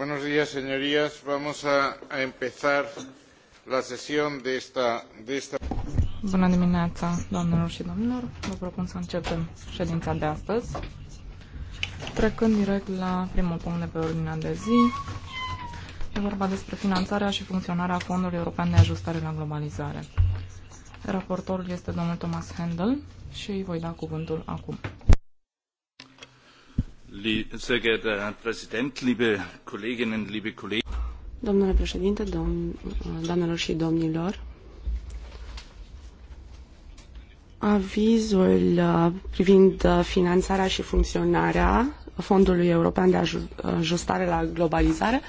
Buenos días, señorías. Vamos a, a empezar la sesión de esta, de esta... Bună dimineața, doamnelor și domnilor. Vă propun să începem ședința de astăzi, trecând direct la primul punct de pe ordinea de zi. E vorba despre finanțarea și funcționarea Fondului European de Ajustare la Globalizare. Raportorul este domnul Thomas Handel și îi voi da cuvântul acum. Sehr geehrter Herr Präsident, liebe Kolleginnen, liebe Kollegen. Domnule președinte, domn, doamnelor și domnilor, avizul uh, privind uh, finanțarea și funcționarea Fondului European de Ajustare la Globalizare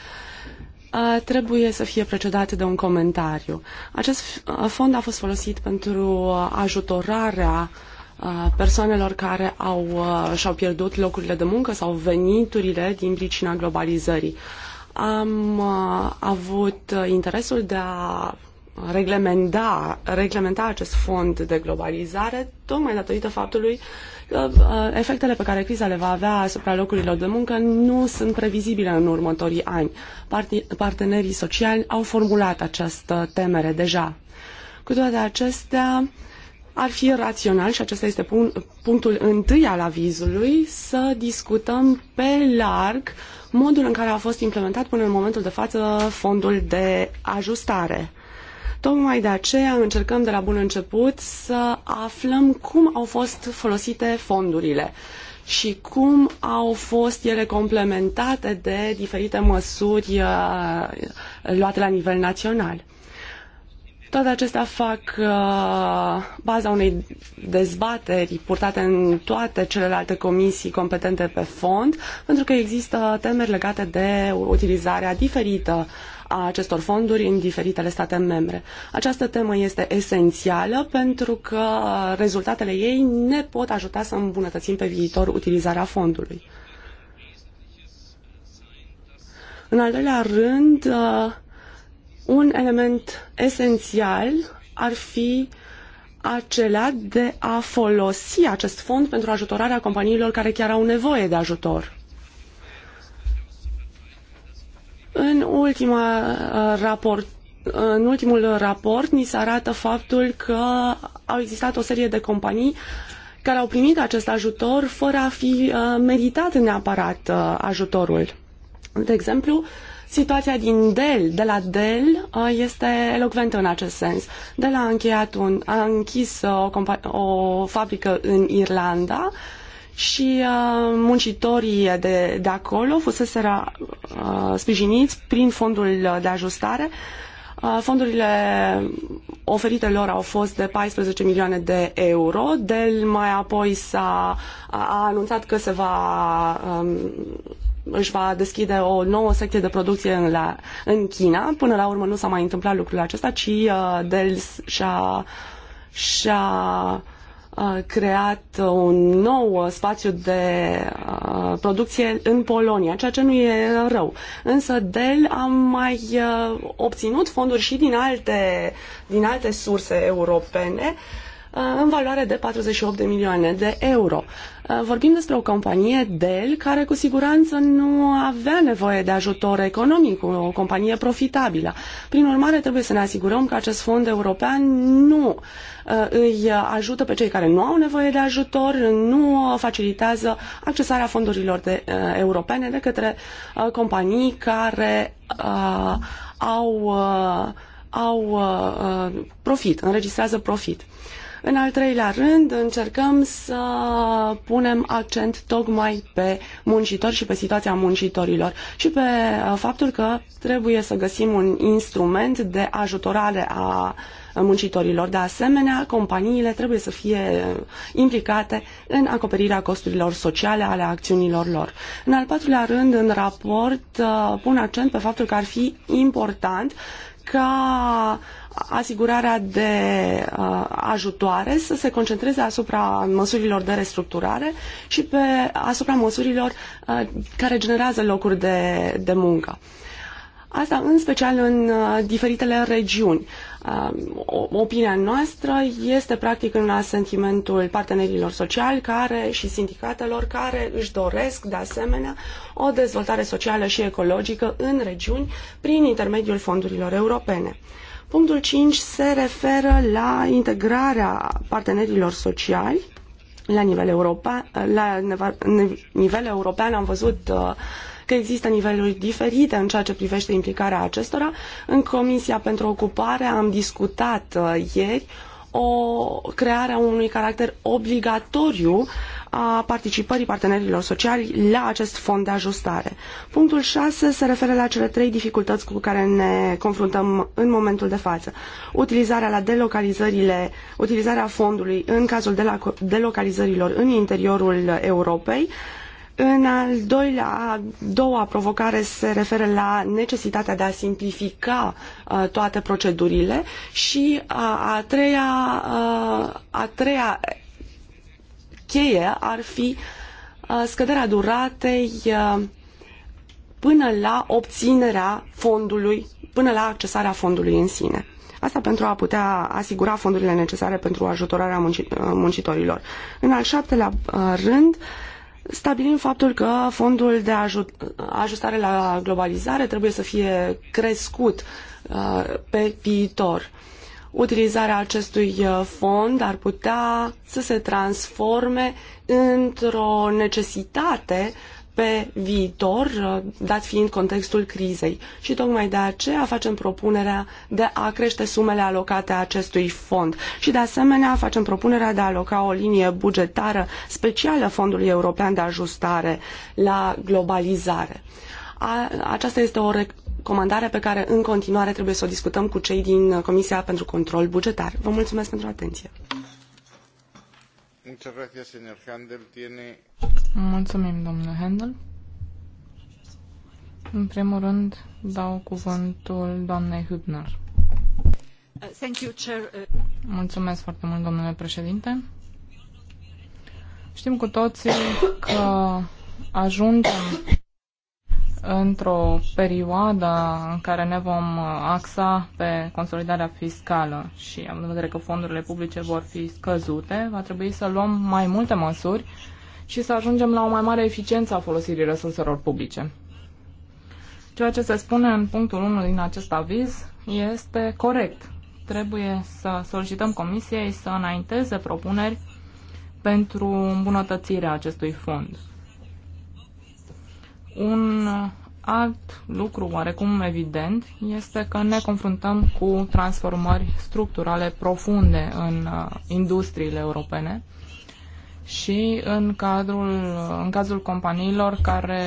uh, trebuie să fie precedat de un comentariu. Acest fond a fost folosit pentru ajutorarea uh, Uh, persoanelor care au, uh, și-au pierdut locurile de muncă sau veniturile din pricina globalizării. Am uh, avut interesul de a reglementa, reglementa acest fond de globalizare tocmai datorită faptului că efectele pe care criza le va avea asupra locurilor de muncă nu sunt previzibile în următorii ani. Partenerii sociali au formulat această temere deja. Cu toate acestea, ar fi rațional, și acesta este punctul întâi al avizului, să discutăm pe larg modul în care a fost implementat până în momentul de față fondul de ajustare. Tocmai de aceea încercăm de la bun început să aflăm cum au fost folosite fondurile și cum au fost ele complementate de diferite măsuri uh, luate la nivel național. Toate acestea fac uh, baza unei dezbateri purtate în toate celelalte comisii competente pe fond, pentru că există temeri legate de utilizarea diferită a acestor fonduri în diferitele state membre. Această temă este esențială pentru că rezultatele ei ne pot ajuta să îmbunătățim pe viitor utilizarea fondului. În al doilea rând, uh, un element esențial ar fi acela de a folosi acest fond pentru ajutorarea companiilor care chiar au nevoie de ajutor. În, ultima, uh, raport, uh, în ultimul raport ni se arată faptul că au existat o serie de companii care au primit acest ajutor fără a fi uh, meritat neapărat ajutorul. De exemplu, Situația din Dell, de la Dell, este elocventă în acest sens. Dell a, încheiat un, a închis o, o fabrică în Irlanda și uh, muncitorii de, de acolo fusese uh, sprijiniți prin fondul de ajustare. Uh, fondurile oferite lor au fost de 14 milioane de euro. Dell mai apoi s-a, a, a anunțat că se va um, își va deschide o nouă secție de producție în, la, în China. Până la urmă nu s-a mai întâmplat lucrul acesta, ci uh, Dell și-a, și-a uh, creat un nou spațiu de uh, producție în Polonia, ceea ce nu e rău. Însă Dell a mai uh, obținut fonduri și din alte, din alte surse europene uh, în valoare de 48 de milioane de euro. Eh, vorbim despre o companie Dell care cu siguranță nu avea nevoie de ajutor economic, o companie profitabilă. Prin urmare, trebuie să ne asigurăm că acest fond european nu eh, îi ajută pe cei care nu au nevoie de ajutor, nu facilitează accesarea fondurilor de, eh, europene de către companii care uh, au, uh, au uh, profit, înregistrează profit. Uh, în al treilea rând, încercăm să punem accent tocmai pe muncitori și pe situația muncitorilor și pe uh, faptul că trebuie să găsim un instrument de ajutorare a muncitorilor. De asemenea, companiile trebuie să fie implicate în acoperirea costurilor sociale ale acțiunilor lor. În al patrulea rând, în raport, uh, pun accent pe faptul că ar fi important ca asigurarea de uh, ajutoare să se concentreze asupra măsurilor de restructurare și pe asupra măsurilor uh, care generează locuri de, de muncă. Asta în special în uh, diferitele regiuni. Uh, opinia noastră este practic în asentimentul partenerilor sociali care, și sindicatelor care își doresc de asemenea o dezvoltare socială și ecologică în regiuni prin intermediul fondurilor europene. Uh, Punctul 5 se referă la integrarea partenerilor sociali la nivel european. La nivel european am văzut uh, că există niveluri diferite în ceea ce privește implicarea acestora. În Comisia pentru Ocupare am discutat uh, ieri o crearea unui caracter obligatoriu a participării partenerilor sociali la acest fond de ajustare. Punctul 6 se referă la cele trei dificultăți cu care ne confruntăm în momentul de față. Utilizarea la delocalizările, utilizarea fondului în cazul de la delocalizărilor în interiorul Europei, în al doilea, a doua provocare se referă la necesitatea de a simplifica uh, toate procedurile și a, a treia, uh, a treia cheie ar fi uh, scăderea duratei uh, până la obținerea fondului, până la accesarea fondului în sine. Asta pentru a putea asigura fondurile necesare pentru ajutorarea uh, muncitorilor. În al șaptelea rând, stabilim faptul că fondul de ajustare la globalizare trebuie să fie crescut pe viitor utilizarea acestui uh, fond ar putea să se transforme într-o necesitate pe viitor, uh, dat fiind contextul crizei. Și tocmai de aceea facem propunerea de a crește sumele alocate acestui fond. Și de asemenea facem propunerea de a aloca o linie bugetară specială Fondului European de Ajustare la Globalizare. A, aceasta este o, comandare pe care în continuare trebuie să o discutăm cu cei din Comisia pentru Control Bugetar. Vă mulțumesc pentru atenție. Mulțumim, domnule Handel. În primul rând, dau cuvântul doamnei Hübner. Mulțumesc foarte mult, domnule președinte. Știm cu toții că ajungem într-o perioadă în care ne vom uh, axa pe consolidarea fiscală și am în vedere că fondurile publice vor fi scăzute, va trebui să luăm mai multe măsuri și să ajungem la o mai mare eficiență a folosirii resurselor publice. Ceea ce se spune în punctul 1 din acest aviz este corect. Trebuie să solicităm Comisiei să înainteze propuneri pentru îmbunătățirea acestui fond. Un alt lucru oarecum evident este că ne confruntăm cu transformări structurale profunde în uh, industriile europene și în, cadrul, în cazul companiilor care,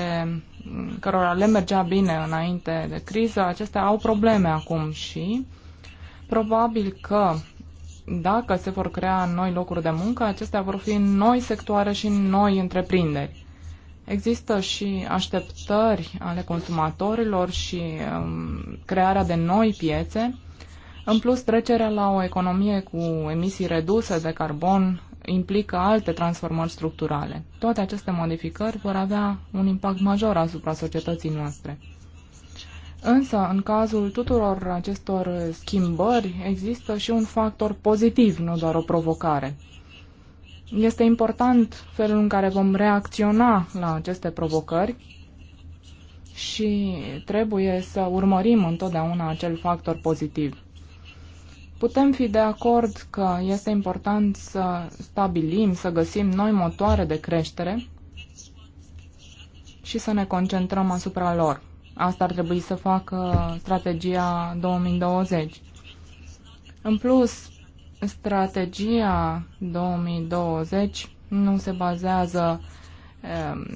cărora le mergea bine înainte de criză, acestea au probleme acum și probabil că dacă se vor crea noi locuri de muncă, acestea vor fi în noi sectoare și în noi întreprinderi. Există și așteptări ale consumatorilor și um, crearea de noi piețe. În plus, trecerea la o economie cu emisii reduse de carbon implică alte transformări structurale. Toate aceste modificări vor avea un impact major asupra societății noastre. Însă, în cazul tuturor acestor schimbări, există și un factor pozitiv, nu doar o provocare – este important felul în care vom reacționa la aceste provocări și trebuie să urmărim întotdeauna acel factor pozitiv. Putem fi de acord că este important să stabilim, să găsim noi motoare de creștere și să ne concentrăm asupra lor. Asta ar trebui să facă strategia 2020. În plus, strategia 2020 nu se bazează um,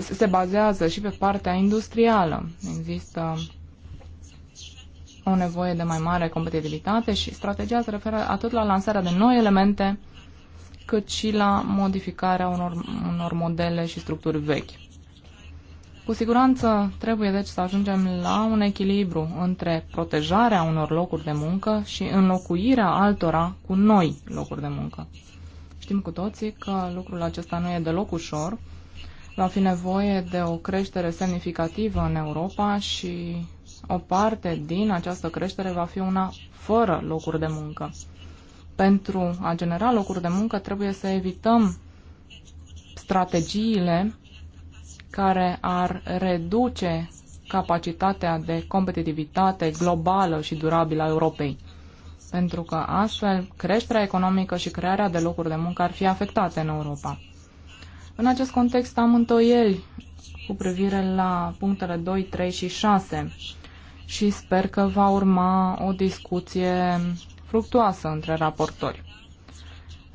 se bazează și pe partea industrială. Există o nevoie de mai mare competitivitate și strategia se referă atât la lansarea de noi elemente, cât și la modificarea unor, unor modele și structuri vechi. Cu siguranță trebuie deci să ajungem la un echilibru între protejarea unor locuri de muncă și înlocuirea altora cu noi locuri de muncă. Știm cu toții că lucrul acesta nu e deloc ușor. Va fi nevoie de o creștere semnificativă în Europa și o parte din această creștere va fi una fără locuri de muncă. Pentru a genera locuri de muncă trebuie să evităm strategiile care ar reduce capacitatea de competitivitate globală și durabilă a Europei. Pentru că astfel creșterea economică și crearea de locuri de muncă ar fi afectate în Europa. În acest context am întoieli cu privire la punctele 2, 3 și 6 și sper că va urma o discuție fructuoasă între raportori.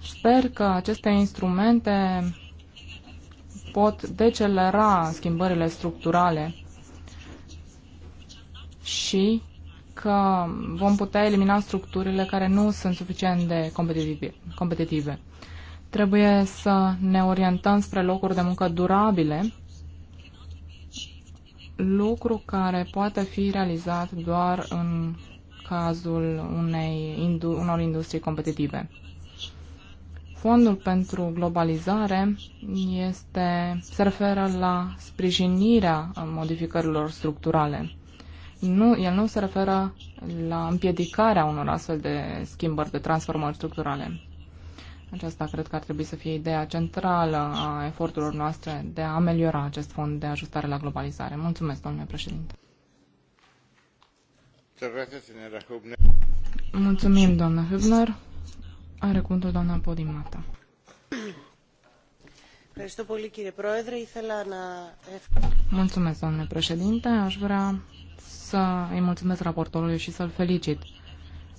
Sper că aceste instrumente pot decelera schimbările structurale și că vom putea elimina structurile care nu sunt suficient de competitive. competitive. Trebuie să ne orientăm spre locuri de muncă durabile, lucru care poate fi realizat doar în cazul unei, unor industrii competitive. Fondul pentru globalizare este, se referă la sprijinirea modificărilor structurale. Nu, el nu se referă la împiedicarea unor astfel de schimbări, de transformări structurale. Aceasta cred că ar trebui să fie ideea centrală a eforturilor noastre de a ameliora acest fond de ajustare la globalizare. Mulțumesc, domnule președinte. Mulțumim, doamnă Hübner. Are președinte. Aș vrea să îi mulțumesc raportorului și să-l felicit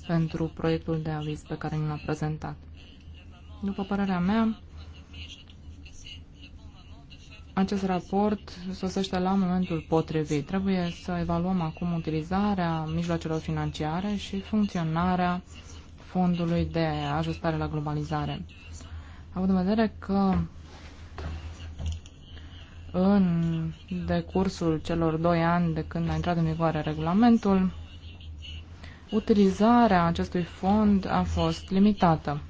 pentru proiectul de aviz pe care ni l-a prezentat. După părerea mea, acest raport sosește la momentul potrivit. Trebuie să evaluăm acum utilizarea mijloacelor financiare și funcționarea fondului de ajustare la globalizare. Având în vedere că în decursul celor doi ani de când a intrat în vigoare regulamentul, utilizarea acestui fond a fost limitată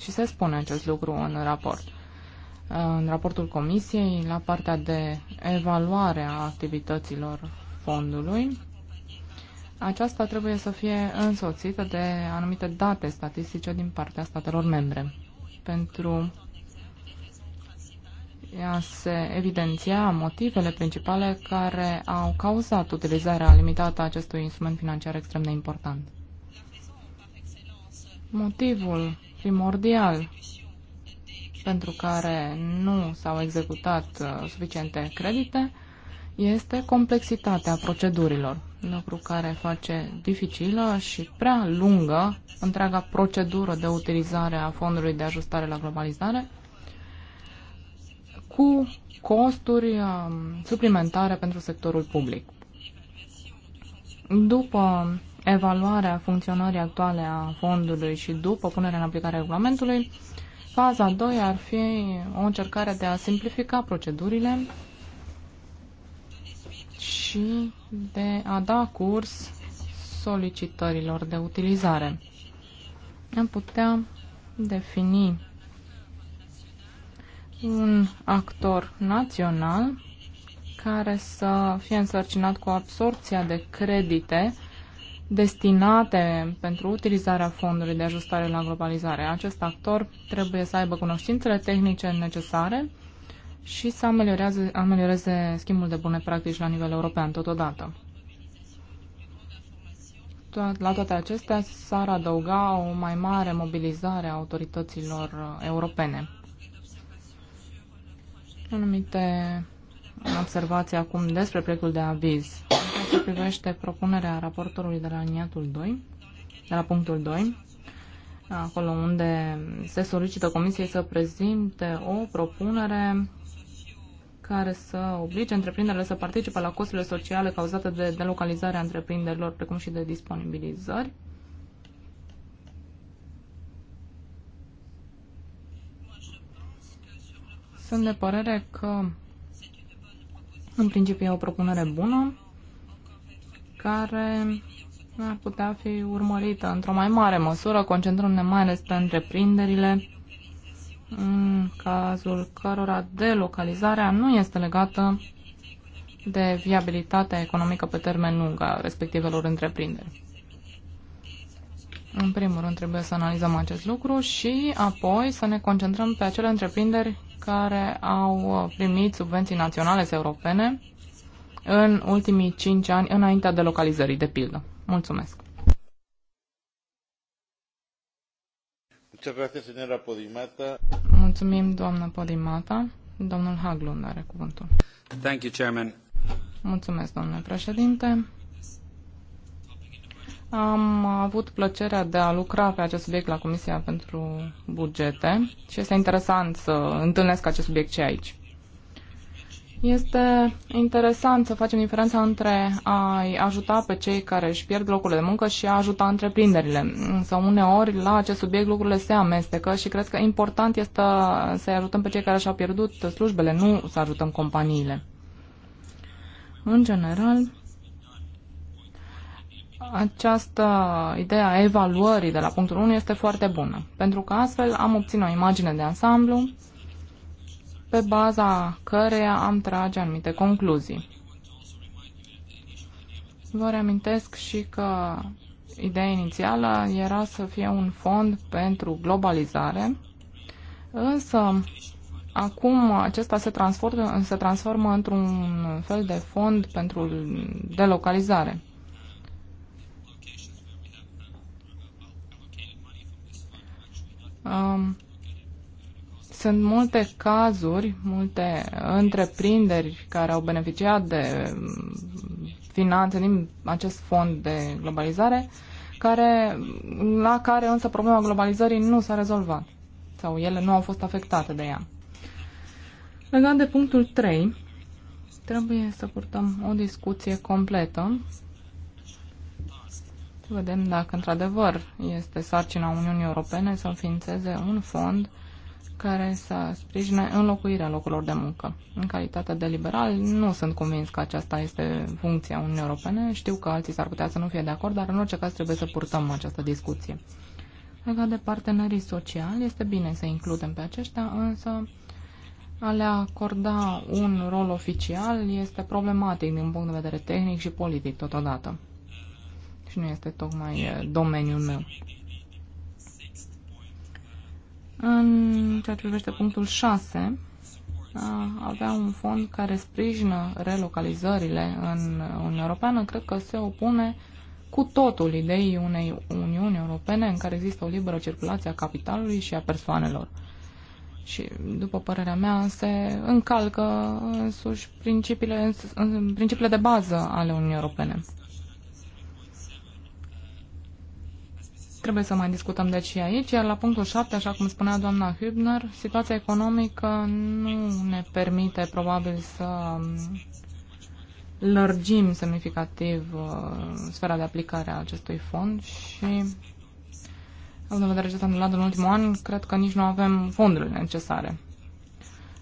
și se spune acest lucru în raport. În raportul comisiei, la partea de evaluare a activităților fondului, aceasta trebuie să fie însoțită de anumite date statistice din partea statelor membre pentru a se evidenția motivele principale care au cauzat utilizarea limitată a acestui instrument financiar extrem de important. Motivul primordial pentru care nu s-au executat uh, suficiente credite este complexitatea procedurilor, lucru care face dificilă și prea lungă întreaga procedură de utilizare a fondului de ajustare la globalizare, cu costuri um, suplimentare pentru sectorul public. După evaluarea funcționării actuale a fondului și după punerea în aplicare a regulamentului, faza a 2 ar fi o încercare de a simplifica procedurile și de a da curs solicitărilor de utilizare. Am putea defini un actor național care să fie însărcinat cu absorpția de credite destinate pentru utilizarea fondului de ajustare la globalizare. Acest actor trebuie să aibă cunoștințele tehnice necesare și să ameliorează, amelioreze schimbul de bune practici la nivel european totodată. La toate acestea s-ar adăuga o mai mare mobilizare a autorităților europene. Anumite observații acum despre proiectul de aviz. În ce privește propunerea raportorului de la aliniatul 2, de la punctul 2, acolo unde se solicită Comisiei să prezinte o propunere care să oblige întreprinderile să participe la costurile sociale cauzate de delocalizarea întreprinderilor, precum și de disponibilizări. Sunt de părere că în principiu e o propunere bună care ar putea fi urmărită într-o mai mare măsură, concentrându-ne mai ales pe întreprinderile în cazul cărora delocalizarea nu este legată de viabilitatea economică pe termen lung a respectivelor întreprinderi. În primul rând trebuie să analizăm acest lucru și apoi să ne concentrăm pe acele întreprinderi care au primit subvenții naționale sau europene în ultimii 5 ani înaintea delocalizării, de pildă. Mulțumesc! Mulțumim, doamnă Podimata. Domnul Haglund are cuvântul. Thank you, Chairman. Mulțumesc, domnule președinte. Am avut plăcerea de a lucra pe acest subiect la Comisia pentru Bugete și este interesant să întâlnesc acest subiect și aici. Este interesant să facem diferența între a ajuta pe cei care își pierd locurile de muncă și a ajuta întreprinderile. Însă uneori la acest subiect lucrurile se amestecă și cred că important este să-i ajutăm pe cei care și-au pierdut slujbele, nu să ajutăm companiile. În general, această idee a evaluării de la punctul 1 este foarte bună, pentru că astfel am obținut o imagine de ansamblu pe baza căreia am trage anumite concluzii. Vă reamintesc și că ideea inițială era să fie un fond pentru globalizare, însă acum acesta se transformă, se transformă într-un fel de fond pentru delocalizare. Um, sunt multe cazuri, multe întreprinderi care au beneficiat de mm, finanțe din acest fond de globalizare, care, la care însă problema globalizării nu s-a rezolvat sau ele nu au fost afectate de ea. Legat de punctul 3, trebuie să purtăm o discuție completă. Să vedem dacă într-adevăr este sarcina Uniunii Europene să înființeze un fond care să sprijine înlocuirea locurilor de muncă. În calitate de liberal, nu sunt convins că aceasta este funcția Uniunii Europene. Știu că alții s-ar putea să nu fie de acord, dar în orice caz trebuie să purtăm această discuție. Legat de partenerii sociali, este bine să includem pe aceștia, însă a le acorda un rol oficial este problematic din punct de vedere tehnic și politic totodată. Și nu este tocmai eh, domeniul meu. În ceea ce privește punctul 6, avea un fond care sprijină relocalizările în Uniunea Europeană, cred că se opune cu totul ideii unei Uniuni Europene în care există o liberă circulație a capitalului și a persoanelor. Și, după părerea mea, se încalcă însuși principiile, în principiile de bază ale Uniunii Europene. trebuie să mai discutăm de și aici, iar la punctul 7, așa cum spunea doamna Hübner, situația economică nu ne permite probabil să um, lărgim semnificativ uh, sfera de aplicare a acestui fond și având în vedere ce s-a întâmplat în ultimul an, cred că nici nu avem fondurile necesare.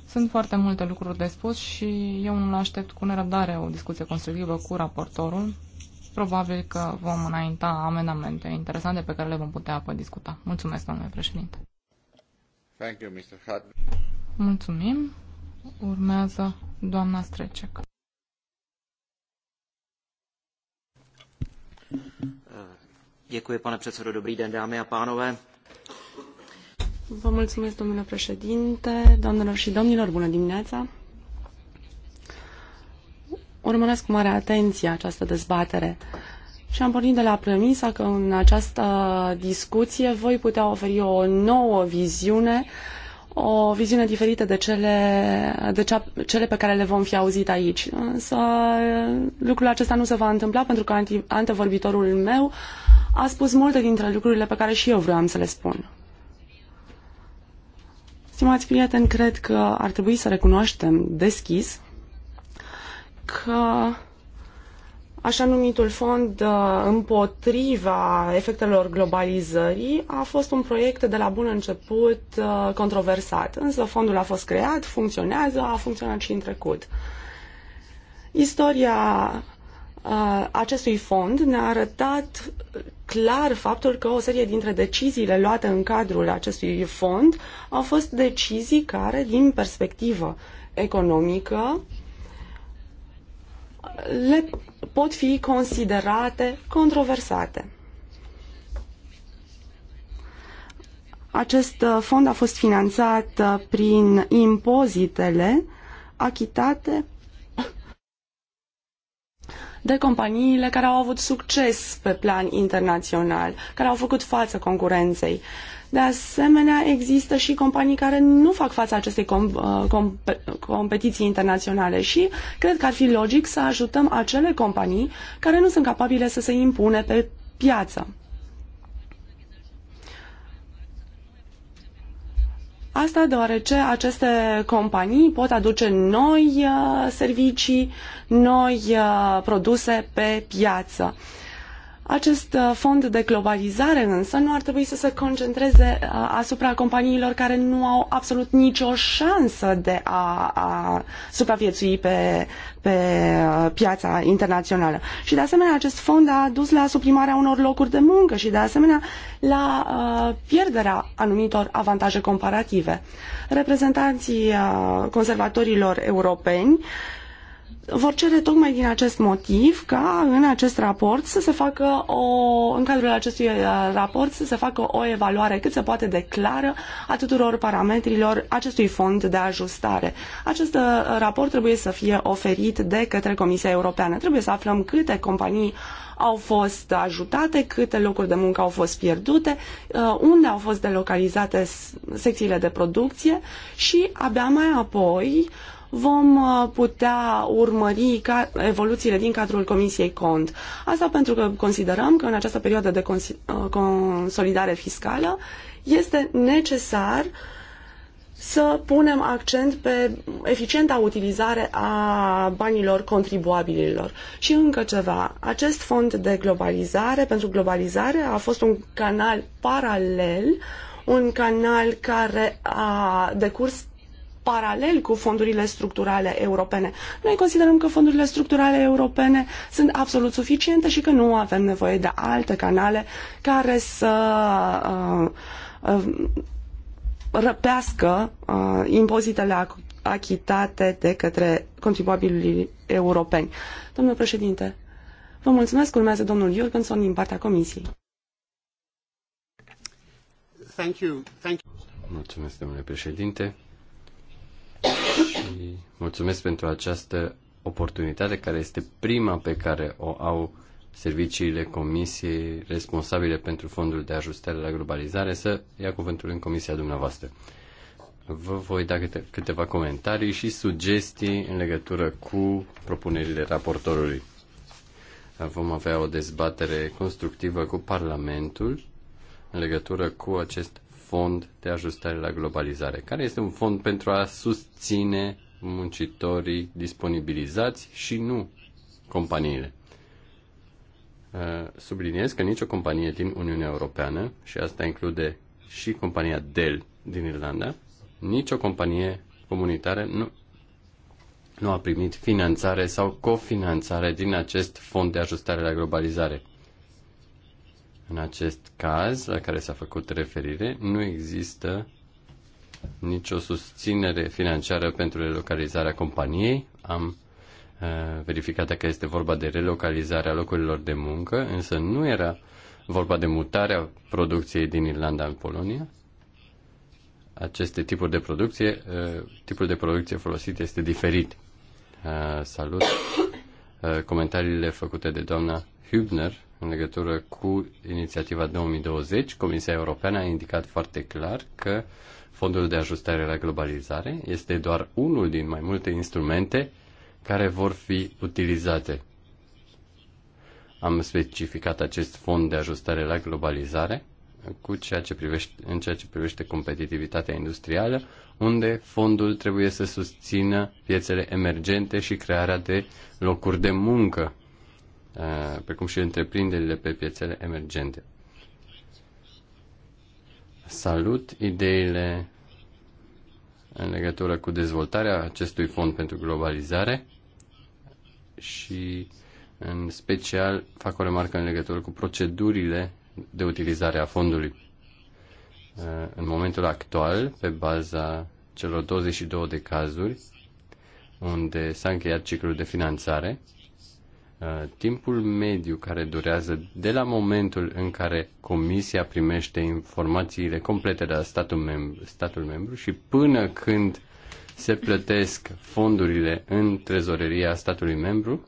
Sunt foarte multe lucruri de spus și eu nu aștept cu nerăbdare o discuție constructivă cu raportorul probabil că vom înainta amendamente interesante pe care le vom putea apoi discuta. Mulțumesc, domnule președinte. Thank you, Mr. Mulțumim. Urmează doamna Strecec. Děkuji, pane předsedo. Dobrý den, dámy a pánové. Vă mulțumesc, domnule președinte, doamnelor și domnilor, bună dimineața urmăresc cu mare atenție această dezbatere și am pornit de la premisa că în această discuție voi putea oferi o nouă viziune, o viziune diferită de cele, de cea, cele pe care le vom fi auzit aici. Însă lucrul acesta nu se va întâmpla pentru că antevorbitorul meu a spus multe dintre lucrurile pe care și eu vreau să le spun. Stimați prieteni, cred că ar trebui să recunoaștem deschis că așa numitul fond uh, împotriva efectelor globalizării a fost un proiect de la bun început uh, controversat. Însă fondul a fost creat, funcționează, a funcționat și în trecut. Istoria uh, acestui fond ne-a arătat clar faptul că o serie dintre deciziile luate în cadrul acestui fond au fost decizii care, din perspectivă economică, le pot fi considerate controversate. Acest uh, fond a fost finanțat uh, prin impozitele achitate de companiile care au avut succes pe plan internațional, care au făcut față concurenței. Uh, de asemenea, există și companii care nu fac față acestei com- uh, com- competiții internaționale și cred că ar fi logic să ajutăm acele companii care nu sunt capabile să se impune pe piață. Asta deoarece aceste companii pot aduce noi uh, servicii, noi uh, produse pe piață. Acest uh, fond de globalizare însă nu ar trebui să se concentreze uh, asupra companiilor care nu au absolut nicio șansă de a, a supraviețui pe, pe uh, piața internațională. Și de asemenea acest fond a dus la suprimarea unor locuri de muncă și de asemenea la pierderea anumitor avantaje comparative. Reprezentanții conservatorilor europeni vor cere tocmai din acest motiv ca în acest raport să se facă o, în cadrul acestui uh, raport să se facă o evaluare cât se poate de clară a tuturor parametrilor acestui fond de ajustare. Acest uh, raport trebuie să fie oferit de către Comisia Europeană. Trebuie să aflăm câte companii au fost ajutate, câte locuri de muncă au fost pierdute, uh, unde au fost delocalizate secțiile de producție și abia mai apoi vom uh, putea urmări evoluțiile din cadrul Comisiei Cont. Asta pentru că considerăm că în această perioadă de uh, consolidare fiscală este necesar să punem accent pe eficienta utilizare a banilor contribuabililor. Și încă ceva, acest fond de globalizare, pentru globalizare, a fost un canal paralel, un canal care a decurs paralel cu fondurile structurale europene. Noi considerăm că fondurile structurale europene sunt absolut suficiente și că nu avem nevoie de alte canale care să uh, uh, răpească uh, impozitele achitate de către contribuabilii europeni. Domnule președinte, vă mulțumesc. Urmează domnul Jurgenson din partea comisiei. Thank you. Thank you. Mulțumesc, domnule președinte și mulțumesc pentru această oportunitate care este prima pe care o au serviciile comisiei responsabile pentru fondul de ajustare la globalizare să ia cuvântul în comisia dumneavoastră. Vă voi da câte, câteva comentarii și sugestii în legătură cu propunerile raportorului. Vom avea o dezbatere constructivă cu Parlamentul în legătură cu acest fond de ajustare la globalizare, care este un fond pentru a susține muncitorii disponibilizați și nu companiile. Uh, subliniez că nicio companie din Uniunea Europeană, și asta include și compania Dell din Irlanda, nicio companie comunitară nu, nu a primit finanțare sau cofinanțare din acest fond de ajustare la globalizare. În acest caz la care s-a făcut referire, nu există nicio susținere financiară pentru relocalizarea companiei. Am uh, verificat că este vorba de relocalizarea locurilor de muncă, însă nu era vorba de mutarea producției din Irlanda în Polonia. Aceste tipuri de producție, uh, tipul de producție folosit este diferit. Uh, salut comentariile făcute de doamna Hübner în legătură cu inițiativa 2020, Comisia Europeană a indicat foarte clar că Fondul de ajustare la globalizare este doar unul din mai multe instrumente care vor fi utilizate. Am specificat acest fond de ajustare la globalizare cu ceea ce privește, în ceea ce privește competitivitatea industrială, unde fondul trebuie să susțină piețele emergente și crearea de locuri de muncă Uh, precum și întreprinderile pe piețele emergente. Salut ideile în legătură cu dezvoltarea acestui fond pentru globalizare și în special fac o remarcă în legătură cu procedurile de utilizare a fondului. Uh, în momentul actual, pe baza celor 22 de cazuri unde s-a încheiat ciclul de finanțare, Uh, timpul mediu care durează de la momentul în care comisia primește informațiile complete de la statul membru, statul membru și până când se plătesc fondurile în trezoreria statului membru,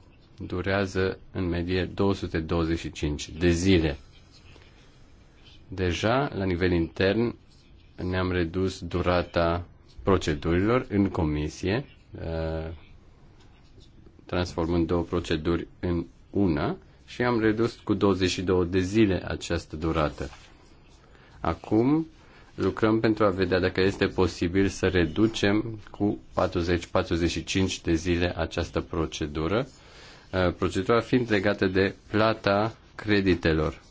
durează în medie 225 de zile. Deja, la nivel intern, ne-am redus durata procedurilor în comisie uh, transformând două proceduri în una și am redus cu 22 de zile această durată. Acum lucrăm pentru a vedea dacă este posibil să reducem cu 40-45 de zile această procedură, uh, procedura fiind legată de plata creditelor.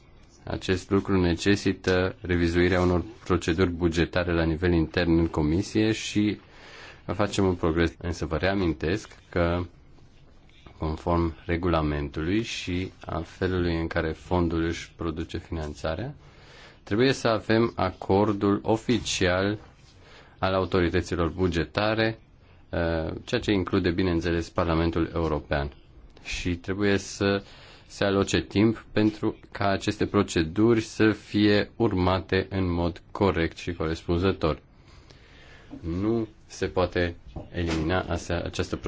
Acest lucru necesită revizuirea unor proceduri bugetare la nivel intern în comisie și facem un progres. Însă vă reamintesc că conform regulamentului și a felului în care fondul își produce finanțarea, trebuie să avem acordul oficial al autorităților bugetare, uh, ceea ce include, bineînțeles, Parlamentul European. Și trebuie să se aloce timp pentru ca aceste proceduri să fie urmate în mod corect și corespunzător. Nu se poate elimina asea, această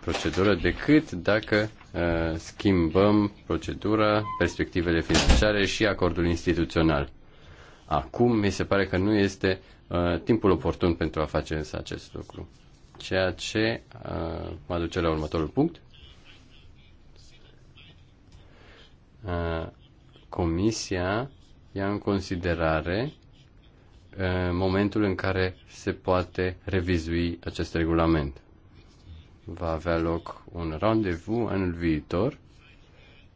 procedură decât dacă uh, schimbăm procedura, perspectivele financiare și acordul instituțional. Acum mi se pare că nu este uh, timpul oportun pentru a face însă acest lucru. Ceea ce uh, mă duce la următorul punct. Uh, comisia ia în considerare momentul în care se poate revizui acest regulament. Va avea loc un rendezvous anul viitor,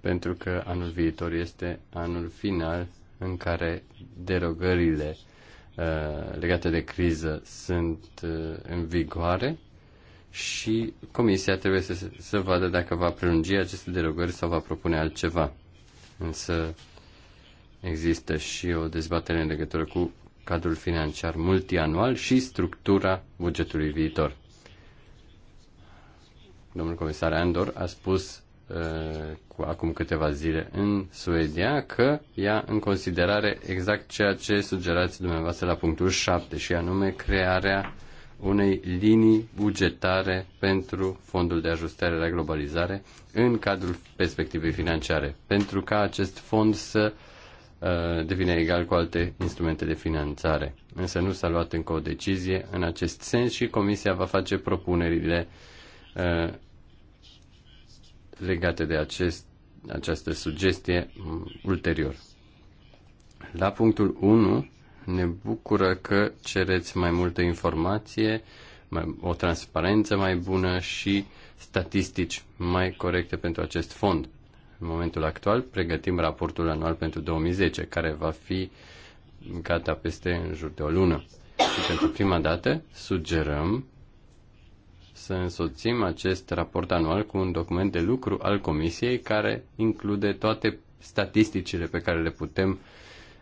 pentru că anul viitor este anul final în care derogările uh, legate de criză sunt uh, în vigoare și comisia trebuie să, să vadă dacă va prelungi aceste derogări sau va propune altceva. Însă există și o dezbatere în legătură cu cadrul financiar multianual și structura bugetului viitor. Domnul comisar Andor a spus uh, cu acum câteva zile în Suedia că ia în considerare exact ceea ce sugerați dumneavoastră la punctul 7 și anume crearea unei linii bugetare pentru fondul de ajustare la globalizare în cadrul perspectivei financiare pentru ca acest fond să uh, Uh, devine egal cu alte instrumente de finanțare. Însă nu s-a luat încă o decizie în acest sens și Comisia va face propunerile uh, legate de acest, această sugestie mm, ulterior. La punctul 1 ne bucură că cereți mai multă informație, mai, o transparență mai bună și statistici mai corecte pentru acest fond. În momentul actual pregătim raportul anual pentru 2010, care va fi gata peste în jur de o lună. Și pentru prima dată sugerăm să însoțim acest raport anual cu un document de lucru al Comisiei care include toate statisticile pe care le putem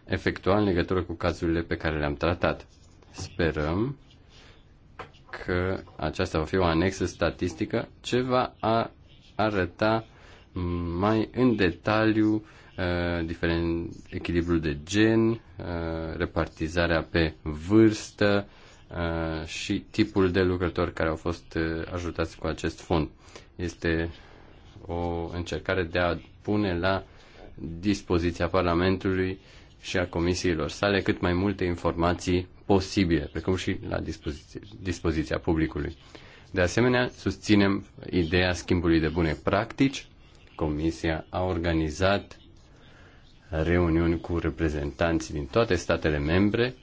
efectua în legătură cu cazurile pe care le-am tratat. Sperăm că aceasta va fi o anexă statistică ce va arăta mai în detaliu uh, diferent, echilibrul de gen, uh, repartizarea pe vârstă uh, și tipul de lucrători care au fost ajutați cu acest fond. Este o încercare de a pune la dispoziția Parlamentului și a comisiilor sale cât mai multe informații posibile, precum și la dispoziție, dispoziția publicului. De asemenea, susținem ideea schimbului de bune practici Comisia a organizat reuniuni cu reprezentanți din toate statele membre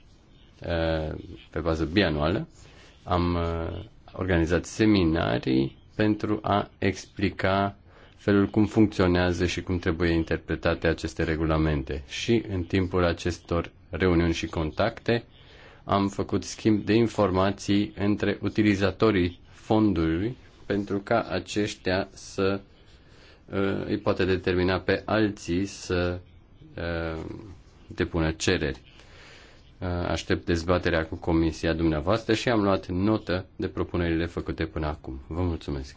eh, pe bază bianuală. Am eh, organizat seminarii pentru a explica felul cum funcționează și cum trebuie interpretate aceste regulamente. Și în timpul acestor reuniuni și contacte am făcut schimb de informații între utilizatorii fondului pentru ca aceștia să uh, îi poate determina pe alții să depună cereri. Aștept dezbaterea cu comisia dumneavoastră și am luat notă de propunerile făcute până acum. Vă mulțumesc.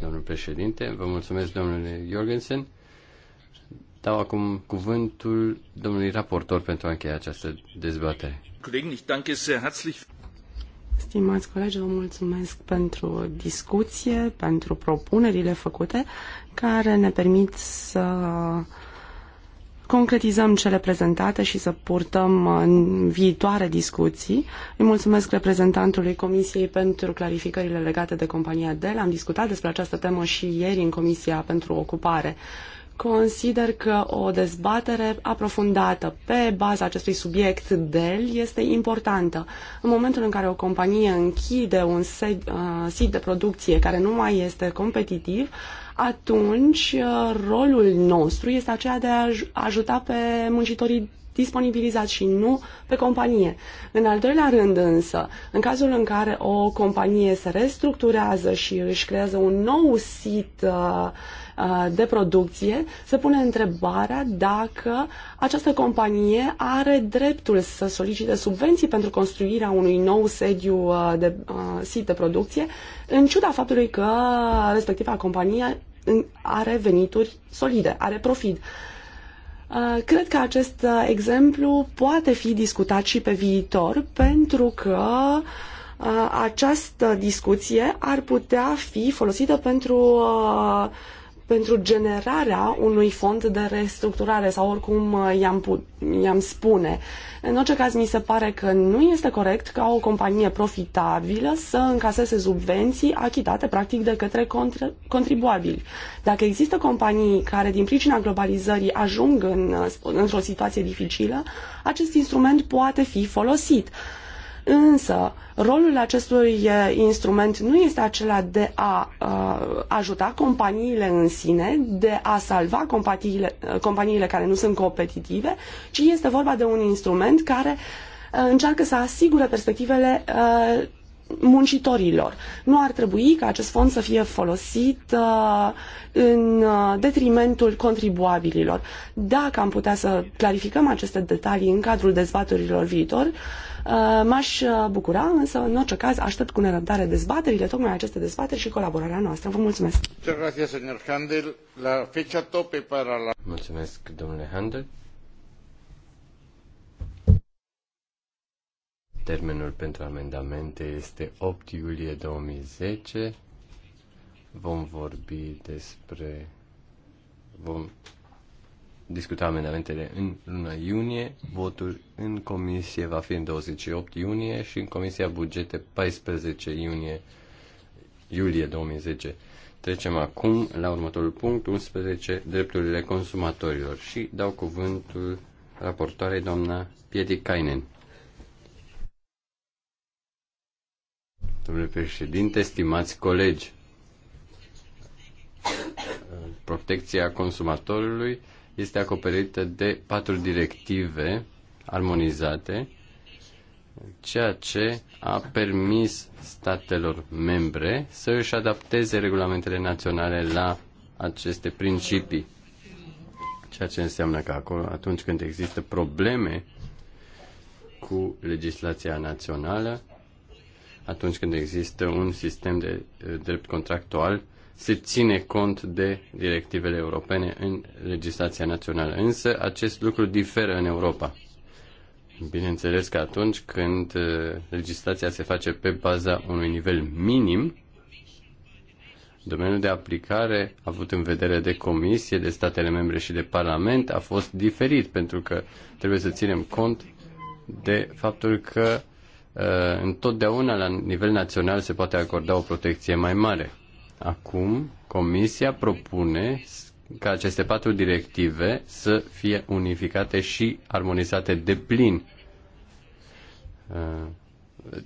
Domnul președinte, vă mulțumesc domnule Jorgensen. Dau acum cuvântul domnului raportor pentru a încheia această dezbatere. Stimați colegi, vă mulțumesc pentru discuție, pentru propunerile făcute, care ne permit să concretizăm cele prezentate și să purtăm în viitoare discuții. Îi mulțumesc reprezentantului Comisiei pentru clarificările legate de compania DEL. Am discutat despre această temă și ieri în Comisia pentru Ocupare consider că o dezbatere aprofundată pe baza acestui subiect DEL este importantă. În momentul în care o companie închide un uh, sit de producție care nu mai este competitiv, atunci uh, rolul nostru este aceea de a ajuta pe muncitorii disponibilizat și nu pe companie. În al doilea rând însă, în cazul în care o companie se restructurează și își creează un nou sit uh, uh, de producție, se pune întrebarea dacă această companie are dreptul să solicite subvenții pentru construirea unui nou sediu uh, de sit de producție, în ciuda faptului că respectiva companie are venituri solide, are profit. Uh, cred că acest uh, exemplu poate fi discutat și pe viitor, pentru că uh, această discuție ar putea fi folosită pentru pentru generarea unui fond de restructurare sau oricum uh, i-am, i-am spune. În orice caz, mi se pare că nu este corect ca o companie profitabilă să încaseze subvenții achitate practic de către contribuabili. Dacă există companii care din pricina globalizării ajung în, uh, într-o situație dificilă, acest instrument poate fi folosit. Însă, rolul acestui instrument nu este acela de a uh, ajuta companiile în sine, de a salva companiile, companiile care nu sunt competitive, ci este vorba de un instrument care încearcă să asigure perspectivele uh, muncitorilor. Nu ar trebui ca acest fond să fie folosit uh, în detrimentul contribuabililor. Dacă am putea să clarificăm aceste detalii în cadrul dezbaterilor viitoare. uh, Uh, m-aș uh, bucura, însă, în orice caz, aștept cu nerăbdare dezbaterile, tocmai aceste dezbateri și colaborarea noastră. Vă mulțumesc! Mulțumesc, domnule Handel. Termenul pentru amendamente este 8 iulie 2010. Vom vorbi despre vom discuta amendamentele în luna iunie, votul în comisie va fi în 28 iunie și în comisia bugete 14 iunie, iulie 2010. Trecem acum la următorul punct, 11, drepturile consumatorilor și dau cuvântul raportoarei doamna Pietikainen. Domnule președinte, stimați colegi, protecția consumatorului este acoperită de patru directive armonizate, ceea ce a permis statelor membre să își adapteze regulamentele naționale la aceste principii. Ceea ce înseamnă că acolo, atunci când există probleme cu legislația națională, atunci când există un sistem de drept contractual, se ține cont de directivele europene în legislația națională. Însă acest lucru diferă în Europa. Bineînțeles că atunci când uh, legislația se face pe baza unui nivel minim, domeniul de aplicare avut în vedere de comisie, de statele membre și de parlament a fost diferit pentru că trebuie să ținem cont de faptul că uh, întotdeauna la nivel național se poate acorda o protecție mai mare. Acum, Comisia propune ca aceste patru directive să fie unificate și armonizate de plin. Uh,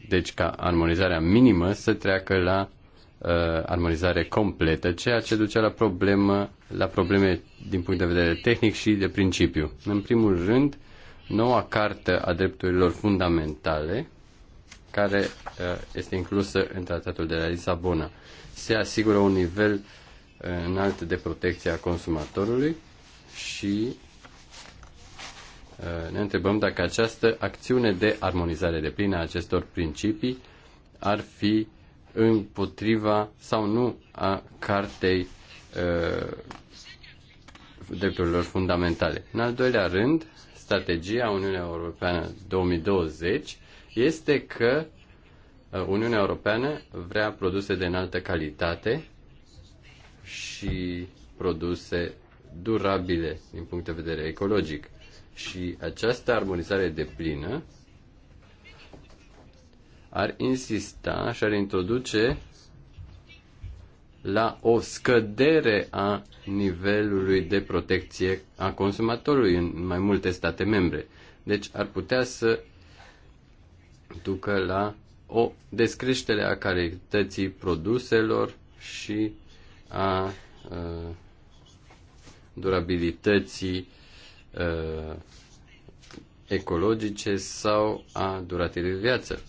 deci ca armonizarea minimă să treacă la uh, armonizare completă, ceea ce duce la, problemă, la probleme din punct de vedere tehnic și de principiu. În primul rând, noua carte a drepturilor fundamentale, care uh, este inclusă în tratatul de la Lisabona se asigură un nivel eh, înalt de protecție a consumatorului și eh, ne întrebăm dacă această acțiune de armonizare de plină a acestor principii ar fi împotriva sau nu a cartei eh, drepturilor fundamentale. În al doilea rând, strategia Uniunea Europeană 2020 este că Uh, Uniunea Europeană vrea produse de înaltă calitate și produse durabile din punct de vedere ecologic. Și această armonizare de plină ar insista și ar introduce la o scădere a nivelului de protecție a consumatorului în mai multe state membre. Deci ar putea să ducă la o descreștere a calității produselor și a, a durabilității a, ecologice sau a duratei de viață.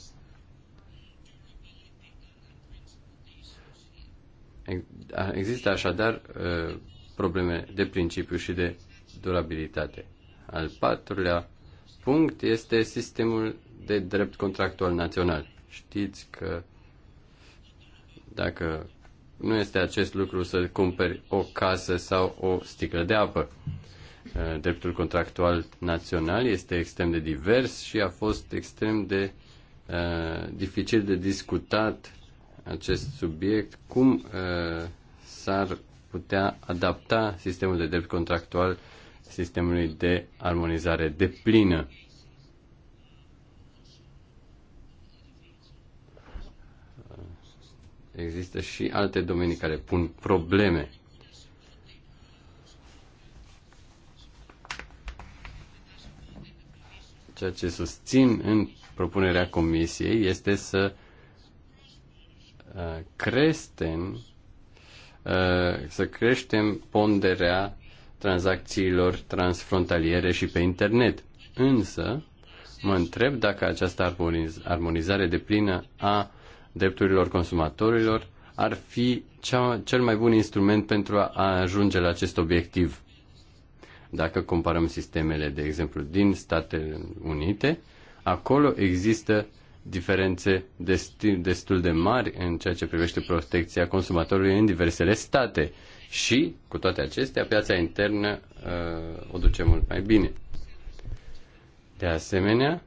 Există așadar probleme de principiu și de durabilitate. Al patrulea punct este sistemul de drept contractual național știți că dacă nu este acest lucru să cumperi o casă sau o sticlă de apă. Uh, dreptul contractual național este extrem de divers și a fost extrem de uh, dificil de discutat acest subiect, cum uh, s-ar putea adapta sistemul de drept contractual sistemului de armonizare de plină. există și alte domenii care pun probleme. Ceea ce susțin în propunerea comisiei este să uh, creștem uh, să creștem ponderea tranzacțiilor transfrontaliere și pe internet. Însă, mă întreb dacă această armonizare de plină a drepturilor consumatorilor ar fi cea, cel mai bun instrument pentru a, a ajunge la acest obiectiv. Dacă comparăm sistemele, de exemplu, din Statele Unite, acolo există diferențe destul, destul de mari în ceea ce privește protecția consumatorului în diversele state. Și, cu toate acestea, piața internă uh, o duce mult mai bine. De asemenea,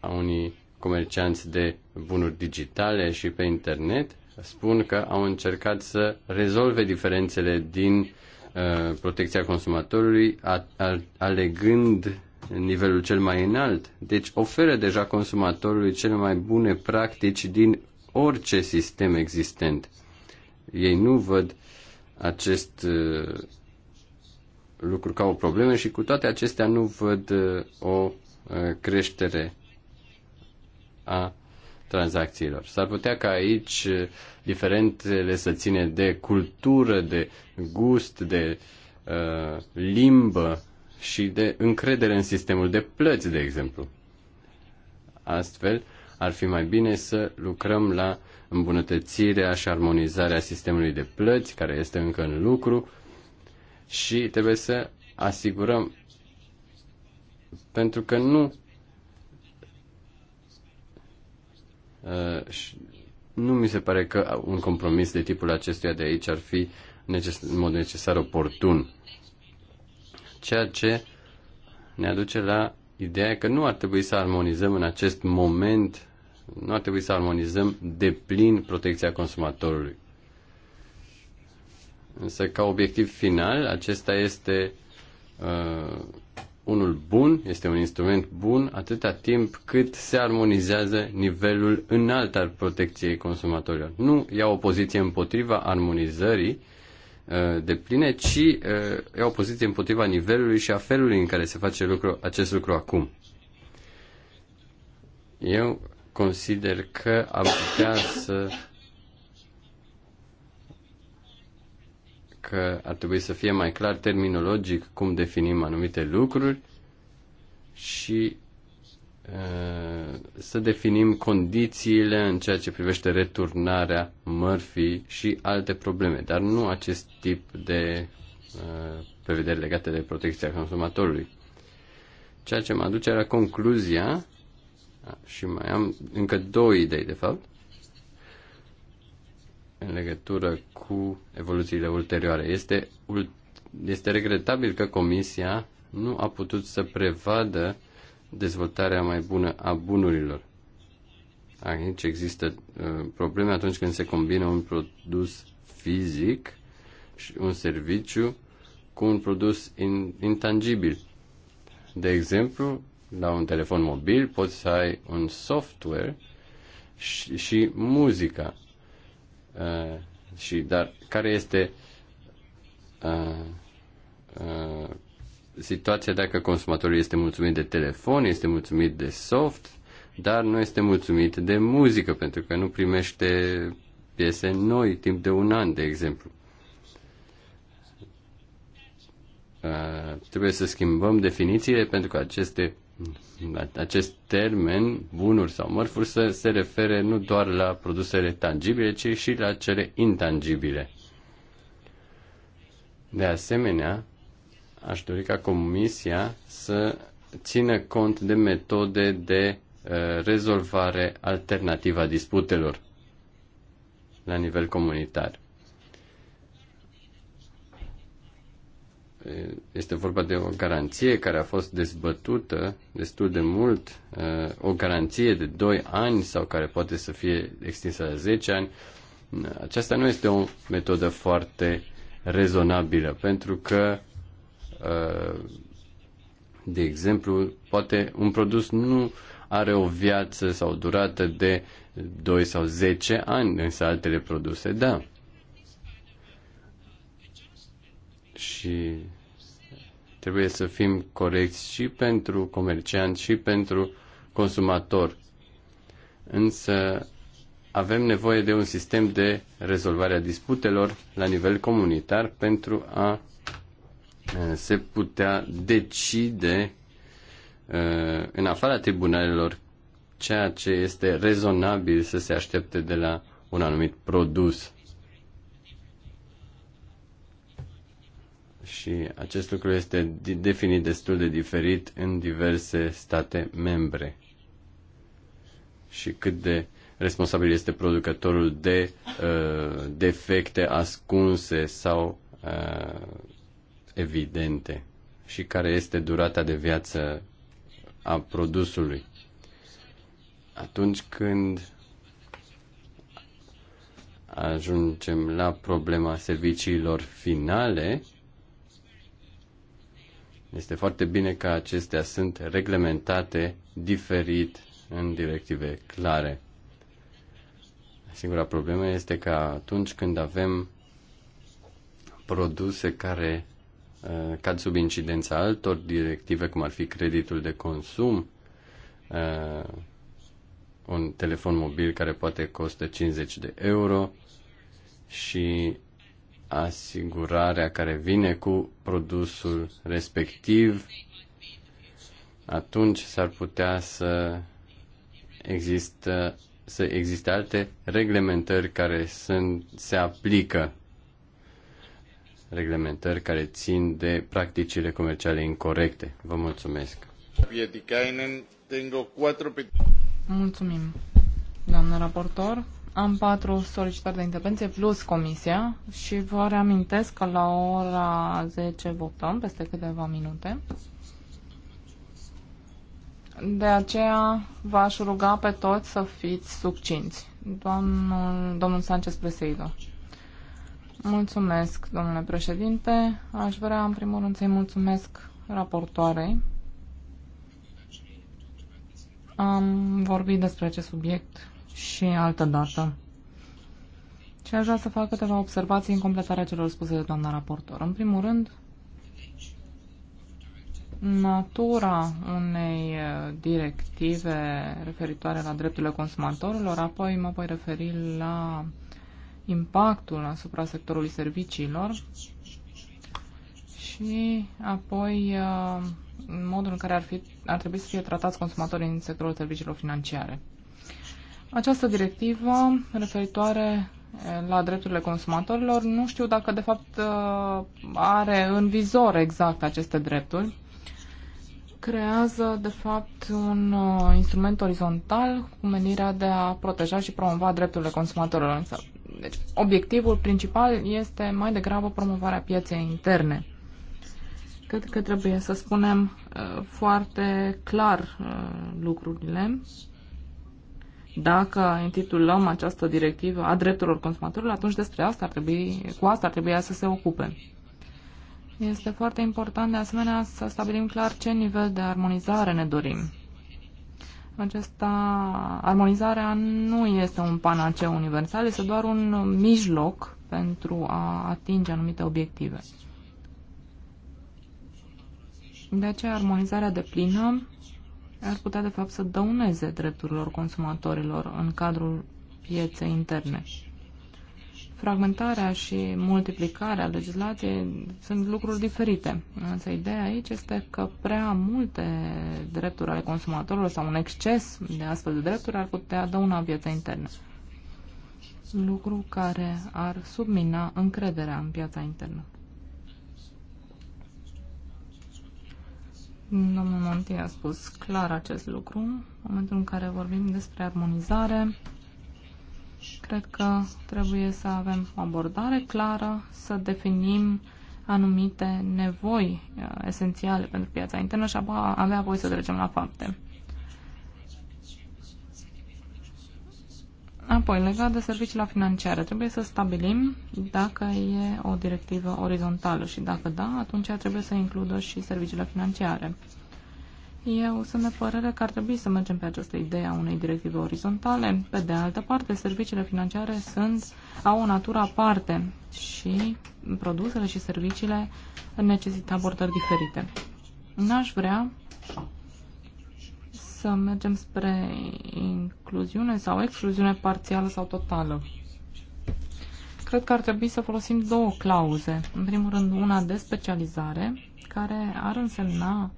unii comercianți de bunuri digitale și pe internet spun că au încercat să rezolve diferențele din uh, protecția consumatorului alegând nivelul cel mai înalt. Deci oferă deja consumatorului cele mai bune practici din orice sistem existent. Ei nu văd acest uh, lucru ca o problemă și cu toate acestea nu văd uh, o creștere a tranzacțiilor. S-ar putea ca aici diferentele să ține de cultură, de gust, de uh, limbă și de încredere în sistemul de plăți, de exemplu. Astfel, ar fi mai bine să lucrăm la îmbunătățirea și armonizarea sistemului de plăți, care este încă în lucru, și trebuie să asigurăm pentru că nu Uh, și nu mi se pare că un compromis de tipul acestuia de aici ar fi neces- în mod necesar oportun. Ceea ce ne aduce la ideea că nu ar trebui să armonizăm în acest moment, nu ar trebui să armonizăm de plin protecția consumatorului. Însă, ca obiectiv final, acesta este uh, unul bun, este un instrument bun atâta timp cât se armonizează nivelul înalt al protecției consumatorilor. Nu ia o poziție împotriva armonizării uh, de pline, ci e uh, o poziție împotriva nivelului și a felului în care se face lucru, acest lucru acum. Eu consider că am putea să că ar trebui să fie mai clar terminologic cum definim anumite lucruri și uh, să definim condițiile în ceea ce privește returnarea mărfii și alte probleme, dar nu acest tip de uh, prevederi legate de protecția consumatorului. Ceea ce mă aduce la concluzia, și mai am încă două idei de fapt, în legătură cu evoluțiile ulterioare. Este, este regretabil că Comisia nu a putut să prevadă dezvoltarea mai bună a bunurilor. Aici există uh, probleme atunci când se combină un produs fizic și un serviciu cu un produs in, intangibil. De exemplu, la un telefon mobil poți să ai un software și, și muzica Uh, și dar care este uh, uh, situația dacă consumatorul este mulțumit de telefon, este mulțumit de soft, dar nu este mulțumit de muzică pentru că nu primește piese noi timp de un an, de exemplu. Uh, trebuie să schimbăm definițiile pentru că aceste acest termen, bunuri sau mărfuri, să se refere nu doar la produsele tangibile, ci și la cele intangibile. De asemenea, aș dori ca Comisia să țină cont de metode de uh, rezolvare alternativă a disputelor la nivel comunitar. Este vorba de o garanție care a fost dezbătută destul de mult, uh, o garanție de 2 ani sau care poate să fie extinsă la 10 ani. Aceasta nu este o metodă foarte rezonabilă, pentru că, uh, de exemplu, poate un produs nu are o viață sau o durată de 2 sau 10 ani, însă altele produse, da. și trebuie să fim corecți și pentru comerciant și pentru consumator. Însă avem nevoie de un sistem de rezolvare a disputelor la nivel comunitar pentru a se putea decide în afara tribunalelor ceea ce este rezonabil să se aștepte de la un anumit produs. și acest lucru este definit destul de diferit în diverse state membre. Și cât de responsabil este producătorul de uh, defecte ascunse sau uh, evidente și care este durata de viață a produsului. Atunci când ajungem la problema serviciilor finale, este foarte bine că acestea sunt reglementate diferit în directive clare. Singura problemă este că atunci când avem produse care uh, cad sub incidența altor directive, cum ar fi creditul de consum, uh, un telefon mobil care poate costă 50 de euro și asigurarea care vine cu produsul respectiv, atunci s-ar putea să există să existe alte reglementări care sunt, se aplică reglementări care țin de practicile comerciale incorrecte. Vă mulțumesc. Mulțumim, doamnă raportor. Am patru solicitări de intervenție plus comisia și vă reamintesc că la ora 10 votăm peste câteva minute. De aceea v-aș ruga pe toți să fiți succinți. Domnul, domnul Sanchez Preseido. Mulțumesc, domnule președinte. Aș vrea, în primul rând, să-i mulțumesc raportoarei. Am vorbit despre acest subiect și altă dată. Și aș vrea să fac câteva observații în completarea celor spuse de doamna raportor. În primul rând, natura unei uh, directive referitoare la drepturile consumatorilor, apoi mă voi referi la impactul asupra sectorului serviciilor și apoi uh, modul în care ar, fi, ar trebui să fie tratați consumatorii în sectorul serviciilor financiare. Această directivă referitoare eh, la drepturile consumatorilor, nu știu dacă de fapt eh, are în vizor exact aceste drepturi. Creează de fapt un eh, instrument orizontal cu menirea de a proteja și promova drepturile consumatorilor. Deci, obiectivul principal este mai degrabă promovarea pieței interne. Cred că trebuie să spunem foarte clar lucrurile dacă intitulăm această directivă a drepturilor consumatorilor, atunci despre asta ar trebui, cu asta ar trebui să se ocupe. Este foarte important de asemenea să stabilim clar ce nivel de armonizare ne dorim. Acesta, armonizarea nu este un panaceu universal, este doar un mijloc pentru a atinge anumite obiective. De aceea, armonizarea de plină ar putea de fapt să dăuneze drepturilor consumatorilor în cadrul pieței interne. Fragmentarea și multiplicarea legislației sunt lucruri diferite, însă ideea aici este că prea multe drepturi ale consumatorilor sau un exces de astfel de drepturi ar putea dăuna pieței interne, lucru care ar submina încrederea în piața internă. Domnul Monti a spus clar acest lucru. În momentul în care vorbim despre armonizare, cred că trebuie să avem o abordare clară, să definim anumite nevoi uh, esențiale pentru piața internă și avea voie să trecem la fapte. Apoi, legat de serviciile financiare, trebuie să stabilim dacă e o directivă orizontală și dacă da, atunci trebuie să includă și serviciile financiare. Eu sunt de părere că ar trebui să mergem pe această idee a unei directive orizontale. Pe de altă parte, serviciile financiare sunt, au o natură aparte și produsele și serviciile necesită abordări diferite. N-aș vrea să mergem spre incluziune sau excluziune parțială sau totală. Cred că ar trebui să folosim două clauze. În primul rând, una de specializare, care ar însemna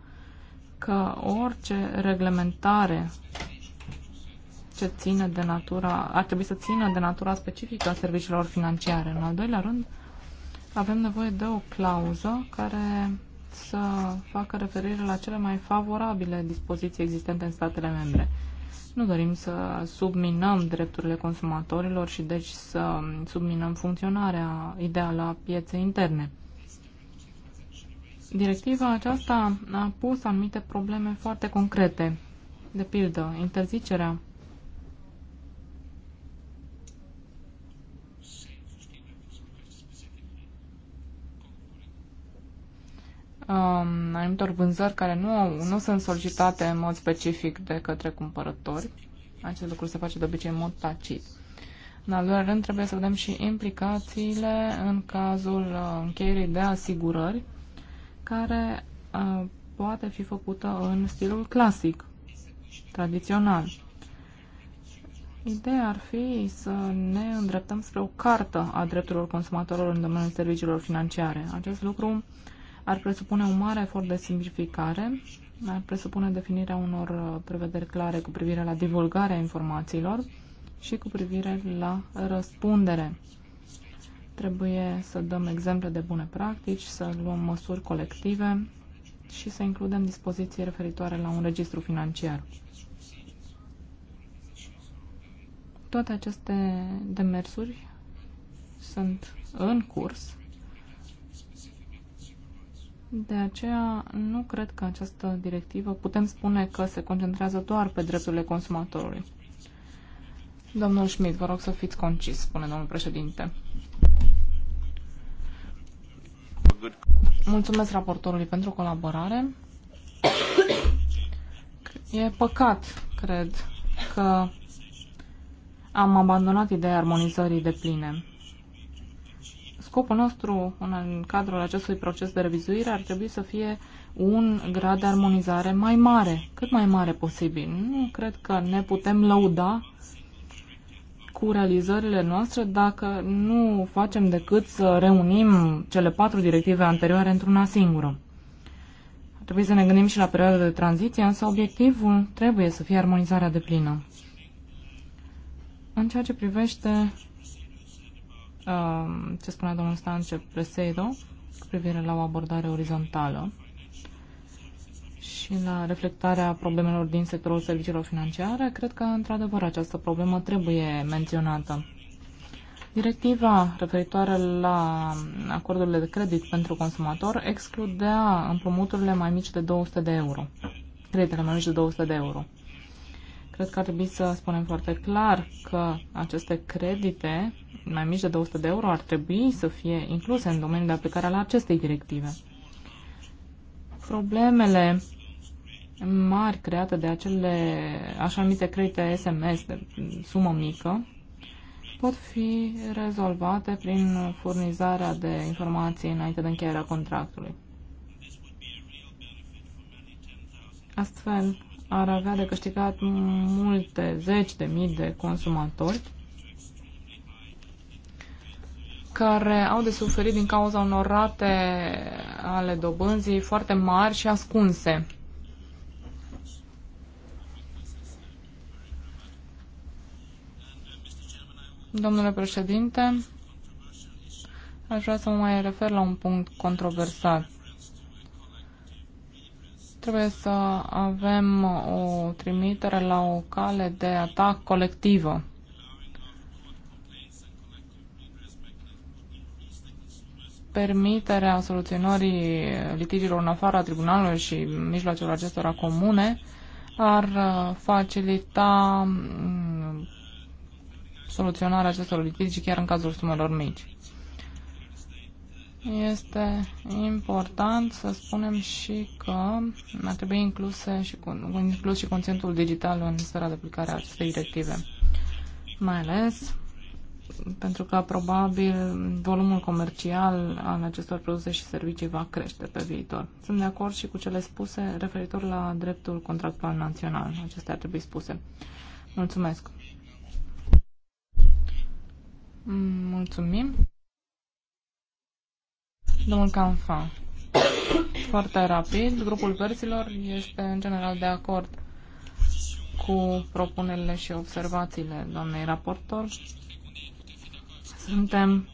că orice reglementare ce ține de natura, ar trebui să țină de natura specifică a serviciilor financiare. În al doilea rând, avem nevoie de o clauză care să facă referire la cele mai favorabile dispoziții existente în statele membre. Nu dorim să subminăm drepturile consumatorilor și deci să subminăm funcționarea ideală a pieței interne. Directiva aceasta a pus anumite probleme foarte concrete, de pildă interzicerea um, anumitor vânzări care nu, nu sunt solicitate în mod specific de către cumpărători. Acest lucru se face de obicei în mod tacit. În al doilea rând, trebuie să vedem și implicațiile în cazul uh, încheierii de asigurări, care uh, poate fi făcută în stilul clasic, tradițional. Ideea ar fi să ne îndreptăm spre o cartă a drepturilor consumatorilor în domeniul serviciilor financiare. Acest lucru ar presupune un mare efort de simplificare, ar presupune definirea unor uh, prevederi clare cu privire la divulgarea informațiilor și cu privire la răspundere. Trebuie să dăm exemple de bune practici, să luăm măsuri colective și să includem dispoziții referitoare la un registru financiar. Toate aceste demersuri sunt în curs de aceea, nu cred că această directivă putem spune că se concentrează doar pe drepturile consumatorului. Domnul Schmidt, vă rog să fiți concis, spune domnul președinte. Mulțumesc raportorului pentru colaborare. E păcat, cred, că am abandonat ideea armonizării de pline. Scopul nostru în cadrul acestui proces de revizuire ar trebui să fie un grad de armonizare mai mare, cât mai mare posibil. Nu cred că ne putem lăuda cu realizările noastre dacă nu facem decât să reunim cele patru directive anterioare într-una singură. Trebuie să ne gândim și la perioada de tranziție, însă obiectivul trebuie să fie armonizarea de plină. În ceea ce privește Um, ce spunea domnul Stance Preseido cu privire la o abordare orizontală și la reflectarea problemelor din sectorul serviciilor financiare, cred că, într-adevăr, această problemă trebuie menționată. Directiva referitoare la acordurile de credit pentru consumator excludea împrumuturile mai mici de 200 de euro, creditele mai mici de 200 de euro. Cred că ar trebui să spunem foarte clar că aceste credite mai mici de 200 de euro ar trebui să fie incluse în domeniul de aplicare al acestei directive. Problemele mari create de acele așa numite credite SMS de sumă mică pot fi rezolvate prin furnizarea de informații înainte de încheierea contractului. Astfel, ar avea de câștigat multe zeci de mii de consumatori care au de suferit din cauza unor rate ale dobânzii foarte mari și ascunse. Domnule președinte, aș vrea să mă mai refer la un punct controversat. Trebuie să avem o trimitere la o cale de atac colectivă. permiterea soluționării litigiilor în afara tribunalului și mijloacelor acestora comune ar uh, facilita mm, soluționarea acestor litigi chiar în cazul sumelor mici. Este important să spunem și că ar trebui incluse și, inclus și conținutul digital în sfera de aplicare a acestei directive. Mai ales pentru că probabil volumul comercial al acestor produse și servicii va crește pe viitor. Sunt de acord și cu cele spuse referitor la dreptul contractual național. Acestea ar trebui spuse. Mulțumesc. Mulțumim. Domnul Canfa. Foarte rapid, grupul verților este în general de acord cu propunerile și observațiile doamnei raportor suntem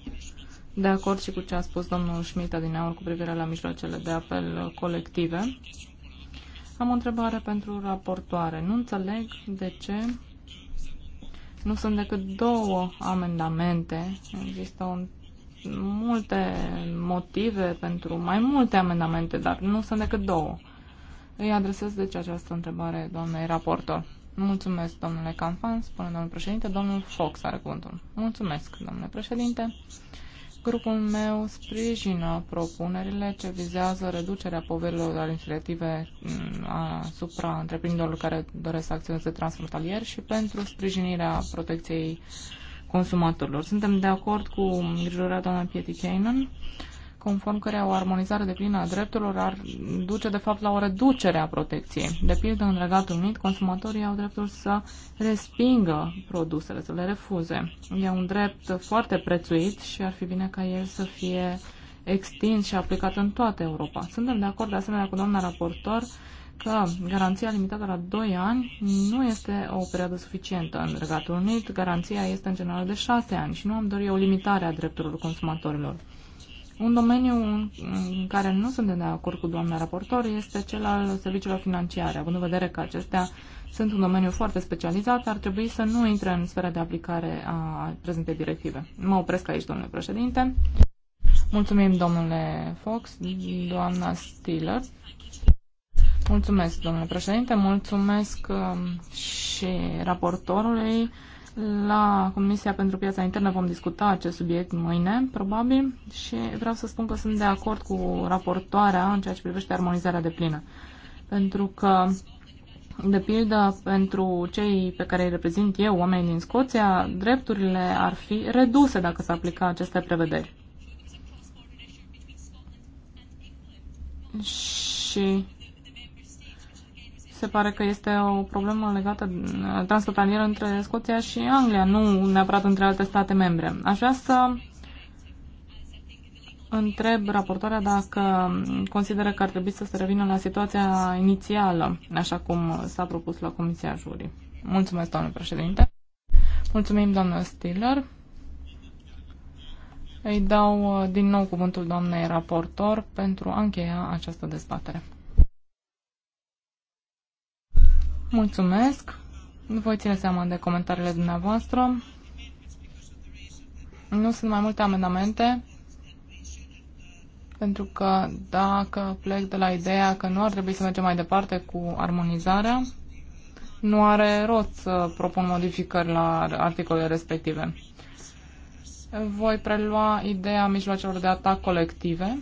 de acord și cu ce a spus domnul Schmidt aur cu privire la mijloacele de apel colective. Am o întrebare pentru raportoare. Nu înțeleg de ce nu sunt decât două amendamente. Există un, multe motive pentru mai multe amendamente, dar nu sunt decât două. Îi adresez deci această întrebare doamnei raportor. Mulțumesc, domnule Canfan, spune domnul președinte. Domnul Fox are cuvântul. Mulțumesc, domnule președinte. Grupul meu sprijină propunerile ce vizează reducerea poverilor administrative mm, asupra întreprinderilor care doresc să acționeze transfrontalier și pentru sprijinirea protecției consumatorilor. Suntem de acord cu îngrijorarea doamnei Pieti Kanan conform cărea o armonizare de plină a drepturilor ar duce de fapt la o reducere a protecției. De pildă, în Regatul Unit, consumatorii au dreptul să respingă produsele, să le refuze. E un drept foarte prețuit și ar fi bine ca el să fie extins și aplicat în toată Europa. Suntem de acord de asemenea cu doamna raportor că garanția limitată la 2 ani nu este o perioadă suficientă. În Regatul Unit, garanția este în general de 6 ani și nu am dorit o limitare a drepturilor consumatorilor. Un domeniu în care nu suntem de acord cu doamna raportor este cel al serviciilor financiare, având în vedere că acestea sunt un domeniu foarte specializat, ar trebui să nu intre în sfera de aplicare a prezentei directive. Mă opresc aici, domnule președinte. Mulțumim, domnule Fox, doamna Stiller. Mulțumesc, domnule președinte, mulțumesc um, și raportorului la Comisia pentru Piața Internă vom discuta acest subiect mâine, probabil, și vreau să spun că sunt de acord cu raportoarea în ceea ce privește armonizarea de plină. Pentru că, de pildă, pentru cei pe care îi reprezint eu, oamenii din Scoția, drepturile ar fi reduse dacă s-ar aplica aceste prevederi. Și se pare că este o problemă legată uh, transfrontalieră între Scoția și Anglia, nu neapărat între alte state membre. Aș vrea să întreb raportoarea dacă consideră că ar trebui să se revină la situația inițială, așa cum s-a propus la Comisia Jurii. Mulțumesc, doamnă președinte. Mulțumim, doamnă Stiller. Îi dau uh, din nou cuvântul doamnei raportor pentru a încheia această dezbatere. Mulțumesc. Voi ține seama de comentariile dumneavoastră. Nu sunt mai multe amendamente, pentru că dacă plec de la ideea că nu ar trebui să mergem mai departe cu armonizarea, nu are rost să propun modificări la articolele respective. Voi prelua ideea mijloacelor de atac colective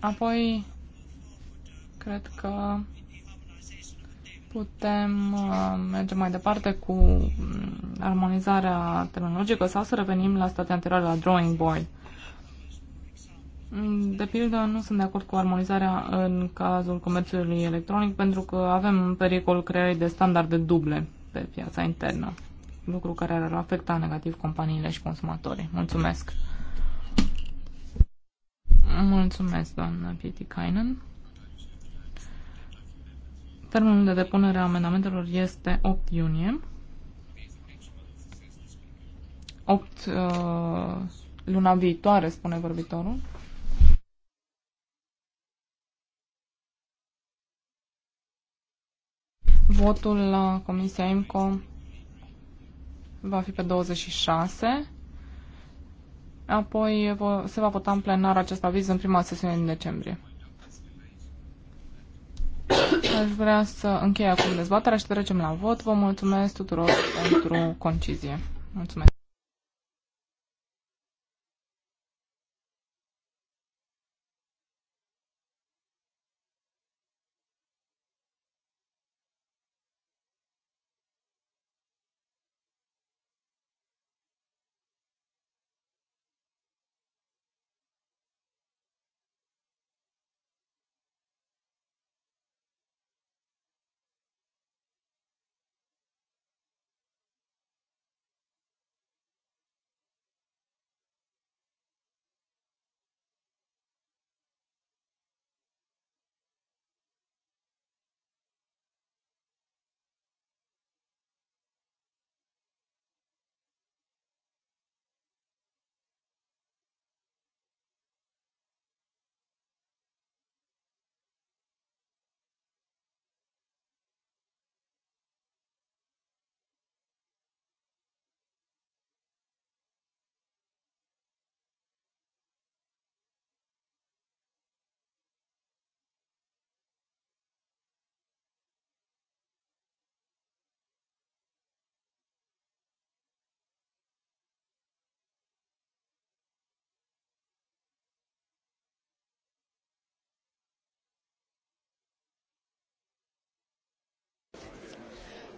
Apoi, cred că putem uh, merge mai departe cu mm, armonizarea terminologică sau să revenim la statea anterioară, la drawing board. Mm, de pildă, nu sunt de acord cu armonizarea în cazul comerțului electronic pentru că avem un pericol creării de standarde duble pe piața internă, lucru care ar afecta negativ companiile și consumatorii. Mulțumesc! Mulțumesc, doamnă Pietikainen. Termenul de depunere a amendamentelor este 8 iunie. 8 uh, luna viitoare, spune vorbitorul. Votul la Comisia IMCO va fi pe 26 apoi se va vota în plenar acest aviz în prima sesiune din decembrie. Aș vrea să închei acum dezbaterea și trecem la vot. Vă mulțumesc tuturor pentru concizie. Mulțumesc.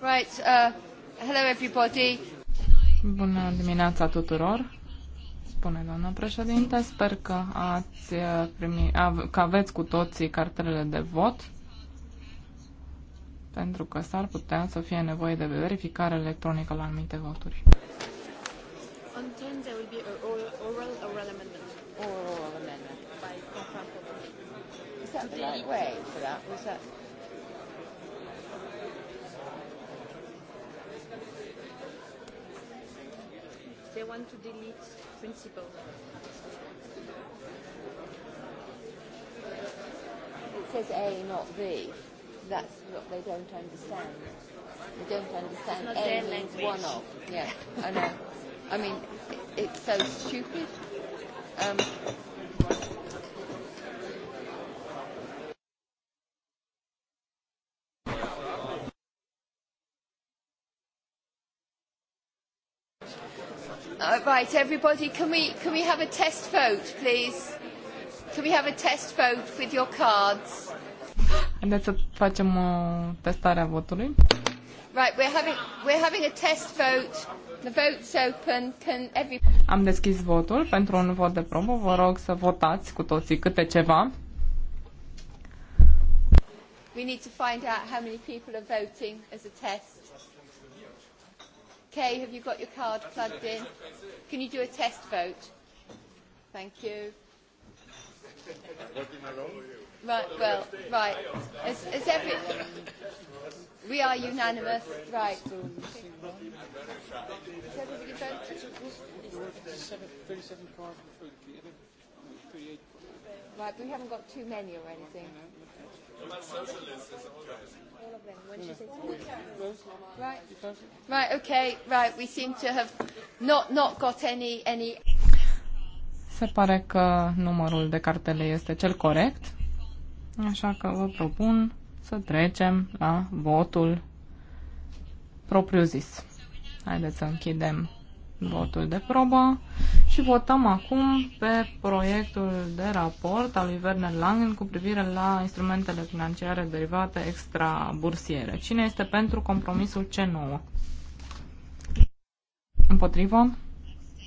Right, uh, hello everybody. Bună dimineața tuturor, spune doamna președinte. Sper că, ați uh, primi, că aveți cu toții cartelele de vot, pentru că s-ar putea să fie nevoie de verificare electronică la anumite voturi. Is that the right way for that? Was that... They want to delete principle. It says A, not B. That's what they don't understand. They don't understand A means language. one of. Yeah, I know. I mean, it's so stupid. Um, Uh, right, everybody, can we, can we have a test vote, please? Can we have a test vote with your cards? Haideți să facem o testare a votului. Right, we're having, we're having a test vote. The vote's open. Can every... Am deschis votul pentru un vot de probă. Vă rog să votați cu toții câte ceva. We need to find out how many people are voting as a test. Kay, have you got your card plugged in? Can you do a test vote? Thank you. Right, well, right. As, as every, we are unanimous. Right. Right, we haven't got too many or anything right. right, okay, right, we seem to have not, not got any, any... Se pare că numărul de cartele este cel corect, așa că vă propun să trecem la votul propriu-zis. Haideți să închidem votul de probă și votăm acum pe proiectul de raport al lui Werner Langen cu privire la instrumentele financiare derivate extrabursiere. Cine este pentru compromisul C9? Împotrivă?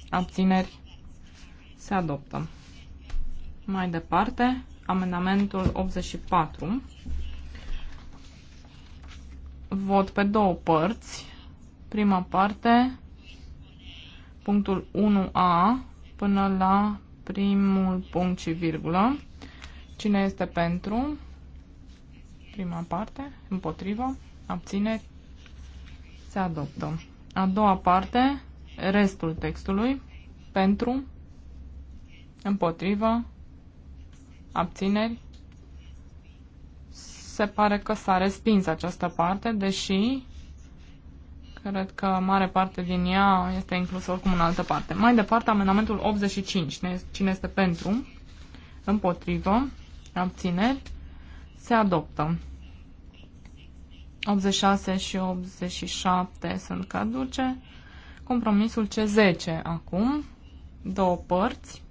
Abțineri? Se adoptă. Mai departe, amendamentul 84. Vot pe două părți. Prima parte punctul 1A până la primul punct și virgulă. Cine este pentru? Prima parte. Împotrivă. Abțineri. Se adoptă. A doua parte. Restul textului. Pentru. Împotrivă. Abțineri. Se pare că s-a respins această parte, deși Cred că mare parte din ea este inclusă oricum în altă parte. Mai departe, amendamentul 85. Cine este pentru? Împotrivă? Abțineri? Se adoptă. 86 și 87 sunt caduce. Compromisul C10 acum. Două părți.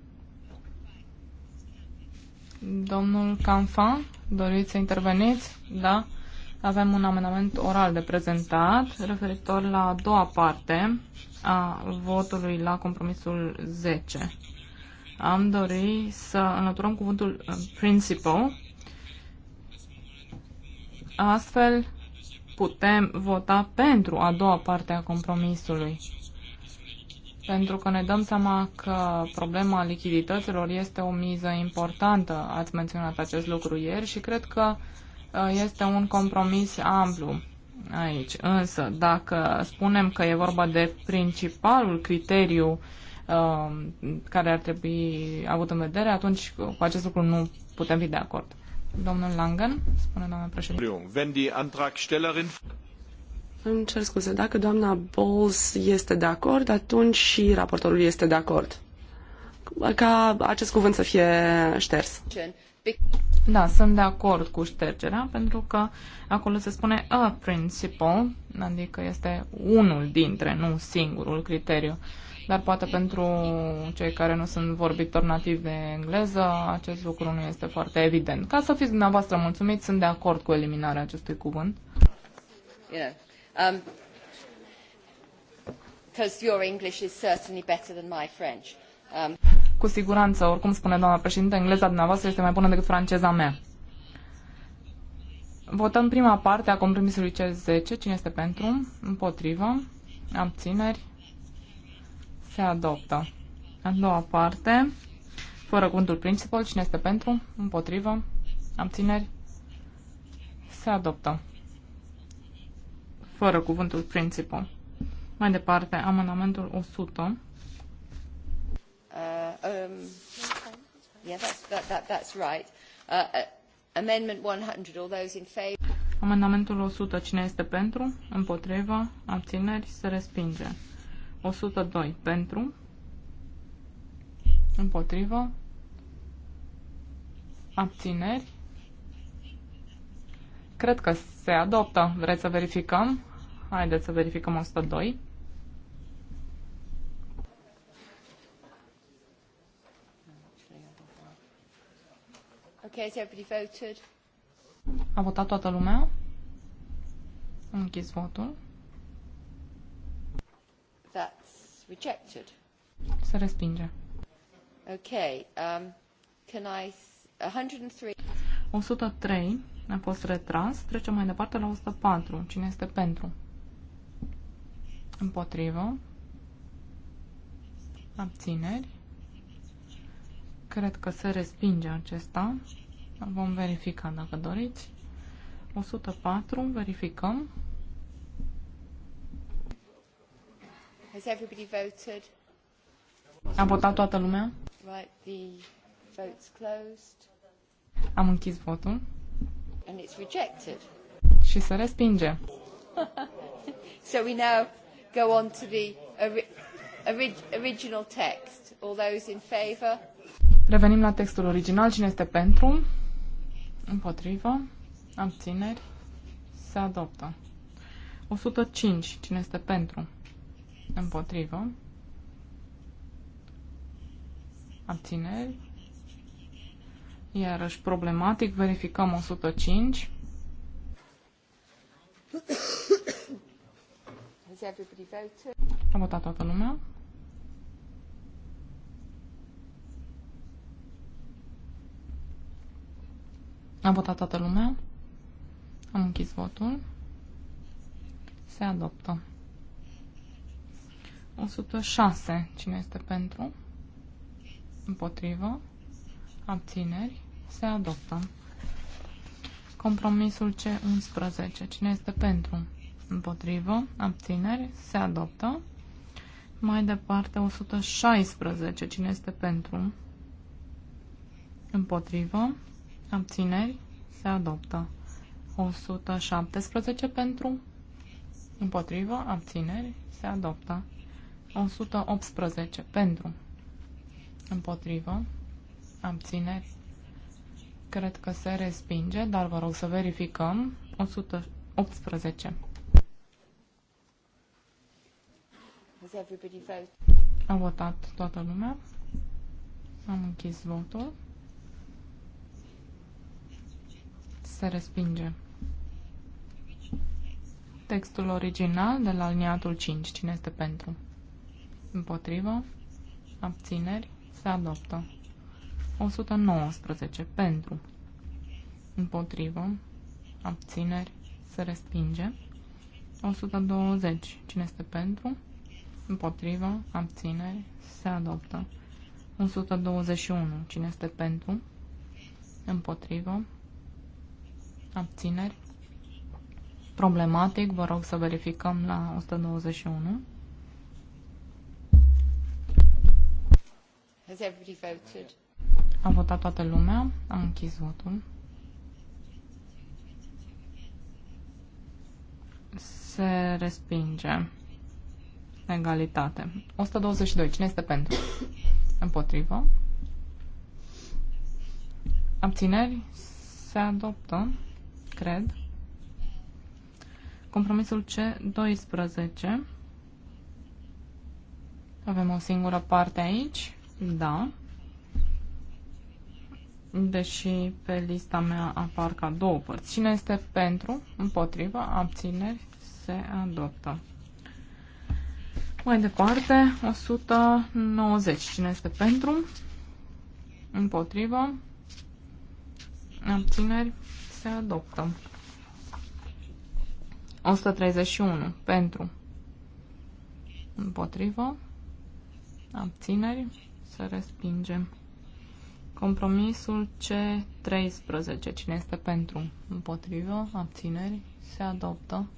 Domnul Canfan, doriți să interveniți? Da? Avem un amendament oral de prezentat referitor la a doua parte a votului la compromisul 10. Am dorit să înlăturăm cuvântul uh, principal. Astfel putem vota pentru a doua parte a compromisului pentru că ne dăm seama că problema lichidităților este o miză importantă. Ați menționat acest lucru ieri și cred că Uh, este un compromis amplu aici. Însă, dacă spunem că e vorba de principalul criteriu uh, care ar trebui avut în vedere, atunci cu acest lucru nu putem fi de acord. Domnul Langen, spune doamna președinte. Îmi cer scuze, dacă doamna Bowles este de acord, atunci și raportorul este de acord. Ca acest cuvânt să fie șters. Da, sunt de acord cu ștergerea, pentru că acolo se spune a principle, adică este unul dintre, nu singurul criteriu. Dar poate pentru cei care nu sunt vorbitori nativi de engleză, acest lucru nu este foarte evident. Ca să fiți dumneavoastră mulțumiți, sunt de acord cu eliminarea acestui cuvânt. Yeah. Um, your English is certainly better than my French. Um cu siguranță, oricum spune doamna președinte, engleza dumneavoastră este mai bună decât franceza mea. Votăm prima parte a compromisului C10. Cine este pentru? Împotrivă. Abțineri. Se adoptă. A doua parte. Fără cuvântul principal. Cine este pentru? Împotrivă. Abțineri. Se adoptă. Fără cuvântul principal. Mai departe, amendamentul 100 um, yeah, that's, that, that, that's right. Uh, uh amendment 100, all those in Amendamentul 100, cine este pentru? Împotrivă? Abțineri? Se respinge. 102, pentru? Împotrivă? Abțineri? Cred că se adoptă. Vreți să verificăm? Haideți să verificăm 102. A votat toată lumea? Am închis votul. That's rejected. Se respinge. Okay, um, can I... 103... 103 a fost retras. Trecem mai departe la 104. Cine este pentru? Împotrivă. Abțineri. Cred că se respinge acesta. Vom verifica dacă doriți. 104, verificăm. Has everybody voted? A votat toată lumea? Right, the vote's closed. Am închis votul. And it's rejected. Și se respinge. so we now go on to the ori original text. All those in favor? Revenim la textul original. Cine este pentru? Împotrivă. Abțineri. Se adoptă. 105. Cine este pentru? Împotrivă. Abțineri. Iarăși problematic. Verificăm 105. Am votat toată lumea. A votat toată lumea? Am închis votul. Se adoptă. 106. Cine este pentru? Împotrivă. Abțineri. Se adoptă. Compromisul C11. Cine este pentru? Împotrivă. Abțineri. Se adoptă. Mai departe, 116. Cine este pentru? Împotrivă abțineri, se adoptă. 117 pentru, împotrivă, abțineri, se adoptă. 118 pentru, împotrivă, abțineri, cred că se respinge, dar vă rog să verificăm. 118. A votat toată lumea. Am închis votul. se respinge. Textul original de la aliniatul 5. Cine este pentru? Împotrivă? Abțineri? Se adoptă. 119. Pentru. Împotrivă? Abțineri? Se respinge. 120. Cine este pentru? Împotrivă? Abțineri? Se adoptă. 121. Cine este pentru? Împotrivă? abțineri, problematic, vă rog să verificăm la 191. A votat toată lumea, am închis votul. Se respinge. Egalitate. 122. Cine este pentru? Împotrivă. Abțineri? Se adoptă cred. Compromisul C12. Avem o singură parte aici. Da. Deși pe lista mea apar ca două părți. Cine este pentru, împotriva, abțineri, se adoptă. Mai departe, 190. Cine este pentru? împotriva, Abțineri? se adoptă. 131 pentru împotrivă abțineri se respinge. Compromisul C13. Cine este pentru? Împotrivă? Abțineri? Se adoptă.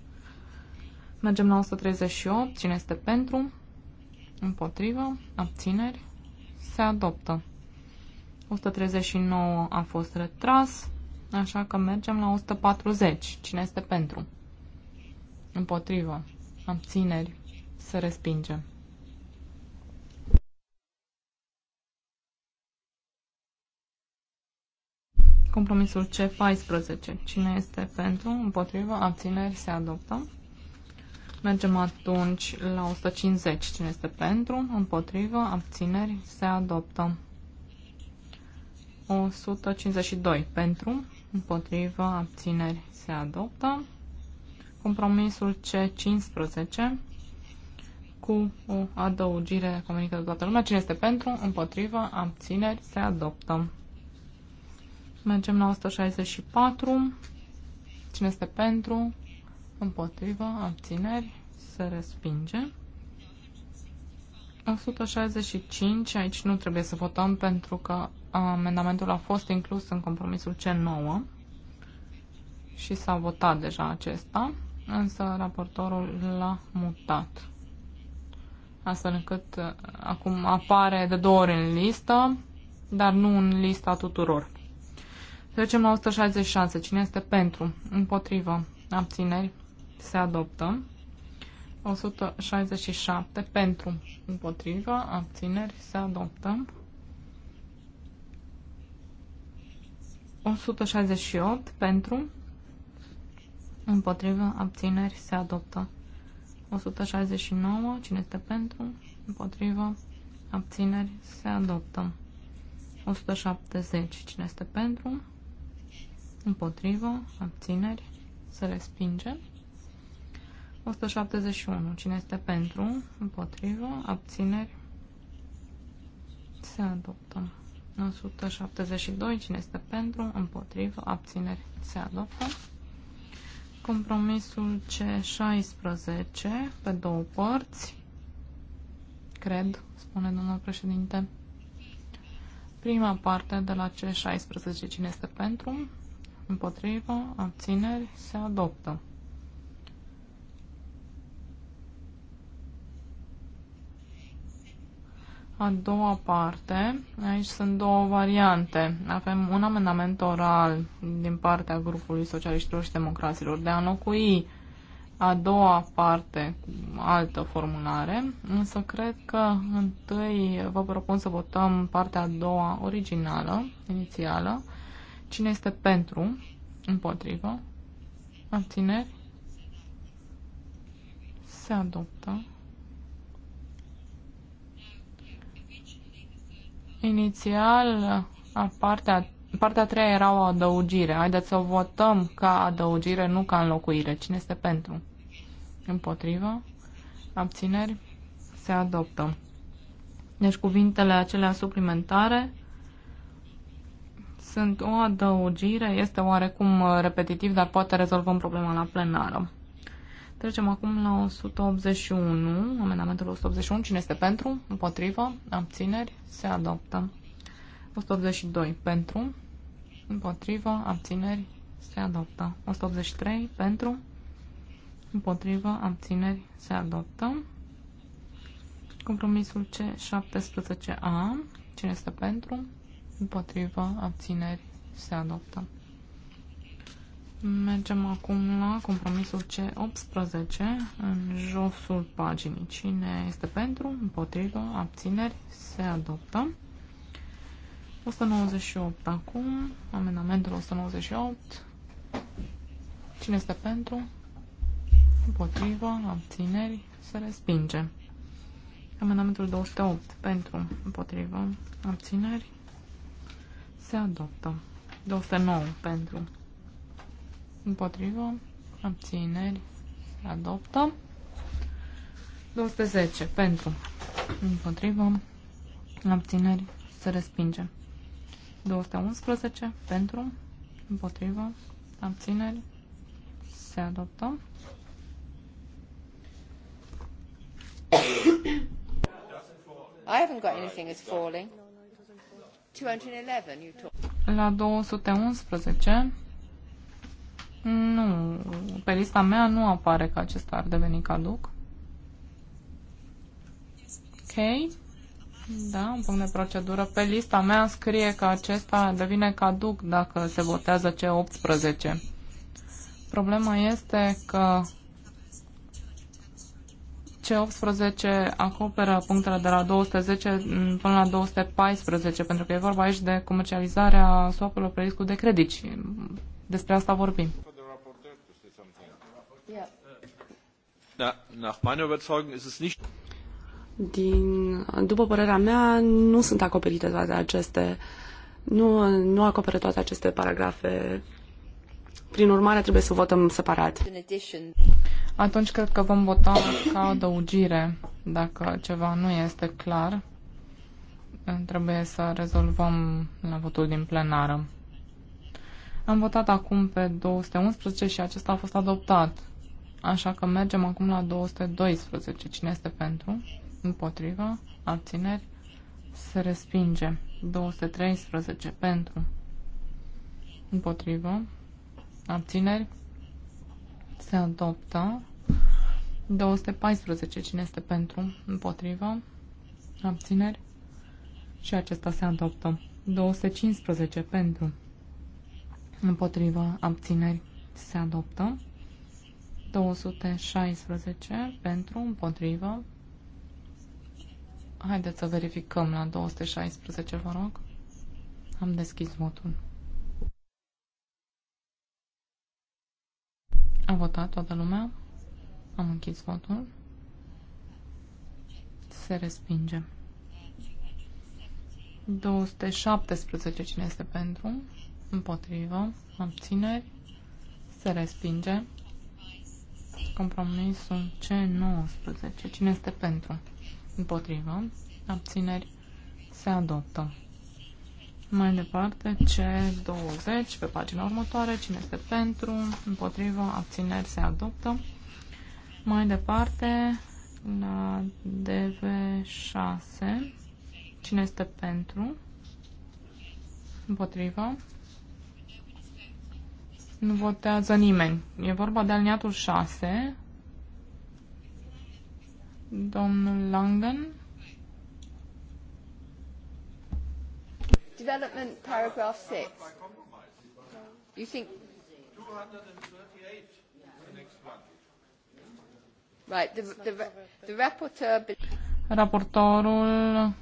Mergem la 138. Cine este pentru? Împotrivă? Abțineri? Se adoptă. 139 a fost retras. Așa că mergem la 140. Cine este pentru? Împotrivă. Abțineri. Se respinge. Compromisul C14. Cine este pentru? Împotrivă. Abțineri. Se adoptă. Mergem atunci la 150. Cine este pentru? Împotrivă. Abțineri. Se adoptă. 152. Pentru împotrivă, abțineri se adoptă. Compromisul C15 cu o adăugire comunică de toată lumea. Cine este pentru, împotrivă, abțineri se adoptă. Mergem la 164. Cine este pentru, împotrivă, abțineri se respinge. 165, aici nu trebuie să votăm pentru că amendamentul a fost inclus în compromisul C9 și s-a votat deja acesta, însă raportorul l-a mutat. Astfel încât uh, acum apare de două ori în listă, dar nu în lista tuturor. Trecem la 166. Cine este pentru? Împotrivă. Abțineri. Se adoptă. 167 pentru, împotriva abțineri, se adoptă. 168 pentru, împotriva abțineri, se adoptă. 169, cine este pentru, împotriva abțineri, se adoptă. 170, cine este pentru, împotriva abțineri, se respinge. 171. Cine este pentru? Împotrivă. Abțineri. Se adoptă. 172. Cine este pentru? Împotrivă. Abțineri. Se adoptă. Compromisul C16 pe două părți. Cred, spune domnul președinte. Prima parte de la C16. Cine este pentru? Împotrivă. Abțineri. Se adoptă. A doua parte, aici sunt două variante. Avem un amendament oral din partea grupului socialiștilor și democraților de a înlocui a doua parte cu altă formulare, însă cred că întâi vă propun să votăm partea a doua originală, inițială. Cine este pentru? Împotrivă? Abțineri? Se adoptă. Inițial, a partea, partea a treia era o adăugire. Haideți să o votăm ca adăugire, nu ca înlocuire. Cine este pentru? Împotrivă? Abțineri? Se adoptă. Deci cuvintele acelea suplimentare sunt o adăugire, este oarecum repetitiv, dar poate rezolvăm problema la plenară. Trecem acum la 181, amendamentul 181. Cine este pentru? Împotrivă? Abțineri? Se adoptă. 182 pentru, împotrivă, abțineri, se adoptă. 183 pentru, împotrivă, abțineri, se adoptă. Compromisul C17A, cine este pentru, împotrivă, abțineri, se adoptă. Mergem acum la compromisul C18 în josul paginii. Cine este pentru, împotrivă, abțineri, se adoptă. 198 acum, amendamentul 198. Cine este pentru, împotrivă, abțineri, se respinge. Amendamentul 208 pentru, împotrivă, abțineri, se adoptă. 209 pentru, Împotrivă. Abțineri. adoptă. 210. Pentru. Împotrivă. Abțineri. Se respinge. 211. Pentru. Împotrivă. Abțineri. Se adoptă. I haven't got anything falling. 211 you talk. La 211 nu, pe lista mea nu apare că acesta ar deveni caduc. Ok. Da, un punct de procedură. Pe lista mea scrie că acesta devine caduc dacă se votează C18. Problema este că C18 acoperă punctele de la 210 până la 214, pentru că e vorba aici de comercializarea swap-urilor pe riscul de credit despre asta vorbim. Din, după părerea mea, nu sunt acoperite toate aceste, nu, nu acoperă toate aceste paragrafe. Prin urmare, trebuie să votăm separat. Atunci cred că vom vota ca adăugire, dacă ceva nu este clar. Trebuie să rezolvăm la votul din plenară. Am votat acum pe 211 și acesta a fost adoptat. Așa că mergem acum la 212. Cine este pentru? Împotriva? Abțineri? Se respinge. 213. Pentru? împotriva Abțineri? Se adoptă. 214. Cine este pentru? împotriva Abțineri? Și acesta se adoptă. 215. Pentru? împotriva Abțineri? Se adoptă. 216 pentru, împotrivă. Haideți să verificăm la 216, vă rog. Am deschis votul. A votat toată lumea? Am închis votul. Se respinge. 217 cine este pentru? Împotrivă. Abțineri. Se respinge. Compromisul C19. Cine este pentru? Împotrivă. Abțineri. Se adoptă. Mai departe, C20, pe pagina următoare, cine este pentru, împotrivă, abțineri, se adoptă. Mai departe, la DV6, cine este pentru, împotrivă, nu votează nimeni. E vorba de aliniatul 6. Domnul Langen. Development paragraph 6. You think... 238. Right, the, the, the rapporteur... Raportorul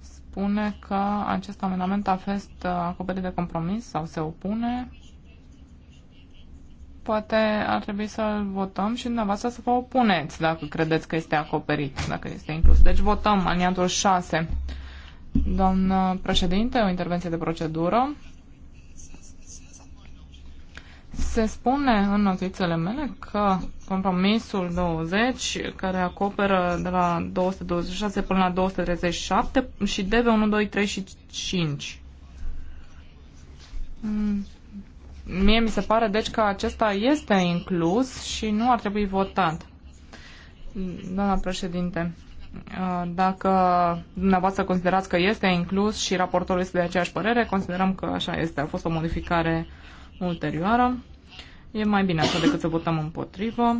spune că acest amendament a fost acoperit de compromis sau se opune poate ar trebui să-l votăm și dumneavoastră să vă opuneți dacă credeți că este acoperit, dacă este inclus. Deci votăm aliniatul 6. Doamnă președinte, o intervenție de procedură. Se spune în notițele mele că compromisul 20, care acoperă de la 226 până la 237 și DV 1, 2, 3 și 5. Mie mi se pare, deci, că acesta este inclus și nu ar trebui votat. Doamna președinte, uh, dacă dumneavoastră considerați că este inclus și raportorul este de aceeași părere, considerăm că așa este. A fost o modificare ulterioară. E mai bine așa decât să votăm împotrivă.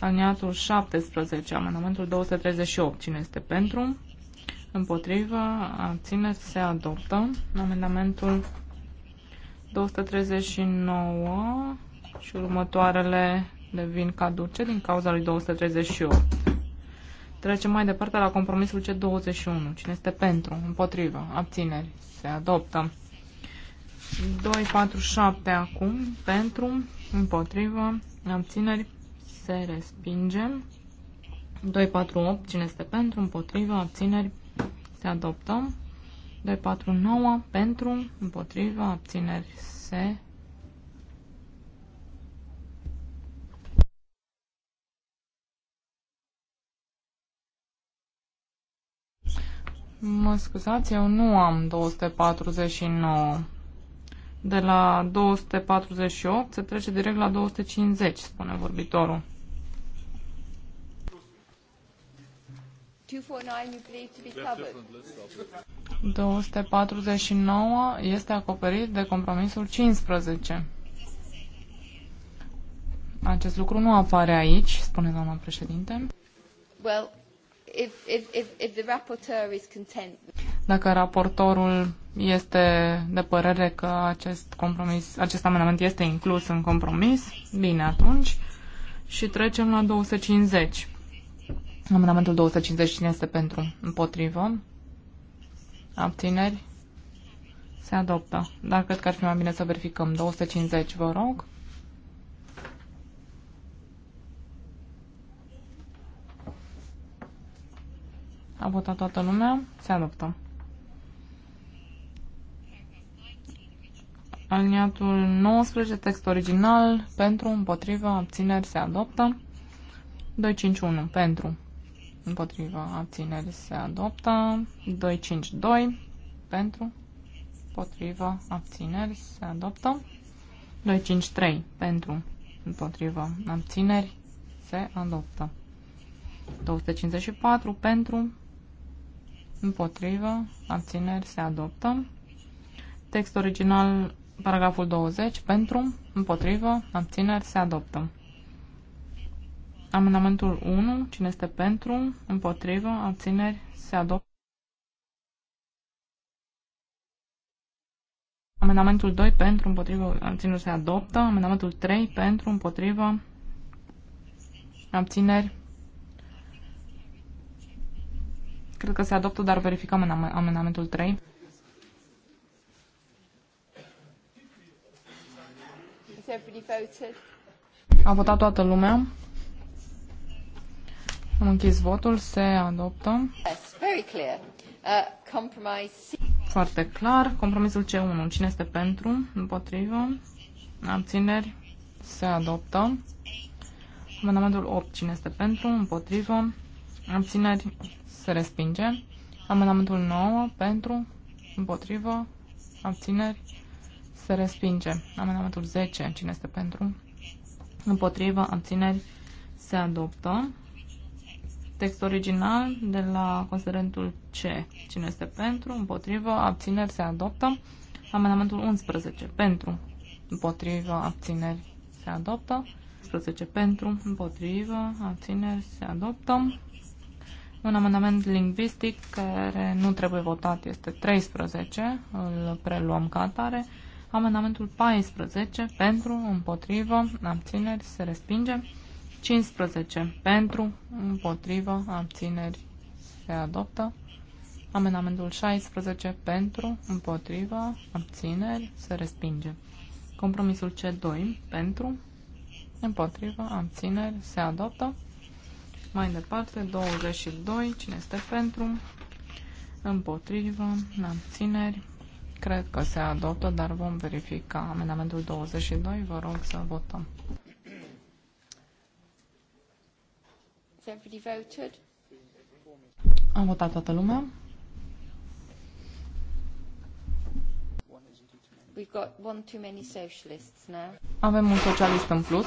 Alineatul 17, amendamentul 238. Cine este pentru? Împotrivă? Abțineri? Se adoptă. Amendamentul 239 și următoarele devin caduce din cauza lui 238. Trecem mai departe la compromisul C21. Cine este pentru? Împotrivă? Abțineri? Se adoptă. 247 acum. Pentru? Împotrivă? Abțineri? Se respinge. 248. Cine este pentru? Împotrivă? Abțineri? Se adoptă. 249 pentru, împotriva, abțineri se Mă scuzați, eu nu am 249. De la 248 se trece direct la 250, spune vorbitorul. 249 este acoperit de compromisul 15. Acest lucru nu apare aici, spune doamna președinte. Well, if, if, if the rapporteur is content. Dacă raportorul este de părere că acest, compromis, acest amendament este inclus în compromis, bine atunci. Și trecem la 250. Amendamentul 250 cine este pentru? Împotrivă. Abțineri. Se adoptă. Dar cred că ar fi mai bine să verificăm. 250, vă rog. A votat toată lumea. Se adoptă. Aliniatul 19, text original, pentru, împotrivă, abțineri, se adoptă. 251, pentru, împotriva abțineri se adoptă, 252 pentru, împotriva abțineri se adoptă, 253 pentru, împotriva abțineri se adoptă, 254 pentru, împotriva abțineri se adoptă, text original paragraful 20 pentru, împotriva abțineri se adoptă. Amendamentul 1. Cine este pentru? Împotrivă? Abțineri? Se adoptă. Amendamentul 2. Pentru? Împotrivă? Abțineri? Se adoptă. Amendamentul 3. Pentru? Împotrivă? Abțineri? Cred că se adoptă, dar verificăm în amendamentul 3. A votat toată lumea. Am închis votul. Se adoptă. Yes, very clear. Uh, compromise... Foarte clar. Compromisul C1. Cine este pentru? Împotrivă? Abțineri? Se adoptă. Amendamentul 8. Cine este pentru? Împotrivă? Abțineri? Se respinge. Amendamentul 9. Pentru? Împotrivă? Abțineri? Se respinge. Amendamentul 10. Cine este pentru? Împotrivă? Abțineri? Se adoptă. Text original de la considerentul C. Cine este pentru? Împotrivă? Abțineri? Se adoptă. Amendamentul 11. Pentru? Împotrivă? Abțineri? Se adoptă. 11 pentru, împotrivă, abțineri, se adoptă. Un amendament lingvistic care nu trebuie votat este 13, îl preluăm ca atare. Amendamentul 14 pentru, împotrivă, abțineri, se respinge. 15 pentru, împotrivă, abțineri se adoptă. Amendamentul 16 pentru, împotrivă, abțineri se respinge. Compromisul C2 pentru, împotrivă, abțineri se adoptă. Mai departe, 22, cine este pentru, împotrivă, abțineri. Cred că se adoptă, dar vom verifica amendamentul 22. Vă rog să votăm. everybody voted? Am votat toată lumea. We've got one too many socialists now. Avem un socialist în plus.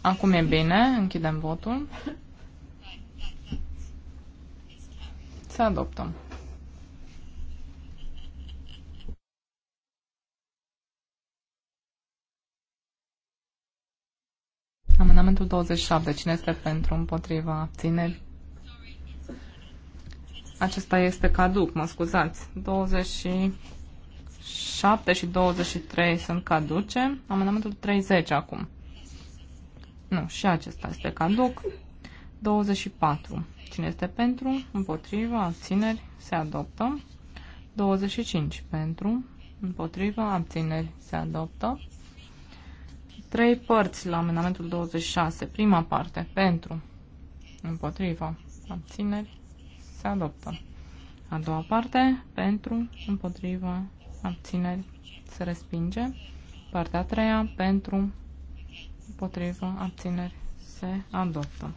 Acum e bine, închidem votul. Să adoptăm. Amendamentul 27. Cine este pentru? Împotriva abțineri? Acesta este caduc, mă scuzați. 27 și 23 sunt caduce. Amendamentul 30 acum. Nu, și acesta este caduc. 24. Cine este pentru? Împotriva, abțineri, se adoptă. 25. Pentru, împotriva, abțineri, se adoptă. Trei părți la amendamentul 26. Prima parte, pentru, împotriva, abțineri, se adoptă. A doua parte, pentru, împotriva, abțineri, se respinge. Partea a treia, pentru, împotriva, abțineri, se adoptă.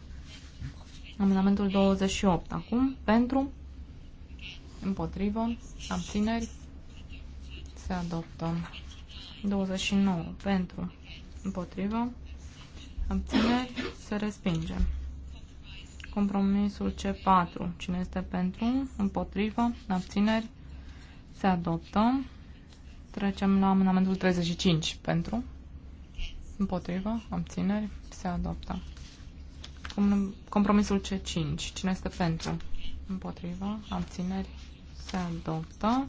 Amendamentul 28 acum, pentru, împotrivă, abțineri, se adoptă. 29 pentru, Împotrivă. Abțineri. Se respinge. Compromisul C4. Cine este pentru? Împotrivă. Abțineri. Se adoptă. Trecem la amendamentul 35. Pentru. Împotrivă. Abțineri. Se adoptă. Compromisul C5. Cine este pentru? Împotrivă. Abțineri. Se adoptă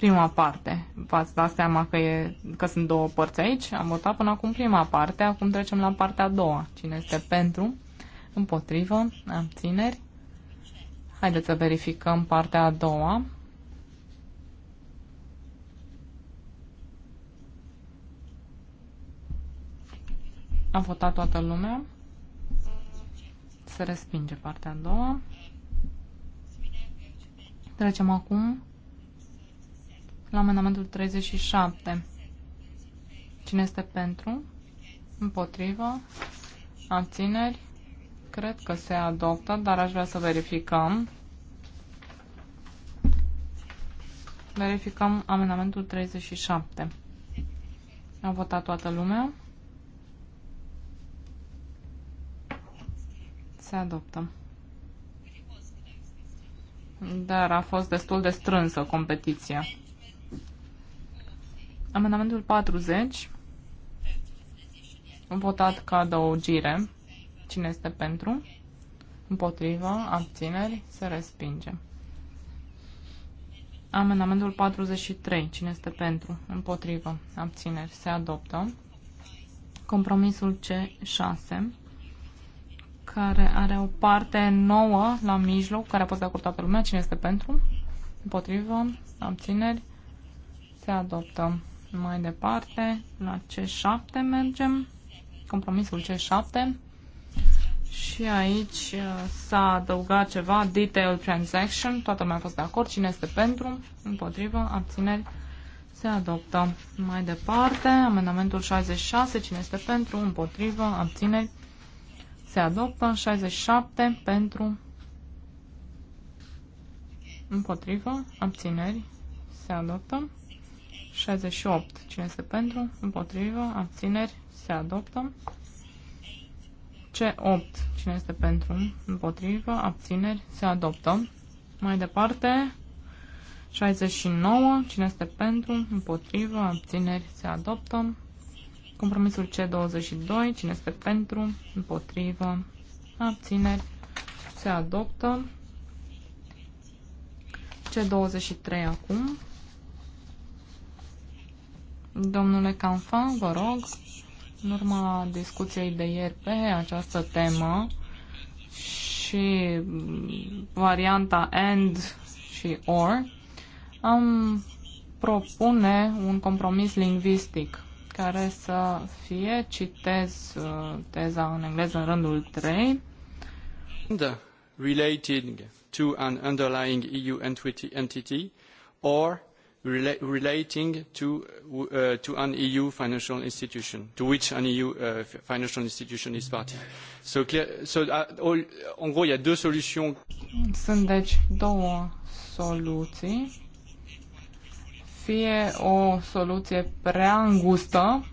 prima parte. V-ați dat seama că, e, că sunt două părți aici? Am votat până acum prima parte, acum trecem la partea a doua. Cine este pentru? Împotrivă? Abțineri? Haideți să verificăm partea a doua. A votat toată lumea. Se respinge partea a doua. Trecem acum la amendamentul 37. Cine este pentru? Împotrivă? Abțineri? Cred că se adoptă, dar aș vrea să verificăm. Verificăm amendamentul 37. A votat toată lumea. Se adoptă. Dar a fost destul de strânsă competiția. Amendamentul 40, votat ca adăugire. Cine este pentru? Împotrivă, abțineri, se respinge. Amendamentul 43. Cine este pentru? Împotrivă. Abțineri. Se adoptă. Compromisul C6, care are o parte nouă la mijloc, care a fost de acord toată lumea. Cine este pentru? Împotrivă. Abțineri. Se adoptă. Mai departe, la C7 mergem, compromisul C7 și aici uh, s-a adăugat ceva, detail transaction, toată lumea a fost de acord, cine este pentru, împotrivă, abțineri, se adoptă. Mai departe, amendamentul 66, cine este pentru, împotrivă, abțineri, se adoptă. 67, pentru, împotrivă, abțineri, se adoptă. 68. Cine este pentru? Împotrivă. Abțineri. Se adoptă. C8. Cine este pentru? Împotrivă. Abțineri. Se adoptă. Mai departe. 69. Cine este pentru? Împotrivă. Abțineri. Se adoptă. Compromisul C22. Cine este pentru? Împotrivă. Abțineri. Se adoptă. C23 acum. Domnule Canfan, vă rog, în urma discuției de ieri pe această temă și varianta AND și OR, am propune un compromis lingvistic care să fie, citez uh, teza în engleză în rândul 3, and relating to an underlying EU entity or rela relating to, uh, to an EU financial institution, to which an EU uh, financial institution is party. So, clear, so uh, en gros, il y a deux solutions. Sunt deci două soluții. Fie o soluție prea îngustă,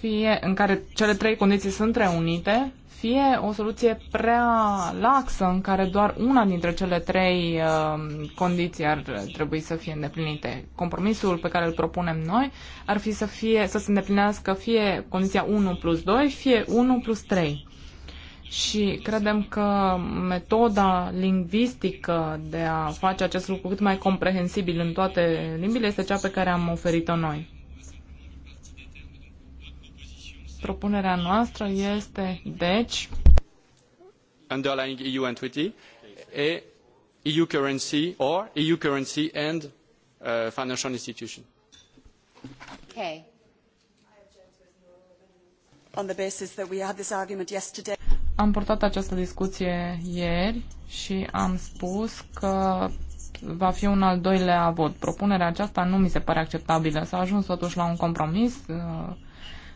fie în care cele trei condiții sunt reunite, fie o soluție prea laxă în care doar una dintre cele trei uh, condiții ar trebui să fie îndeplinite. Compromisul pe care îl propunem noi ar fi să, fie, să se îndeplinească fie condiția 1 plus 2, fie 1 plus 3. Și credem că metoda lingvistică de a face acest lucru cât mai comprehensibil în toate limbile este cea pe care am oferit-o noi. Propunerea noastră este, deci, underlying EU entity, a EU currency or EU currency and uh, financial institution. Okay. On the basis that we had this argument yesterday. Am portat această discuție ieri și am spus că va fi un al doilea vot. Propunerea aceasta nu mi se pare acceptabilă. S-a ajuns totuși la un compromis. Uh,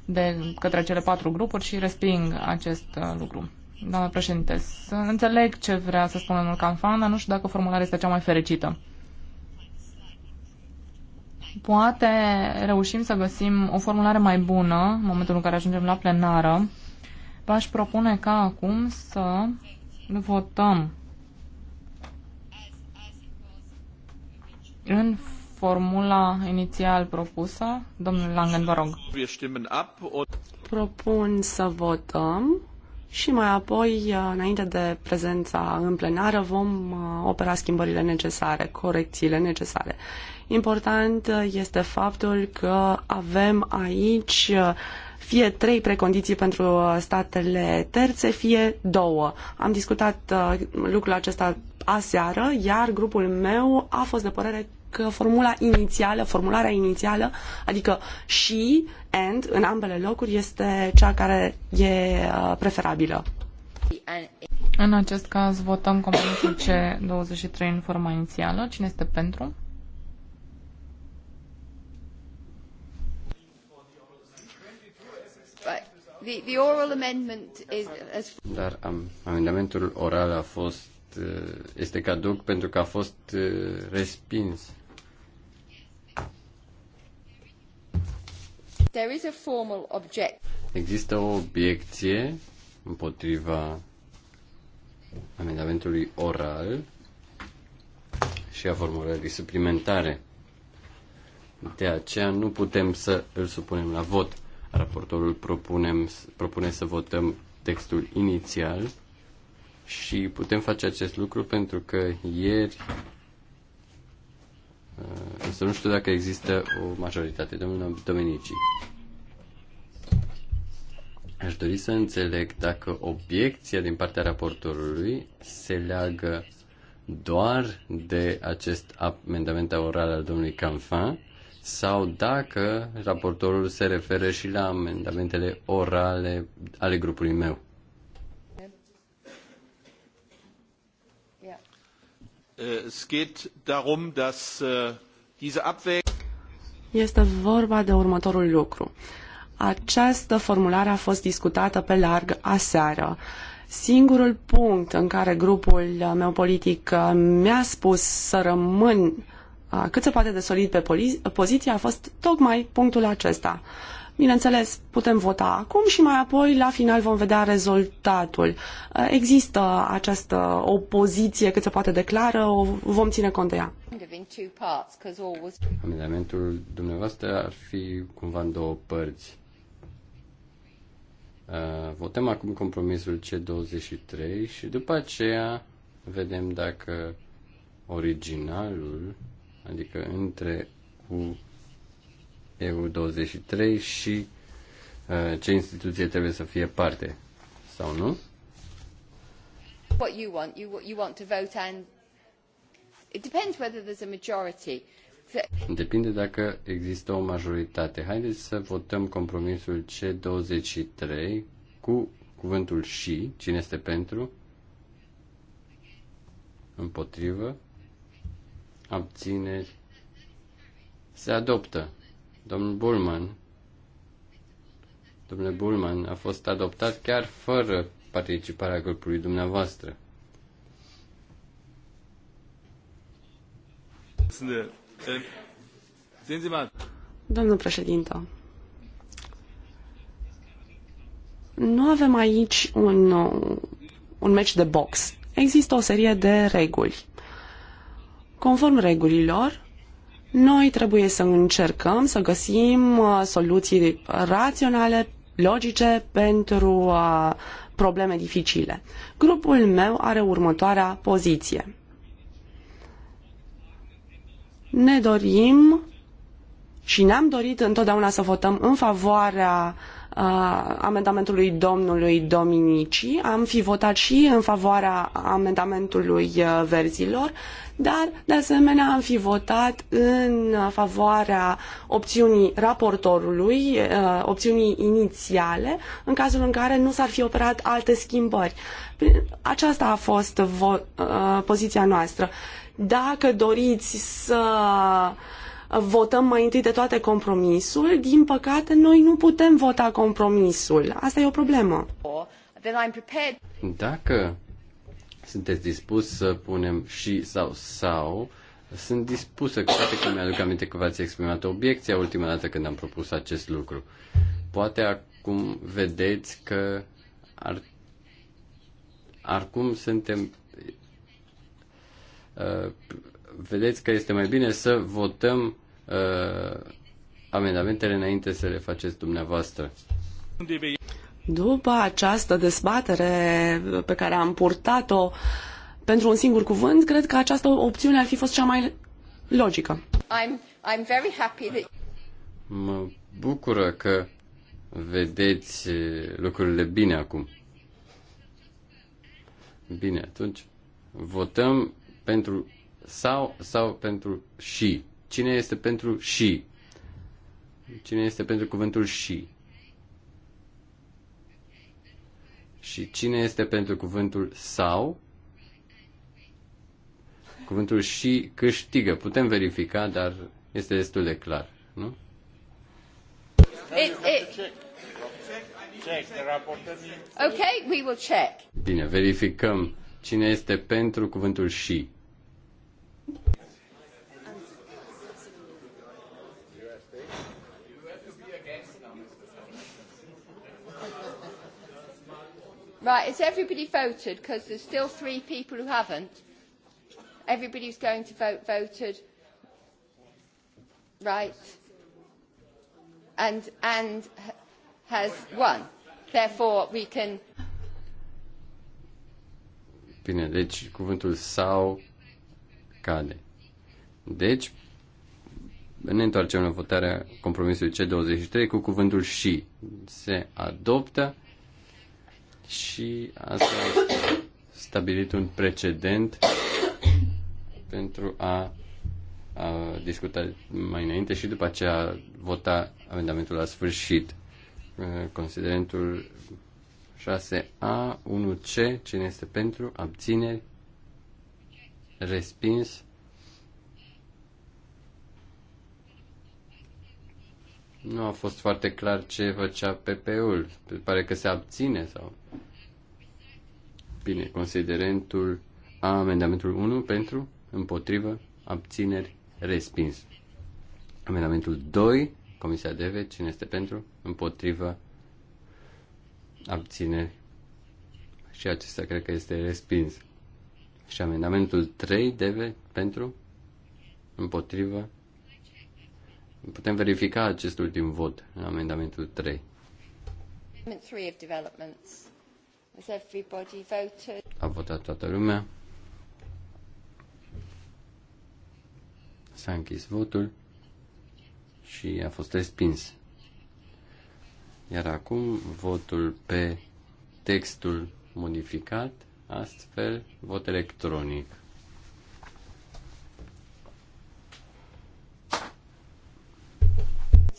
de către cele patru grupuri și resping acest uh, lucru. Doamna președinte, să înțeleg ce vrea să spună domnul Canfan, dar nu știu dacă formularea este cea mai fericită. Poate reușim să găsim o formulare mai bună în momentul în care ajungem la plenară. V-aș propune ca acum să votăm în formula inițial propusă. Domnul Langen, vă rog. Propun să votăm și mai apoi, uh, înainte de prezența în plenară, vom uh, opera schimbările necesare, corecțiile necesare. Important uh, este faptul că avem aici fie trei precondiții pentru statele terțe, fie două. Am discutat lucrul acesta aseară, iar grupul meu a fost de părere Că formula inițială, formularea inițială, adică și and în ambele locuri este cea care e uh, preferabilă. În acest caz votăm compromisul C23 în forma inițială. Cine este pentru? The, oral amendment is... Dar am, amendamentul oral a fost uh, este caduc pentru că a fost uh, respins. There is a formal object. Există o obiecție împotriva amendamentului oral și a formulării suplimentare. De aceea nu putem să îl supunem la vot. Raportorul propunem, propune să votăm textul inițial și putem face acest lucru pentru că ieri Uh, însă nu știu dacă există o majoritate. Domnul Domenici. Aș dori să înțeleg dacă obiecția din partea raportorului se leagă doar de acest amendament oral al domnului Canfan sau dacă raportorul se referă și la amendamentele orale ale grupului meu. Äh, es geht darum, dass äh, diese Abwägung este vorba de următorul lucru. Această formulare a fost discutată pe larg aseară. Singurul punct în care grupul meu politic uh, mi-a spus să rămân uh, cât se poate de solid pe poziție a fost tocmai punctul acesta. Bineînțeles, putem vota acum și mai apoi, la final, vom vedea rezultatul. Există această opoziție cât se poate declară, o vom ține cont de ea. Amendamentul dumneavoastră ar fi cumva în două părți. Uh, votăm acum compromisul C23 și după aceea vedem dacă originalul, adică între cu EU23 și uh, ce instituție trebuie să fie parte sau nu? What you want, you, you want to vote and it depends whether there's a majority. Depinde dacă există o majoritate. Haideți să votăm compromisul C23 cu cuvântul și. Cine este pentru? Împotrivă? Abțineri? Se adoptă. Domnul Bulman, domnule Bulman, a fost adoptat chiar fără participarea grupului dumneavoastră. Domnul președinte, nu avem aici un, un meci de box. Există o serie de reguli. Conform regulilor, noi trebuie să încercăm să găsim uh, soluții raționale, logice pentru uh, probleme dificile. Grupul meu are următoarea poziție. Ne dorim și ne-am dorit întotdeauna să votăm în favoarea uh, amendamentului domnului Dominici, am fi votat și în favoarea amendamentului uh, verzilor, dar de asemenea am fi votat în favoarea opțiunii raportorului, uh, opțiunii inițiale, în cazul în care nu s-ar fi operat alte schimbări. Aceasta a fost vo- uh, poziția noastră. Dacă doriți să votăm mai întâi de toate compromisul. Din păcate, noi nu putem vota compromisul. Asta e o problemă. Dacă sunteți dispus să punem și sau sau, sunt dispusă, că poate că mi-aduc aminte că v-ați exprimat obiecția ultima dată când am propus acest lucru. Poate acum vedeți că ar, acum suntem uh, vedeți că este mai bine să votăm uh, amendamentele înainte să le faceți dumneavoastră. După această dezbatere pe care am purtat-o pentru un singur cuvânt, cred că această opțiune ar fi fost cea mai logică. I'm, I'm very happy that... Mă bucură că vedeți uh, lucrurile bine acum. Bine, atunci votăm pentru sau sau pentru și. Cine este pentru și? Cine este pentru cuvântul și? Și cine este pentru cuvântul sau? Cuvântul și câștigă. Putem verifica, dar este destul de clar, nu? Eh, eh. Ok, we will check. Bine, verificăm cine este pentru cuvântul și. Right, has everybody voted? Because there's still three people who haven't. Everybody who's going to vote voted. Right. And, and has won. Therefore, we can... Bine, deci cuvântul sau cade. Deci, ne întoarcem la votarea compromisului C23 cu cuvântul și. Se adoptă și asta a stabilit un precedent pentru a, a discuta mai înainte și după aceea vota amendamentul la sfârșit. Uh, considerentul 6A, 1C, cine este pentru, abțineri, respins, Nu a fost foarte clar ce făcea PP-ul. Pare că se abține sau... Bine, considerentul a amendamentul 1 pentru, împotrivă, abțineri, respins. Amendamentul 2, Comisia DV, cine este pentru, împotrivă, abțineri. Și acesta cred că este respins. Și amendamentul 3, DV, pentru, împotrivă, Putem verifica acest ultim vot, amendamentul 3. A votat toată lumea. S-a închis votul și a fost respins. Iar acum votul pe textul modificat, astfel vot electronic.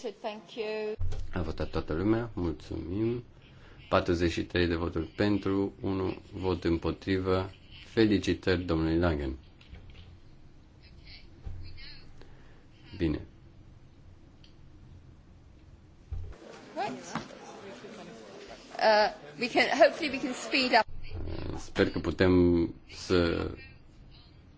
voted, thank you. A votat toată lumea, mulțumim. 43 de voturi pentru, 1 vot împotrivă. Felicitări domnului Langen. Bine. Uh, we can, hopefully we can speed up. Sper că putem să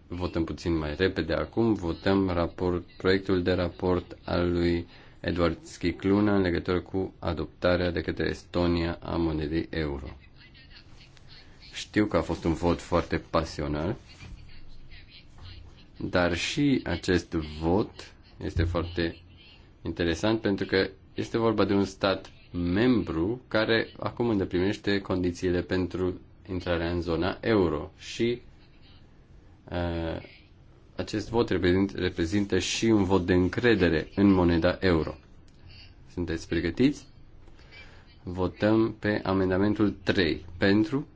votăm puțin mai repede acum. Votăm raport, proiectul de raport al lui Edward Schicluna în legătură cu adoptarea de către Estonia a monedei euro. Știu că a fost un vot foarte pasional, dar și acest vot este foarte interesant pentru că este vorba de un stat membru care acum îndeplinește condițiile pentru intrarea în zona euro și uh, acest vot reprezintă și un vot de încredere în moneda euro. Sunteți pregătiți? Votăm pe amendamentul 3. Pentru,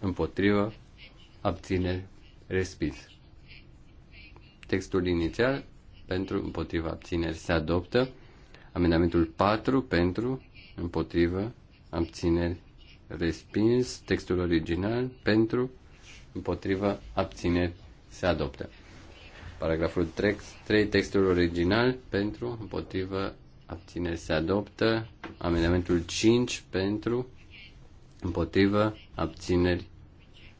împotrivă, abțineri, respins. Textul inițial, pentru, împotrivă, abțineri, se adoptă. Amendamentul 4, pentru, împotrivă, abțineri, respins. Textul original, pentru, împotrivă, abțineri, se adoptă. Paragraful 3, 3 textul original pentru, împotrivă, abține se adoptă. Amendamentul 5 pentru, împotrivă, abțineri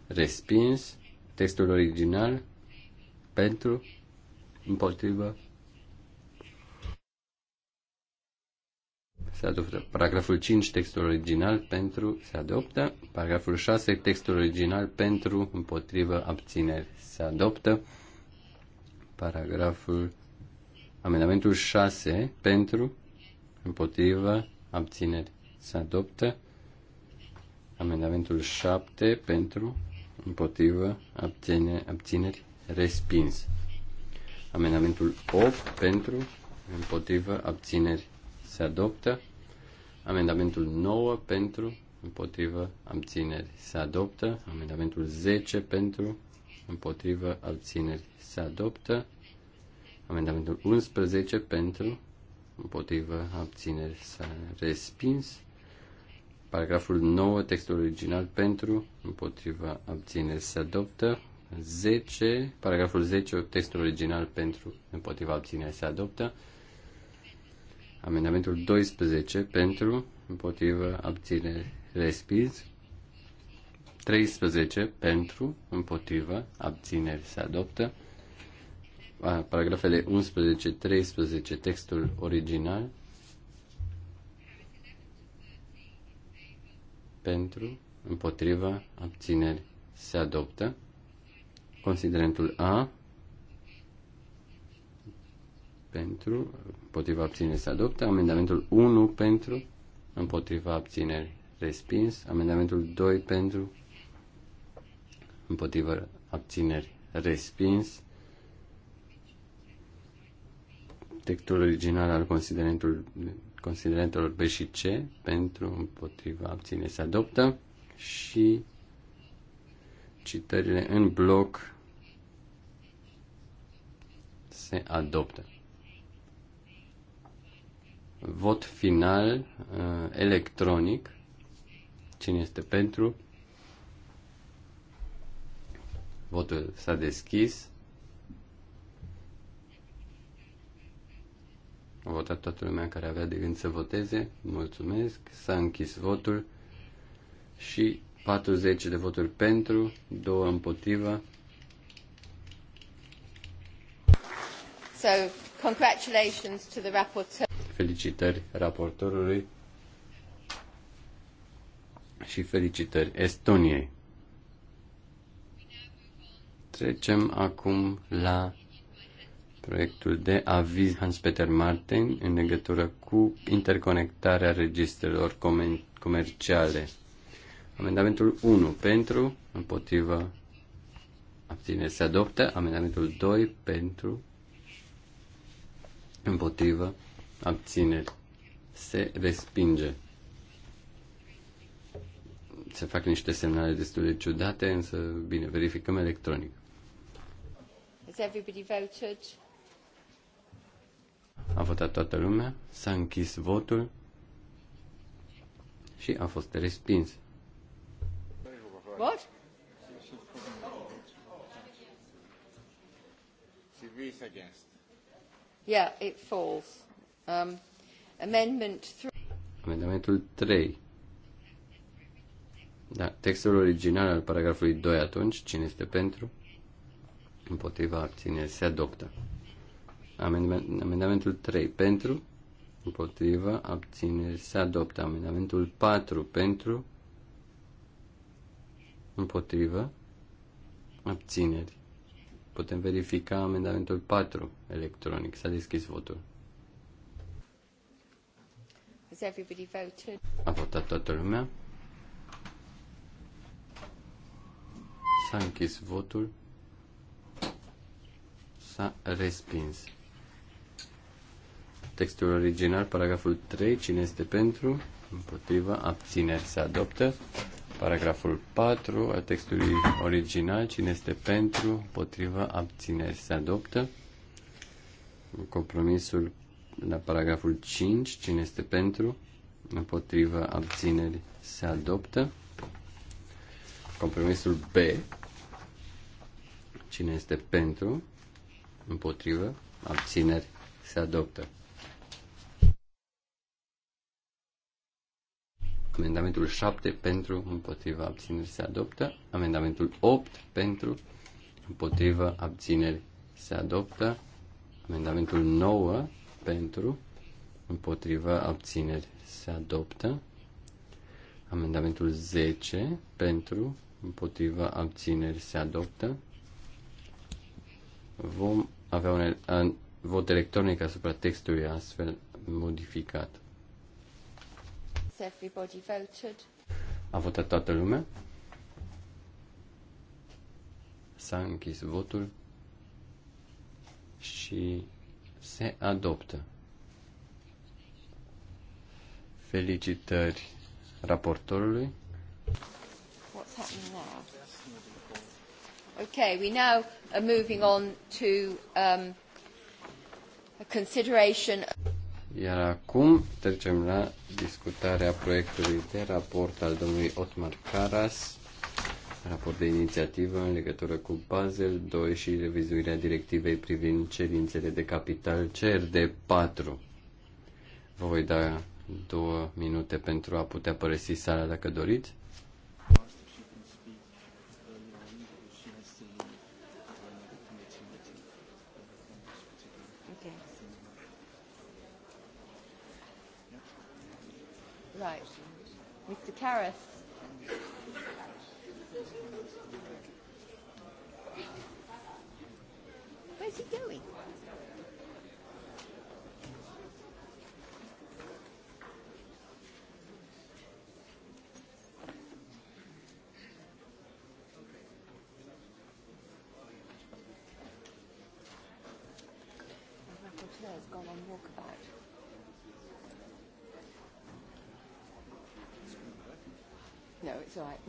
respins. Textul original pentru, împotrivă, se adoptă. Paragraful 5, textul original pentru se adoptă. Paragraful 6, textul original pentru împotrivă abțineri se adoptă paragraful amendamentul 6 pentru, împotrivă, abțineri. Se adoptă amendamentul 7 pentru, împotrivă, abține, abțineri, respins. Amendamentul 8 pentru, împotrivă, abțineri, se adoptă. Amendamentul 9 pentru, împotrivă, abțineri, se adoptă. Amendamentul 10 pentru, împotrivă, abțineri se adoptă. Amendamentul 11 pentru, împotrivă, abțineri s-a respins. Paragraful 9, textul original pentru, împotrivă, abțineri se adoptă. 10, paragraful 10, textul original pentru, împotriva abțineri se adoptă. Amendamentul 12 pentru, împotrivă, abțineri respins. 13 pentru, împotrivă, abțineri se adoptă. Paragrafele 11, 13, textul original. Pentru, împotrivă, abțineri se adoptă. Considerentul A. Pentru, împotriva abțineri se adoptă. Amendamentul 1 pentru, împotriva abțineri respins. Amendamentul 2 pentru, împotriva abțineri respins. Textul original al considerentul, considerentelor B și C pentru împotriva abțineri se adoptă și citările în bloc se adoptă. Vot final uh, electronic. Cine este pentru? Votul s-a deschis. A votat toată lumea care avea de gând să voteze. Mulțumesc. S-a închis votul și 40 de voturi pentru, 2 împotriva. So, congratulations to the Felicitări raportorului și felicitări Estoniei. Trecem acum la proiectul de aviz Hans-Peter Martin în legătură cu interconectarea registrelor comerciale. Amendamentul 1 pentru, împotrivă, abține, se adoptă. Amendamentul 2 pentru, împotrivă, abține, se respinge. Se fac niște semnale destul de ciudate, însă bine, verificăm electronic everybody voted? A votat toată lumea, s-a închis votul și a fost respins. What? Yeah, it falls. Um, amendment 3. Amendamentul 3. Da, textul original al paragrafului 2 atunci, cine este pentru? împotriva abțineri se adoptă. Amendamentul 3 pentru, împotriva abțineri se adoptă. Amendamentul 4 pentru, împotriva abțineri. Putem verifica amendamentul 4 electronic. S-a deschis votul. A votat toată lumea. S-a închis votul. S-a respins. Textul original, paragraful 3, cine este pentru, împotriva, abțineri se adoptă. Paragraful 4 al textului original, cine este pentru, împotriva, abțineri se adoptă. Compromisul la paragraful 5, cine este pentru, împotriva, abțineri se adoptă. Compromisul B, cine este pentru, împotrivă, abțineri, se adoptă. Amendamentul 7 pentru, împotriva, abțineri, se adoptă. Amendamentul 8 pentru, împotriva, abțineri, se adoptă. Amendamentul 9 pentru, împotriva, abțineri, se adoptă. Amendamentul 10 pentru, împotriva, abțineri, se adoptă. Vom avea un, un vot electronic asupra textului astfel modificat. Everybody voted. A votat toată lumea? S-a închis votul și se adoptă. Felicitări raportorului. What's happening now? Okay, we now are moving on to um, a consideration. Iar acum trecem la discutarea proiectului de raport al domnului Otmar Caras, raport de inițiativă în legătură cu Basel 2 și revizuirea directivei privind cerințele de capital CRD 4. Vă voi da două minute pentru a putea părăsi sala dacă doriți. Karas.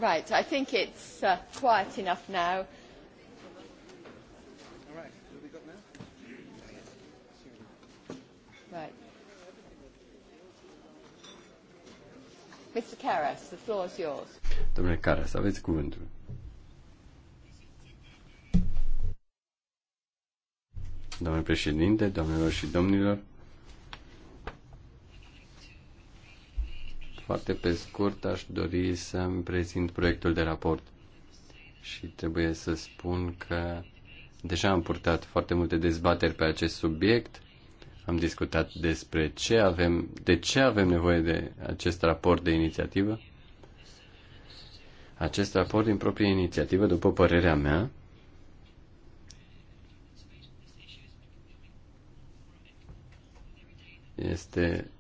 Right, I think it's uh, quiet enough now. Right. Mr. Karas, the floor is yours. Domnule Caras, aveți cuvântul. Domnule președinte, domnilor și domnilor, Foarte pe scurt, aș dori să-mi prezint proiectul de raport. Și trebuie să spun că deja am purtat foarte multe dezbateri pe acest subiect. Am discutat despre ce avem, de ce avem nevoie de acest raport de inițiativă. Acest raport din proprie inițiativă, după părerea mea, este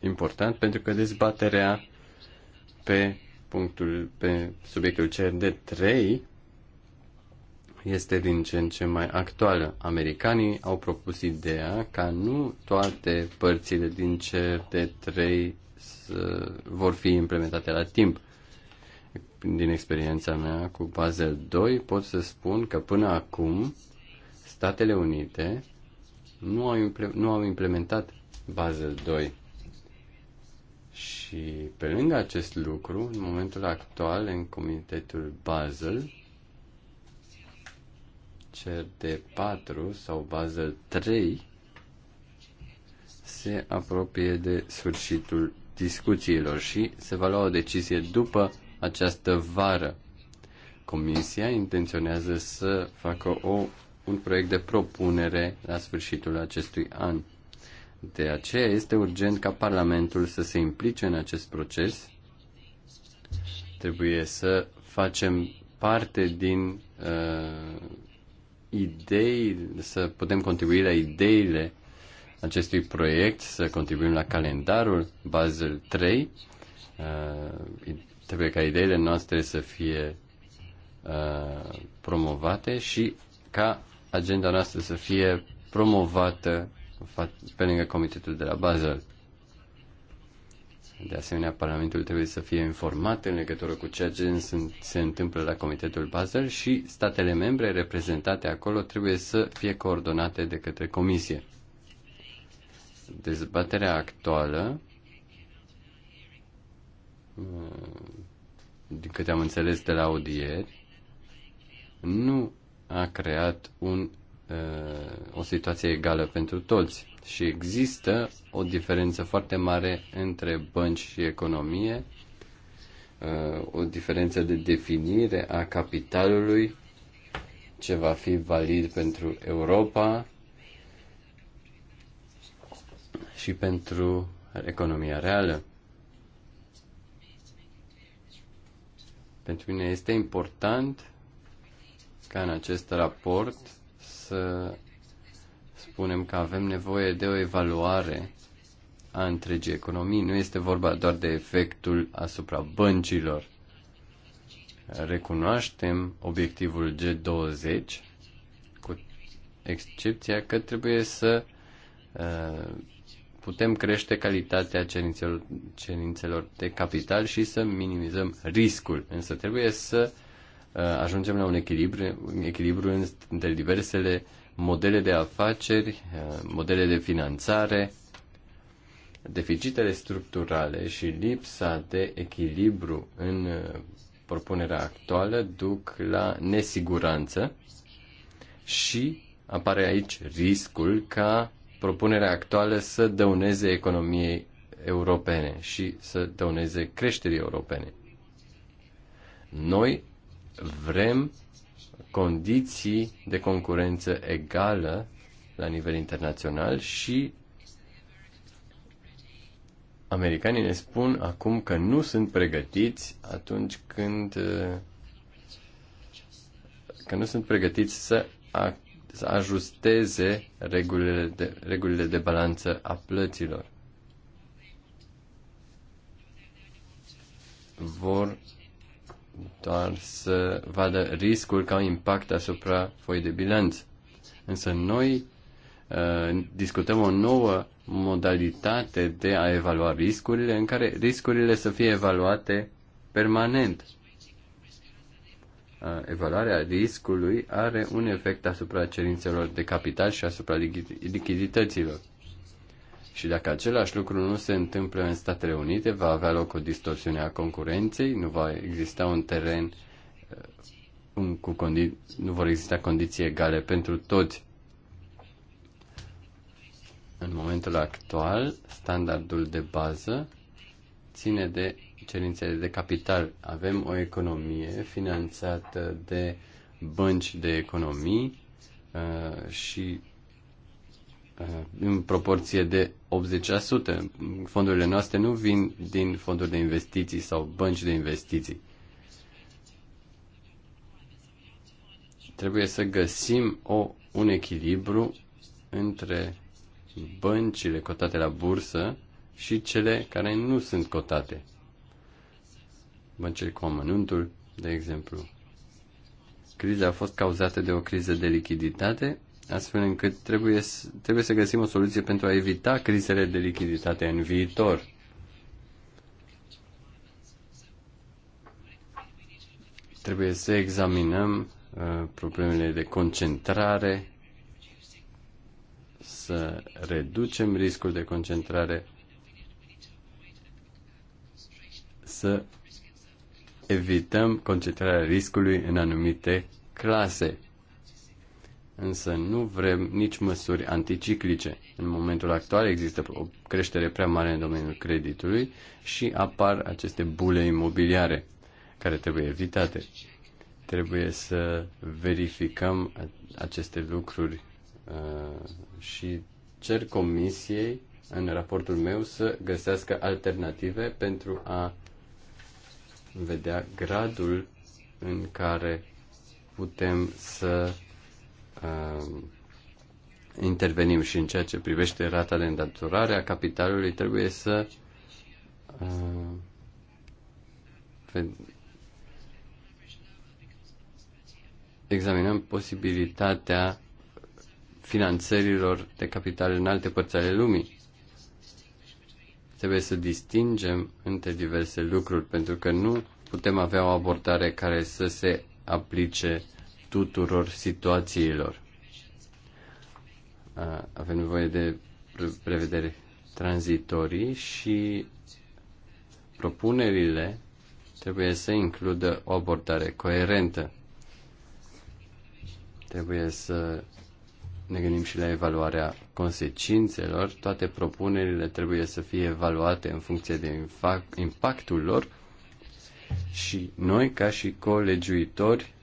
important pentru că dezbaterea pe punctul pe subiectul CRD3 este din ce în ce mai actuală. Americanii au propus ideea ca nu toate părțile din CRD3 să, vor fi implementate la timp. Din experiența mea cu Basel 2 pot să spun că până acum Statele Unite nu au, nu au implementat Basel 2. Și pe lângă acest lucru, în momentul actual, în comitetul Basel, cel de 4 sau Basel 3 se apropie de sfârșitul discuțiilor și se va lua o decizie după această vară. Comisia intenționează să facă o, un proiect de propunere la sfârșitul acestui an. De aceea este urgent ca Parlamentul să se implice în acest proces. Trebuie să facem parte din uh, idei, să putem contribui la ideile acestui proiect, să contribuim la calendarul Basel 3. Uh, trebuie ca ideile noastre să fie uh, promovate și ca agenda noastră să fie promovată pe lângă comitetul de la Basel. De asemenea, Parlamentul trebuie să fie informat în legătură cu ceea ce se întâmplă la Comitetul Basel și statele membre reprezentate acolo trebuie să fie coordonate de către Comisie. Dezbaterea actuală, din câte am înțeles de la audieri, nu a creat un Uh, o situație egală pentru toți. Și există o diferență foarte mare între bănci și economie, uh, o diferență de definire a capitalului, ce va fi valid pentru Europa și pentru economia reală. Pentru mine este important ca în acest raport să spunem că avem nevoie de o evaluare a întregii economii. Nu este vorba doar de efectul asupra băncilor. Recunoaștem obiectivul G20, cu excepția că trebuie să uh, putem crește calitatea cerințelor, cerințelor de capital și să minimizăm riscul. Însă trebuie să uh, Uh, ajungem la un echilibru, un echilibru între diversele modele de afaceri, uh, modele de finanțare, deficitele structurale și lipsa de echilibru în uh, propunerea actuală duc la nesiguranță și apare aici riscul ca propunerea actuală să dăuneze economiei europene și să dăuneze creșterii europene. Noi Vrem condiții de concurență egală la nivel internațional și americanii ne spun acum că nu sunt pregătiți atunci când uh, că nu sunt pregătiți să, a, să ajusteze regulile de, regulile de balanță a plăților. Vor doar să vadă riscul ca impact asupra foii de bilanț. Însă noi uh, discutăm o nouă modalitate de a evalua riscurile, în care riscurile să fie evaluate permanent. Uh, evaluarea riscului are un efect asupra cerințelor de capital și asupra lichidităților. Și dacă același lucru nu se întâmplă în Statele Unite, va avea loc o distorsiune a concurenței, nu va exista un teren uh, un, cu condi- nu vor exista condiții egale pentru toți. În momentul actual, standardul de bază ține de cerințele de capital. Avem o economie finanțată de bănci de economii uh, și Uh, în proporție de 80%. Fondurile noastre nu vin din fonduri de investiții sau bănci de investiții. Trebuie să găsim o, un echilibru între băncile cotate la bursă și cele care nu sunt cotate. Băncile cu amănuntul, de exemplu. Criza a fost cauzată de o criză de lichiditate astfel încât trebuie, trebuie să găsim o soluție pentru a evita crizele de lichiditate în viitor. Trebuie să examinăm uh, problemele de concentrare, să reducem riscul de concentrare, să evităm concentrarea riscului în anumite clase însă nu vrem nici măsuri anticiclice. În momentul actual există o creștere prea mare în domeniul creditului și apar aceste bule imobiliare care trebuie evitate. Trebuie să verificăm aceste lucruri uh, și cer comisiei în raportul meu să găsească alternative pentru a vedea gradul în care putem să Um, intervenim și în ceea ce privește rata de îndatorare a capitalului, trebuie să um, examinăm posibilitatea finanțărilor de capital în alte părți ale lumii. Trebuie să distingem între diverse lucruri, pentru că nu putem avea o abordare care să se aplice tuturor situațiilor. Avem nevoie de prevederi tranzitorii și propunerile trebuie să includă o abordare coerentă. Trebuie să ne gândim și la evaluarea consecințelor. Toate propunerile trebuie să fie evaluate în funcție de impactul lor și noi, ca și colegiuitori,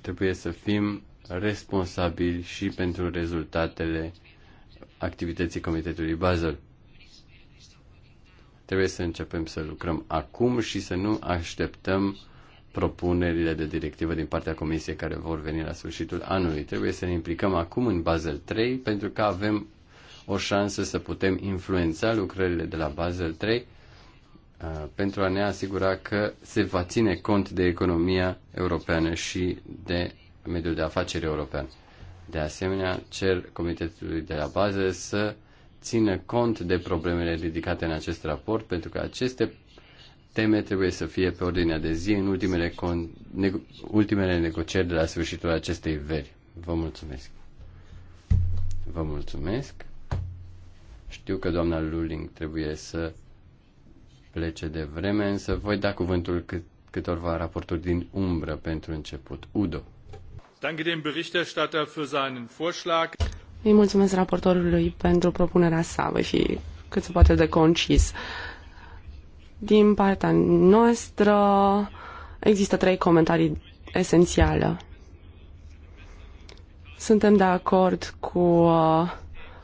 Trebuie să fim responsabili și pentru rezultatele activității Comitetului Basel. Trebuie să începem să lucrăm acum și să nu așteptăm propunerile de directivă din partea Comisiei care vor veni la sfârșitul anului. Trebuie să ne implicăm acum în Basel 3 pentru că avem o șansă să putem influența lucrările de la Basel 3 Uh, pentru a ne asigura că se va ține cont de economia europeană și de mediul de afaceri european. De asemenea, cer Comitetului de la Bază să țină cont de problemele ridicate în acest raport, pentru că aceste teme trebuie să fie pe ordinea de zi în ultimele, con- ultimele negocieri de la sfârșitul acestei veri. Vă mulțumesc. Vă mulțumesc. Știu că doamna Luling trebuie să plece de vreme, însă voi da cuvântul cât, câtorva raporturi din umbră pentru început. Udo. Danke dem Berichterstatter für seinen Vorschlag. Îi mulțumesc raportorului pentru propunerea sa, voi fi cât se poate de concis. Din partea noastră există trei comentarii esențiale. Suntem de acord cu uh,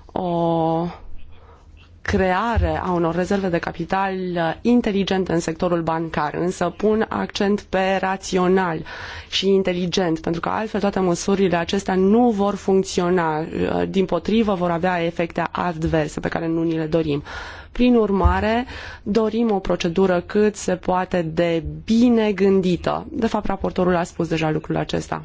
o creare a unor rezerve de capital uh, inteligente în sectorul bancar, însă pun accent pe rațional și inteligent, pentru că altfel toate măsurile acestea nu vor funcționa, uh, din potrivă vor avea efecte adverse pe care nu ni le dorim. Prin urmare, dorim o procedură cât se poate de bine gândită. De fapt, raportorul a spus deja lucrul acesta.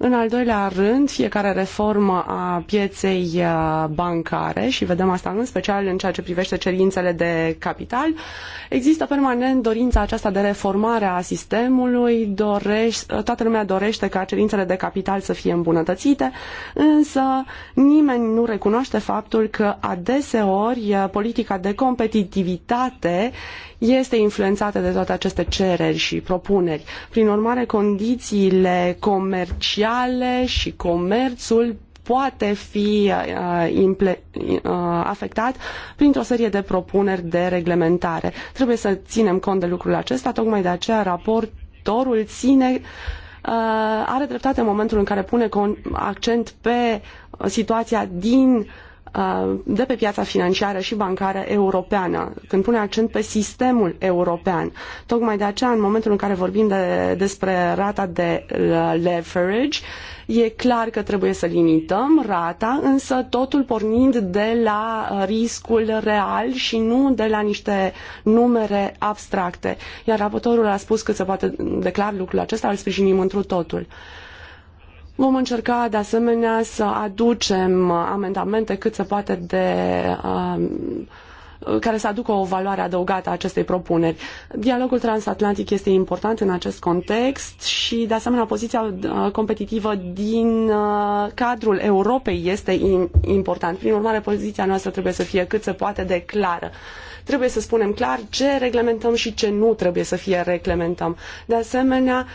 În al doilea rând, fiecare reformă a pieței uh, bancare, și vedem asta în special în ceea ce privește cerințele de capital, există permanent dorința aceasta de reformare a sistemului, dorește, uh, toată lumea dorește ca cerințele de capital să fie îmbunătățite, însă nimeni nu recunoaște faptul că adeseori uh, politica de competitivitate este influențată de toate aceste cereri și propuneri. Prin urmare, condițiile comerciale și comerțul poate fi uh, uh, afectat printr-o serie de propuneri de reglementare. Trebuie să ținem cont de lucrul acesta, tocmai de aceea raportorul ține uh, are dreptate în momentul în care pune accent pe situația din de pe piața financiară și bancară europeană, când pune accent pe sistemul european. Tocmai de aceea, în momentul în care vorbim de, despre rata de leverage, e clar că trebuie să limităm rata, însă totul pornind de la riscul real și nu de la niște numere abstracte. Iar raportorul a spus că se poate declar lucrul acesta, îl sprijinim întru totul. Uh, Vom încerca de asemenea să aducem amendamente cât se poate de um, care să aducă o valoare adăugată a acestei propuneri. Dialogul transatlantic este important în acest context și, de asemenea, poziția uh, competitivă din uh, cadrul Europei este important. Prin urmare, poziția noastră trebuie să fie cât se poate de clară. Trebuie să spunem clar ce reglementăm și ce nu trebuie să fie reglementăm. De asemenea,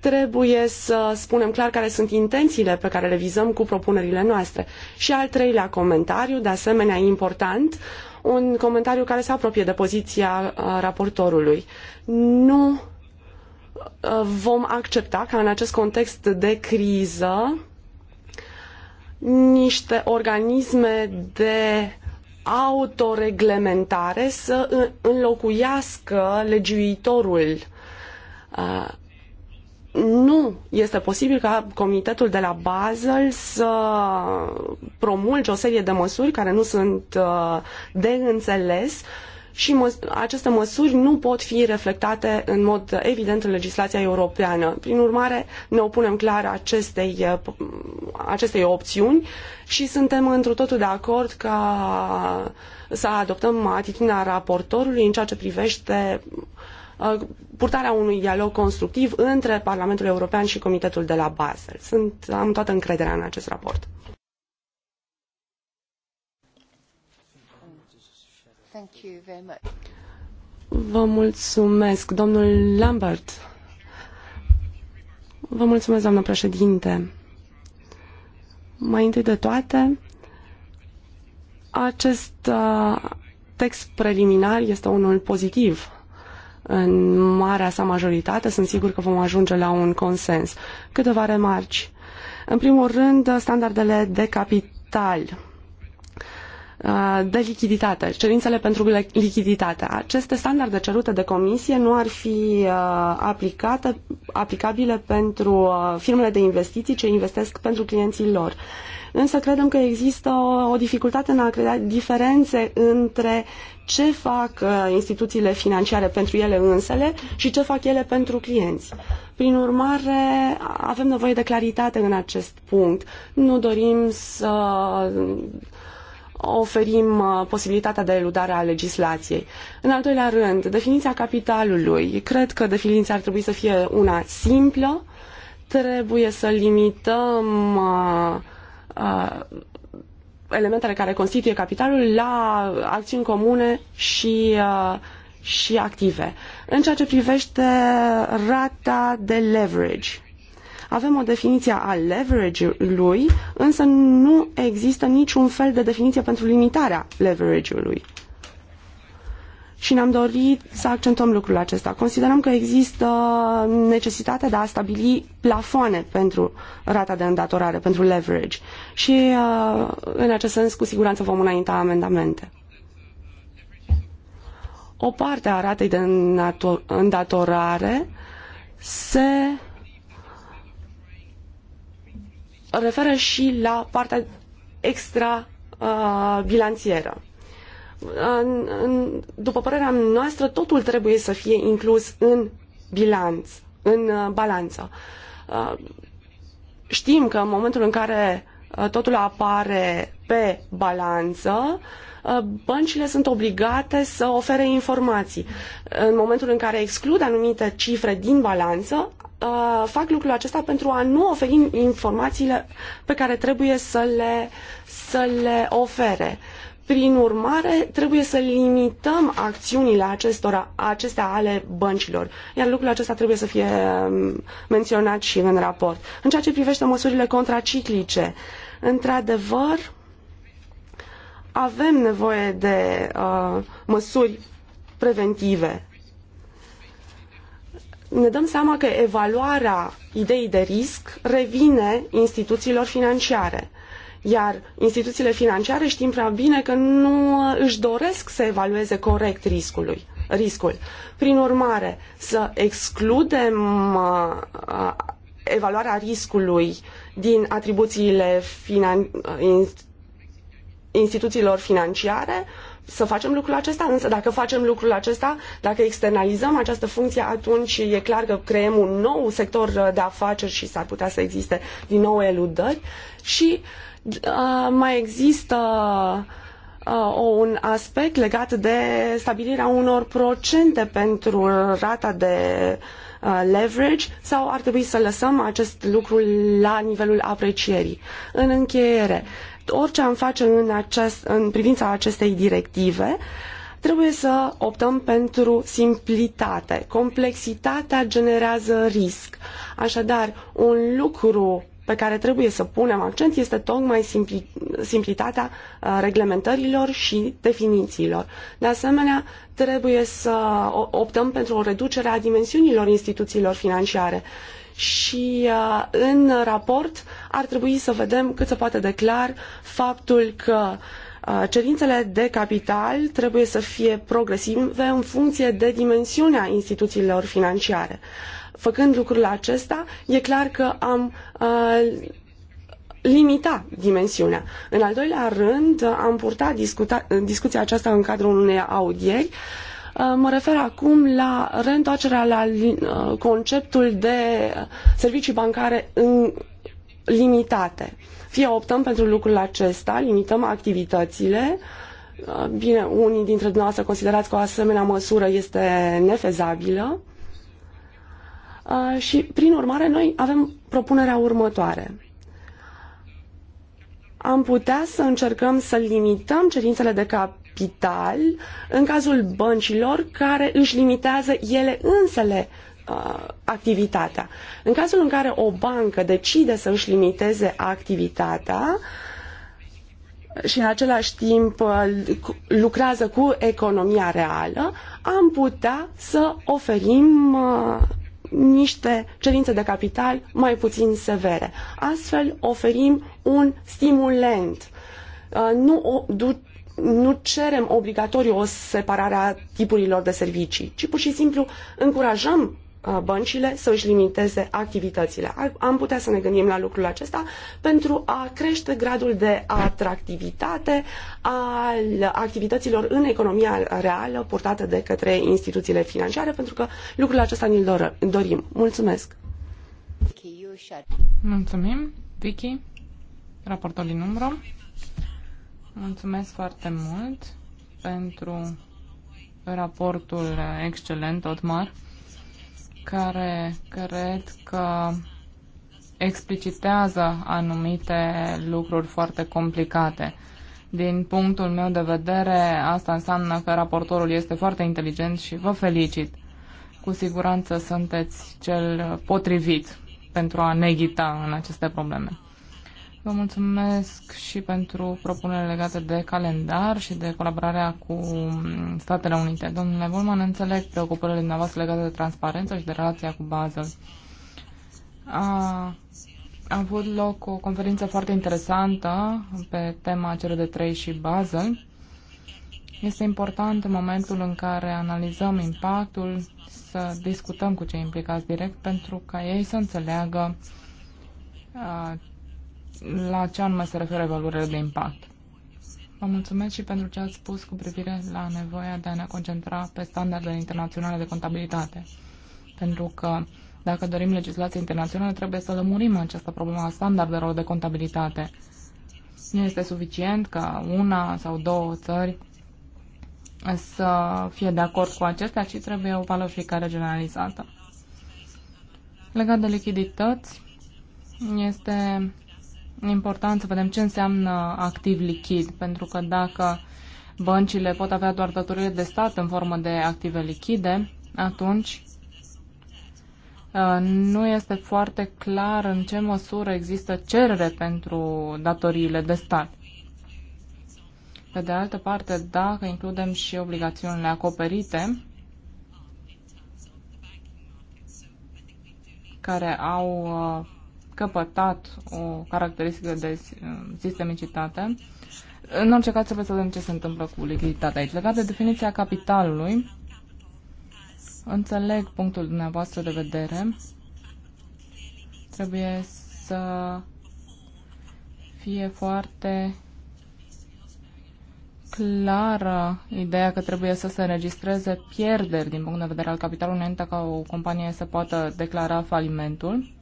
Trebuie să spunem clar care sunt intențiile pe care le vizăm cu propunerile noastre. Și al treilea comentariu, de asemenea important, un comentariu care se apropie de poziția uh, raportorului. Nu uh, vom accepta ca în acest context de criză niște organisme de autoreglementare să uh, înlocuiască legiuitorul este posibil ca comitetul de la Basel să promulge o serie de măsuri care nu sunt uh, de înțeles și mă, aceste măsuri nu pot fi reflectate în mod evident în legislația europeană. Prin urmare, ne opunem clar acestei, uh, acestei opțiuni și suntem întru totul de acord ca să adoptăm atitudinea raportorului în ceea ce privește uh, Uh, purtarea unui dialog constructiv între Parlamentul European și Comitetul de la Basel. Sunt, am toată încrederea în acest raport. Vă mulțumesc, domnul Lambert. Vă mulțumesc, doamnă președinte. Mai întâi de toate, acest uh, text preliminar este unul pozitiv în marea sa majoritate, sunt sigur că vom ajunge la un consens. Câteva remarci. În primul rând, standardele de capital uh, de lichiditate, cerințele pentru lichiditate. Aceste standarde cerute de comisie nu ar fi uh, aplicate, aplicabile pentru uh, firmele de investiții ce investesc pentru clienții lor însă credem că există o, o dificultate în a crea diferențe între ce fac uh, instituțiile financiare pentru ele însele și ce fac ele pentru clienți. Prin urmare, avem nevoie de claritate în acest punct. Nu dorim să oferim uh, posibilitatea de eludare a legislației. În al doilea rând, definiția capitalului. Cred că definiția ar trebui să fie una simplă. Trebuie să limităm uh, Uh, elementele care constituie capitalul la acțiuni comune și, uh, și active. În ceea ce privește rata de leverage, avem o definiție a leverage-ului, însă nu există niciun fel de definiție pentru limitarea leverage-ului și ne-am dorit să accentuăm lucrul acesta. Considerăm că există necesitatea de a stabili plafoane pentru rata de îndatorare, pentru leverage și uh, în acest sens cu siguranță vom înainta amendamente. O parte a ratei de îndatorare se referă și la partea extra uh, bilanțieră după părerea noastră, totul trebuie să fie inclus în bilanț, în uh, balanță. Uh, știm că în momentul în care uh, totul apare pe balanță, băncile sunt obligate să ofere informații. În momentul în care exclud anumite cifre din balanță, fac lucrul acesta pentru a nu oferi informațiile pe care trebuie să le, să le ofere. Prin urmare, trebuie să limităm acțiunile acestora, acestea ale băncilor, iar lucrul acesta trebuie să fie um, menționat și în raport. În ceea ce privește măsurile contraciclice, într-adevăr, avem nevoie de uh, măsuri preventive. Ne dăm seama că evaluarea ideii de risc revine instituțiilor financiare. Iar instituțiile financiare știm prea bine că nu își doresc să evalueze corect riscului, riscul. Prin urmare, să excludem uh, uh, evaluarea riscului din atribuțiile finan... instituțiilor financiare, să facem lucrul acesta, însă dacă facem lucrul acesta, dacă externalizăm această funcție, atunci e clar că creăm un nou sector de afaceri și s-ar putea să existe din nou eludări și uh, mai există un aspect legat de stabilirea unor procente pentru rata de leverage sau ar trebui să lăsăm acest lucru la nivelul aprecierii. În încheiere, orice am face în, acest, în privința acestei directive, trebuie să optăm pentru simplitate. Complexitatea generează risc. Așadar, un lucru pe care trebuie să punem accent este tocmai simpli, simplitatea uh, reglementărilor și definițiilor. De asemenea, trebuie să optăm pentru o reducere a dimensiunilor instituțiilor financiare și uh, în raport ar trebui să vedem cât se poate de clar faptul că uh, cerințele de capital trebuie să fie progresive în funcție de dimensiunea instituțiilor financiare. Făcând lucrul acesta, e clar că am limita dimensiunea. În al doilea rând, am purtat discuta, discuția aceasta în cadrul unei audieri. Mă refer acum la reîntoarcerea la conceptul de servicii bancare în limitate. Fie optăm pentru lucrul acesta, limităm activitățile, bine, unii dintre dumneavoastră considerați că o asemenea măsură este nefezabilă, Uh, și, prin urmare, noi avem propunerea următoare. Am putea să încercăm să limităm cerințele de capital în cazul băncilor care își limitează ele însele uh, activitatea. În cazul în care o bancă decide să își limiteze activitatea și în același timp uh, lucrează cu economia reală, am putea să oferim niște cerințe de capital mai puțin severe. Astfel oferim un stimulent. Uh, nu, nu cerem obligatoriu o separare a tipurilor de servicii, ci pur și simplu încurajăm Uh, băncile să își limiteze activitățile. Am putea să ne gândim la lucrul acesta pentru a crește gradul de atractivitate al activităților în economia reală purtată de către instituțiile financiare, pentru că lucrul acesta ni-l dorim. Mulțumesc! Mulțumim, Vicky, Raportul din umbră. Mulțumesc foarte mult pentru raportul excelent, Otmar care cred că explicitează anumite lucruri foarte complicate. Din punctul meu de vedere, asta înseamnă că raportorul este foarte inteligent și vă felicit. Cu siguranță sunteți cel potrivit pentru a neghita în aceste probleme. Vă mulțumesc și pentru propunerile legate de calendar și de colaborarea cu Statele Unite. Domnule Volman, înțeleg preocupările dumneavoastră legate de transparență și de relația cu Basel. A avut loc o conferință foarte interesantă pe tema CRD3 și Basel. Este important în momentul în care analizăm impactul să discutăm cu cei implicați direct pentru ca ei să înțeleagă la ce anume se referă evaluările de impact. Vă mulțumesc și pentru ce ați spus cu privire la nevoia de a ne concentra pe standardele internaționale de contabilitate. Pentru că dacă dorim legislație internațională, trebuie să lămurim această problemă a standardelor de contabilitate. Nu este suficient ca una sau două țări să fie de acord cu acestea, ci trebuie o valorificare generalizată. Legat de lichidități, este important să vedem ce înseamnă activ lichid, pentru că dacă băncile pot avea doar datorie de stat în formă de active lichide, atunci uh, nu este foarte clar în ce măsură există cerere pentru datoriile de stat. Pe de altă parte, dacă includem și obligațiunile acoperite, care au uh, căpătat o caracteristică de sistemicitate. În orice caz, trebuie să vedem ce se întâmplă cu lichiditatea aici. Legat de definiția capitalului, înțeleg punctul dumneavoastră de vedere. Trebuie să fie foarte clară ideea că trebuie să se înregistreze pierderi din punct de vedere al capitalului înainte ca o companie să poată declara falimentul.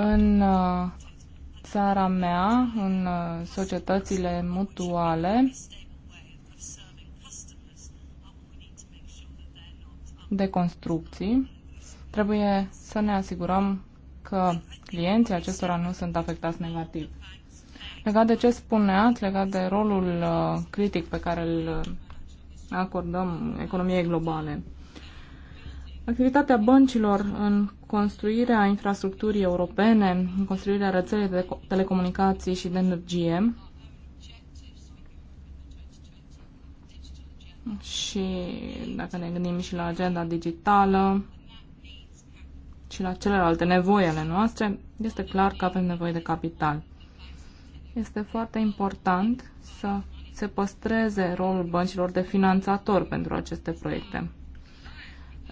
În uh, țara mea, în uh, societățile mutuale, de construcții, trebuie să ne asigurăm că clienții acestora nu sunt afectați negativ. Legat de ce spuneați, legat de rolul uh, critic pe care îl acordăm economiei globale. Activitatea băncilor în construirea infrastructurii europene, construirea rețelei de telecomunicații și de energie și dacă ne gândim și la agenda digitală și la celelalte nevoi ale noastre, este clar că avem nevoie de capital. Este foarte important să se păstreze rolul băncilor de finanțator pentru aceste proiecte.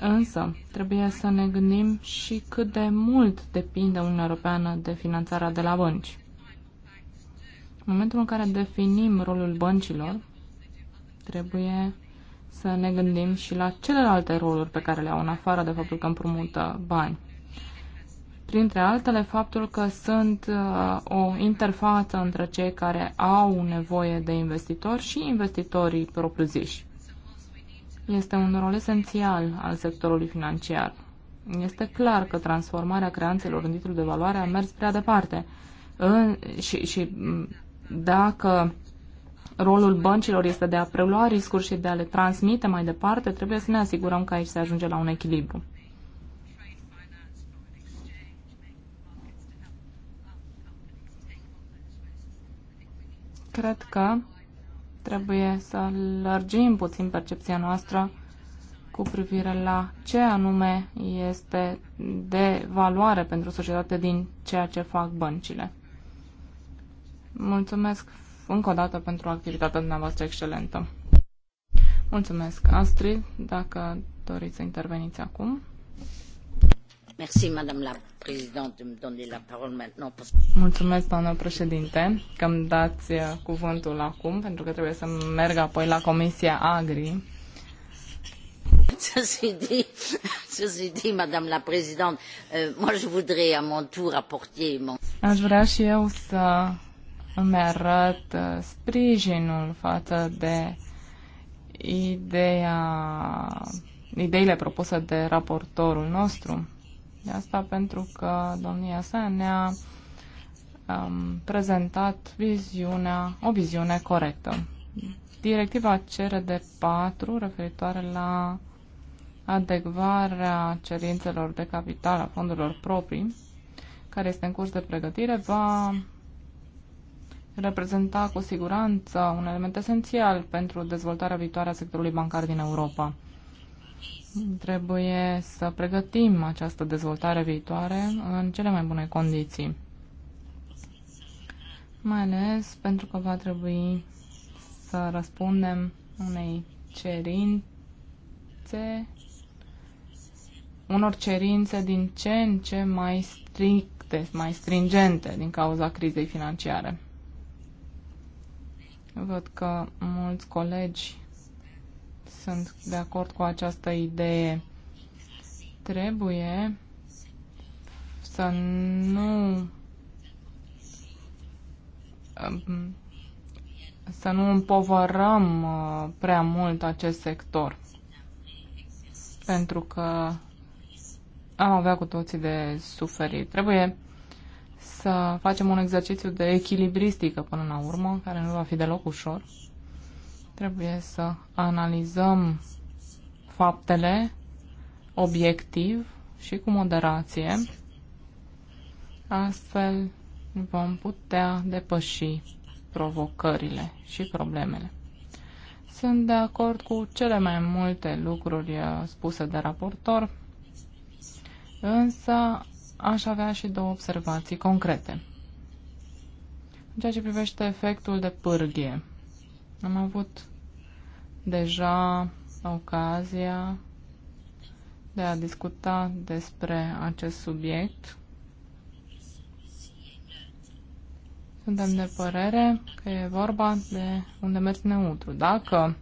Însă, trebuie să ne gândim și cât de mult depinde Uniunea Europeană de finanțarea de la bănci. În momentul în care definim rolul băncilor, trebuie să ne gândim și la celelalte roluri pe care le au în afară de faptul că împrumută bani. Printre altele, faptul că sunt uh, o interfață între cei care au nevoie de investitori și investitorii propriu-ziși este un rol esențial al sectorului financiar. Este clar că transformarea creanțelor în titlul de valoare a mers prea departe în, și, și dacă rolul băncilor este de a prelua riscuri și de a le transmite mai departe, trebuie să ne asigurăm că aici se ajunge la un echilibru. Cred că trebuie să lărgim puțin percepția noastră cu privire la ce anume este de valoare pentru societate din ceea ce fac băncile. Mulțumesc încă o dată pentru activitatea dumneavoastră excelentă. Mulțumesc, Astrid, dacă doriți să interveniți acum. Merci, Madame Lab. Mulțumesc, doamnă președinte, că îmi dați uh, cuvântul acum, pentru că trebuie să merg apoi la Comisia Agri. Ceci dit, ceci dit, Madame la Présidente, euh, moi je voudrais à mon tour apporter mon... Aș vrea și eu să îmi arăt uh, sprijinul față de ideea, ideile propuse de raportorul nostru. De asta pentru că domnia sa ne-a um, prezentat viziunea, o viziune corectă. Directiva CRD4 referitoare la adecvarea cerințelor de capital a fondurilor proprii, care este în curs de pregătire, va reprezenta cu siguranță un element esențial pentru dezvoltarea viitoare a sectorului bancar din Europa. Trebuie să pregătim această dezvoltare viitoare în cele mai bune condiții. Mai ales pentru că va trebui să răspundem unei cerințe, unor cerințe din ce în ce mai stricte, mai stringente din cauza crizei financiare. Văd că mulți colegi sunt de acord cu această idee. Trebuie să nu um, să nu împovărăm uh, prea mult acest sector. Pentru că am avea cu toții de suferit. Trebuie să facem un exercițiu de echilibristică până la urmă, care nu va fi deloc ușor. Trebuie să analizăm faptele obiectiv și cu moderație. Astfel vom putea depăși provocările și problemele. Sunt de acord cu cele mai multe lucruri uh, spuse de raportor, însă aș avea și două observații concrete. În ceea ce privește efectul de pârghie, am avut deja ocazia de a discuta despre acest subiect. Suntem de părere că e vorba de un demers neutru. Dacă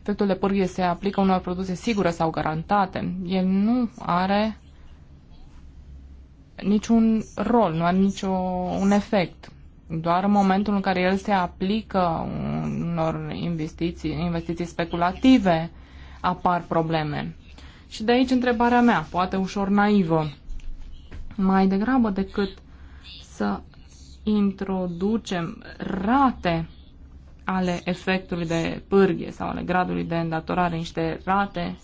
efectul de pârghie se aplică unor produse sigure sau garantate, el nu are niciun rol, nu are niciun efect doar în momentul în care el se aplică unor investiții, investiții speculative apar probleme. Și de aici întrebarea mea, poate ușor naivă, mai degrabă decât să introducem rate ale efectului de pârghie sau ale gradului de îndatorare, niște rate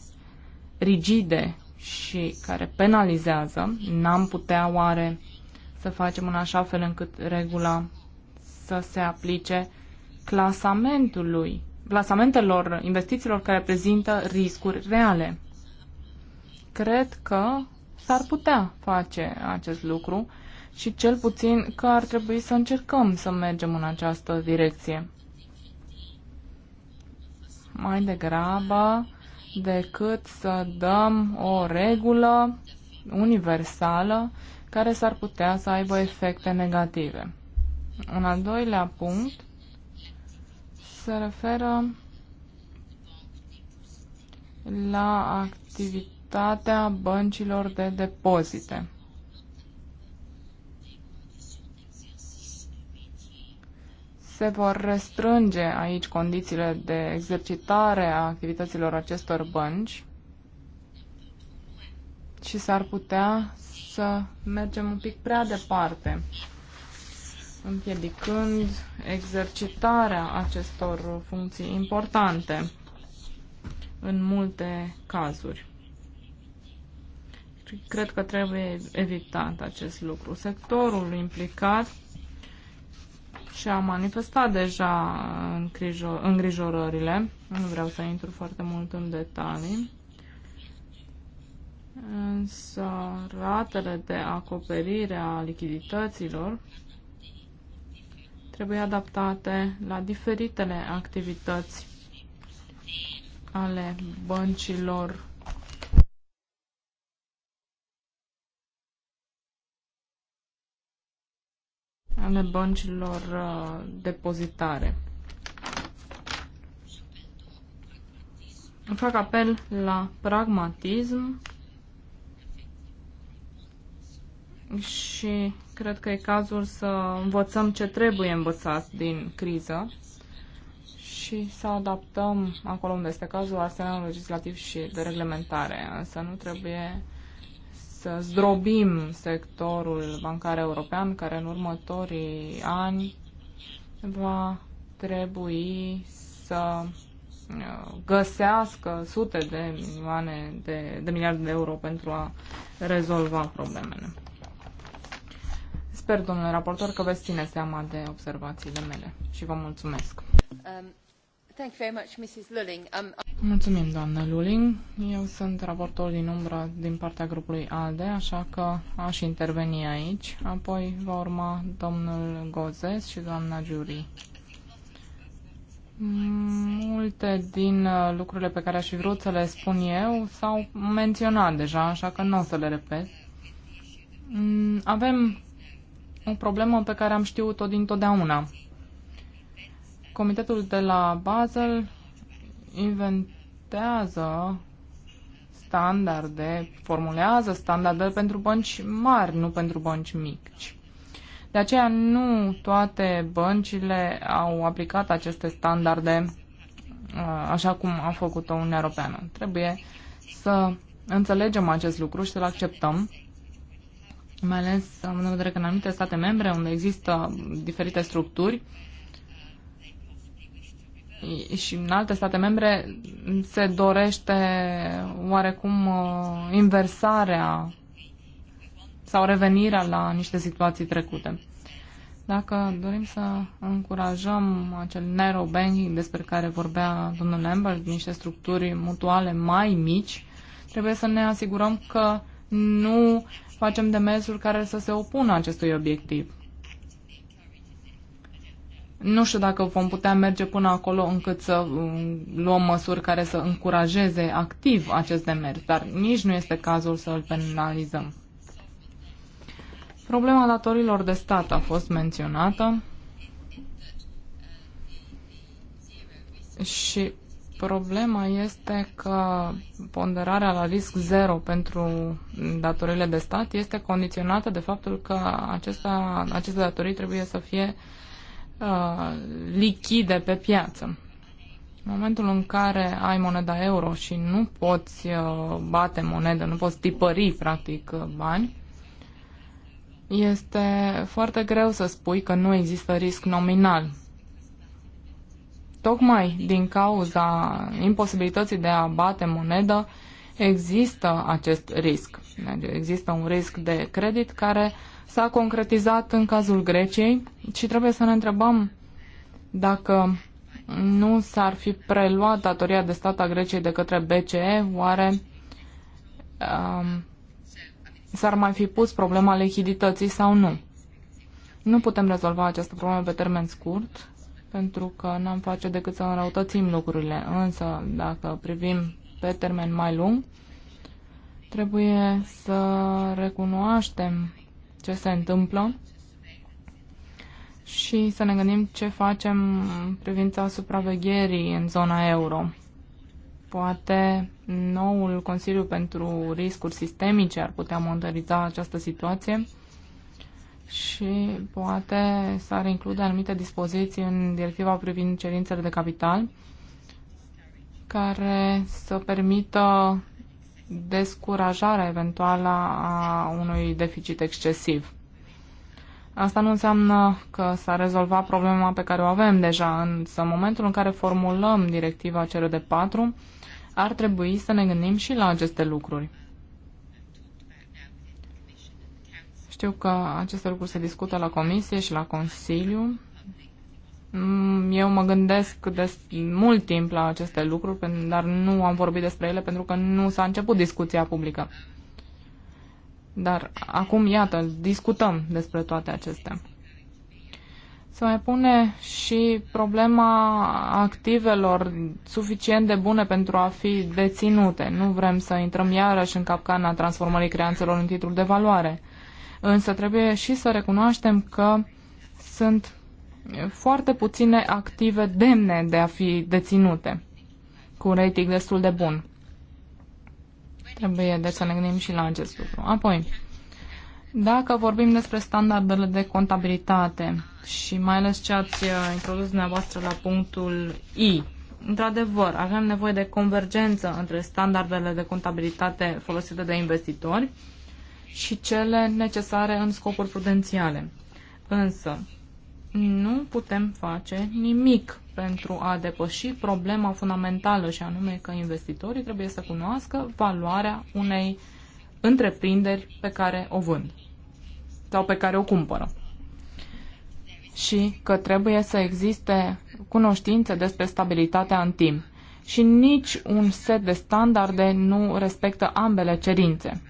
rigide și care penalizează, n-am putea oare să facem în așa fel încât regula să se aplice clasamentului, clasamentelor investițiilor care prezintă riscuri reale. Cred că s-ar putea face acest lucru și cel puțin că ar trebui să încercăm să mergem în această direcție. Mai degrabă decât să dăm o regulă universală care s-ar putea să aibă efecte negative. Un al doilea punct se referă la activitatea băncilor de depozite. Se vor restrânge aici condițiile de exercitare a activităților acestor bănci și s-ar putea să mergem un pic prea departe împiedicând exercitarea acestor funcții importante în multe cazuri. Cred că trebuie evitat acest lucru. Sectorul implicat și a manifestat deja îngrijorările. Nu vreau să intru foarte mult în detalii. Însă ratele de acoperire a lichidităților trebuie adaptate la diferitele activități ale băncilor ale băncilor uh, depozitare. Fac apel la pragmatism și cred că e cazul să învățăm ce trebuie învățat din criză și să adaptăm acolo unde este cazul arsenalul legislativ și de reglementare. Însă nu trebuie să zdrobim sectorul bancar european care în următorii ani va trebui să uh, găsească sute de milioane de, de miliarde de euro pentru a rezolva problemele. Sper, domnule raportor, că veți ține seama de observațiile mele și vă mulțumesc. Um... um Mulțumim, doamnă Lulling. Eu sunt raportor din umbră din partea grupului ALDE, așa că aș interveni aici. Apoi va urma domnul Gozes și doamna Jury. Multe din uh, lucrurile pe care aș fi vrut să le spun eu s-au menționat deja, așa că nu o să le repet. Mm, avem o problemă pe care am știut-o dintotdeauna. Comitetul de la Basel inventează standarde, formulează standarde pentru bănci mari, nu pentru bănci mici. De aceea nu toate băncile au aplicat aceste standarde uh, așa cum a făcut-o Uniunea Europeană. Trebuie să înțelegem acest lucru și să-l acceptăm mai ales având în vedere că în anumite state membre unde există diferite structuri și în alte state membre se dorește oarecum uh, inversarea sau revenirea la niște situații trecute. Dacă dorim să încurajăm acel narrow banking despre care vorbea domnul Lambert, niște structuri mutuale mai mici, trebuie să ne asigurăm că nu uh, facem demersuri care să se opună acestui obiectiv. Nu știu dacă vom putea merge până acolo încât să um, luăm măsuri care să încurajeze activ acest demers, dar nici nu este cazul să îl penalizăm. Problema datorilor de stat a fost menționată și Problema este că ponderarea la risc zero pentru datorile de stat este condiționată de faptul că acesta, aceste datorii trebuie să fie uh, lichide pe piață. În momentul în care ai moneda euro și nu poți uh, bate monedă, nu poți tipări practic uh, bani, este foarte greu să spui că nu există risc nominal tocmai din cauza imposibilității de a bate monedă, există acest risc. Deci există un risc de credit care s-a concretizat în cazul Greciei și trebuie să ne întrebăm dacă nu s-ar fi preluat datoria de stat a Greciei de către BCE, oare um, s-ar mai fi pus problema lichidității sau nu? Nu putem rezolva această problemă pe termen scurt, pentru că n-am face decât să înrăutățim lucrurile. Însă, dacă privim pe termen mai lung, trebuie să recunoaștem ce se întâmplă și să ne gândim ce facem în privința supravegherii în zona euro. Poate noul Consiliu pentru Riscuri Sistemice ar putea monitoriza această situație și poate s-ar include anumite dispoziții în directiva privind cerințele de capital care să permită descurajarea eventuală a unui deficit excesiv. Asta nu înseamnă că s-a rezolvat problema pe care o avem deja, însă în momentul în care formulăm directiva CRD4, ar trebui să ne gândim și la aceste lucruri. Știu că aceste lucruri se discută la Comisie și la Consiliu. Mm, Eu mă gândesc de mult timp la aceste lucruri, dar nu am vorbit despre ele pentru că nu s-a început discuția publică. Dar acum, iată, discutăm despre toate acestea. Se mai pune și problema activelor suficient de bune pentru a fi deținute. Nu vrem să intrăm iarăși în capcana transformării creanțelor în titlul de valoare. Însă trebuie și să recunoaștem că sunt foarte puține active demne de a fi deținute, cu un rating destul de bun. Trebuie deci să ne gândim și la acest lucru. Apoi, dacă vorbim despre standardele de contabilitate și mai ales ce ați uh, introdus dumneavoastră la punctul I, într-adevăr, avem nevoie de convergență între standardele de contabilitate folosite de investitori și cele necesare în scopuri prudențiale. Însă, nu putem face nimic pentru a depăși problema fundamentală și anume că investitorii trebuie să cunoască valoarea unei întreprinderi pe care o vând sau pe care o cumpără și că trebuie să existe cunoștințe despre stabilitatea în timp și nici un set de standarde nu respectă ambele cerințe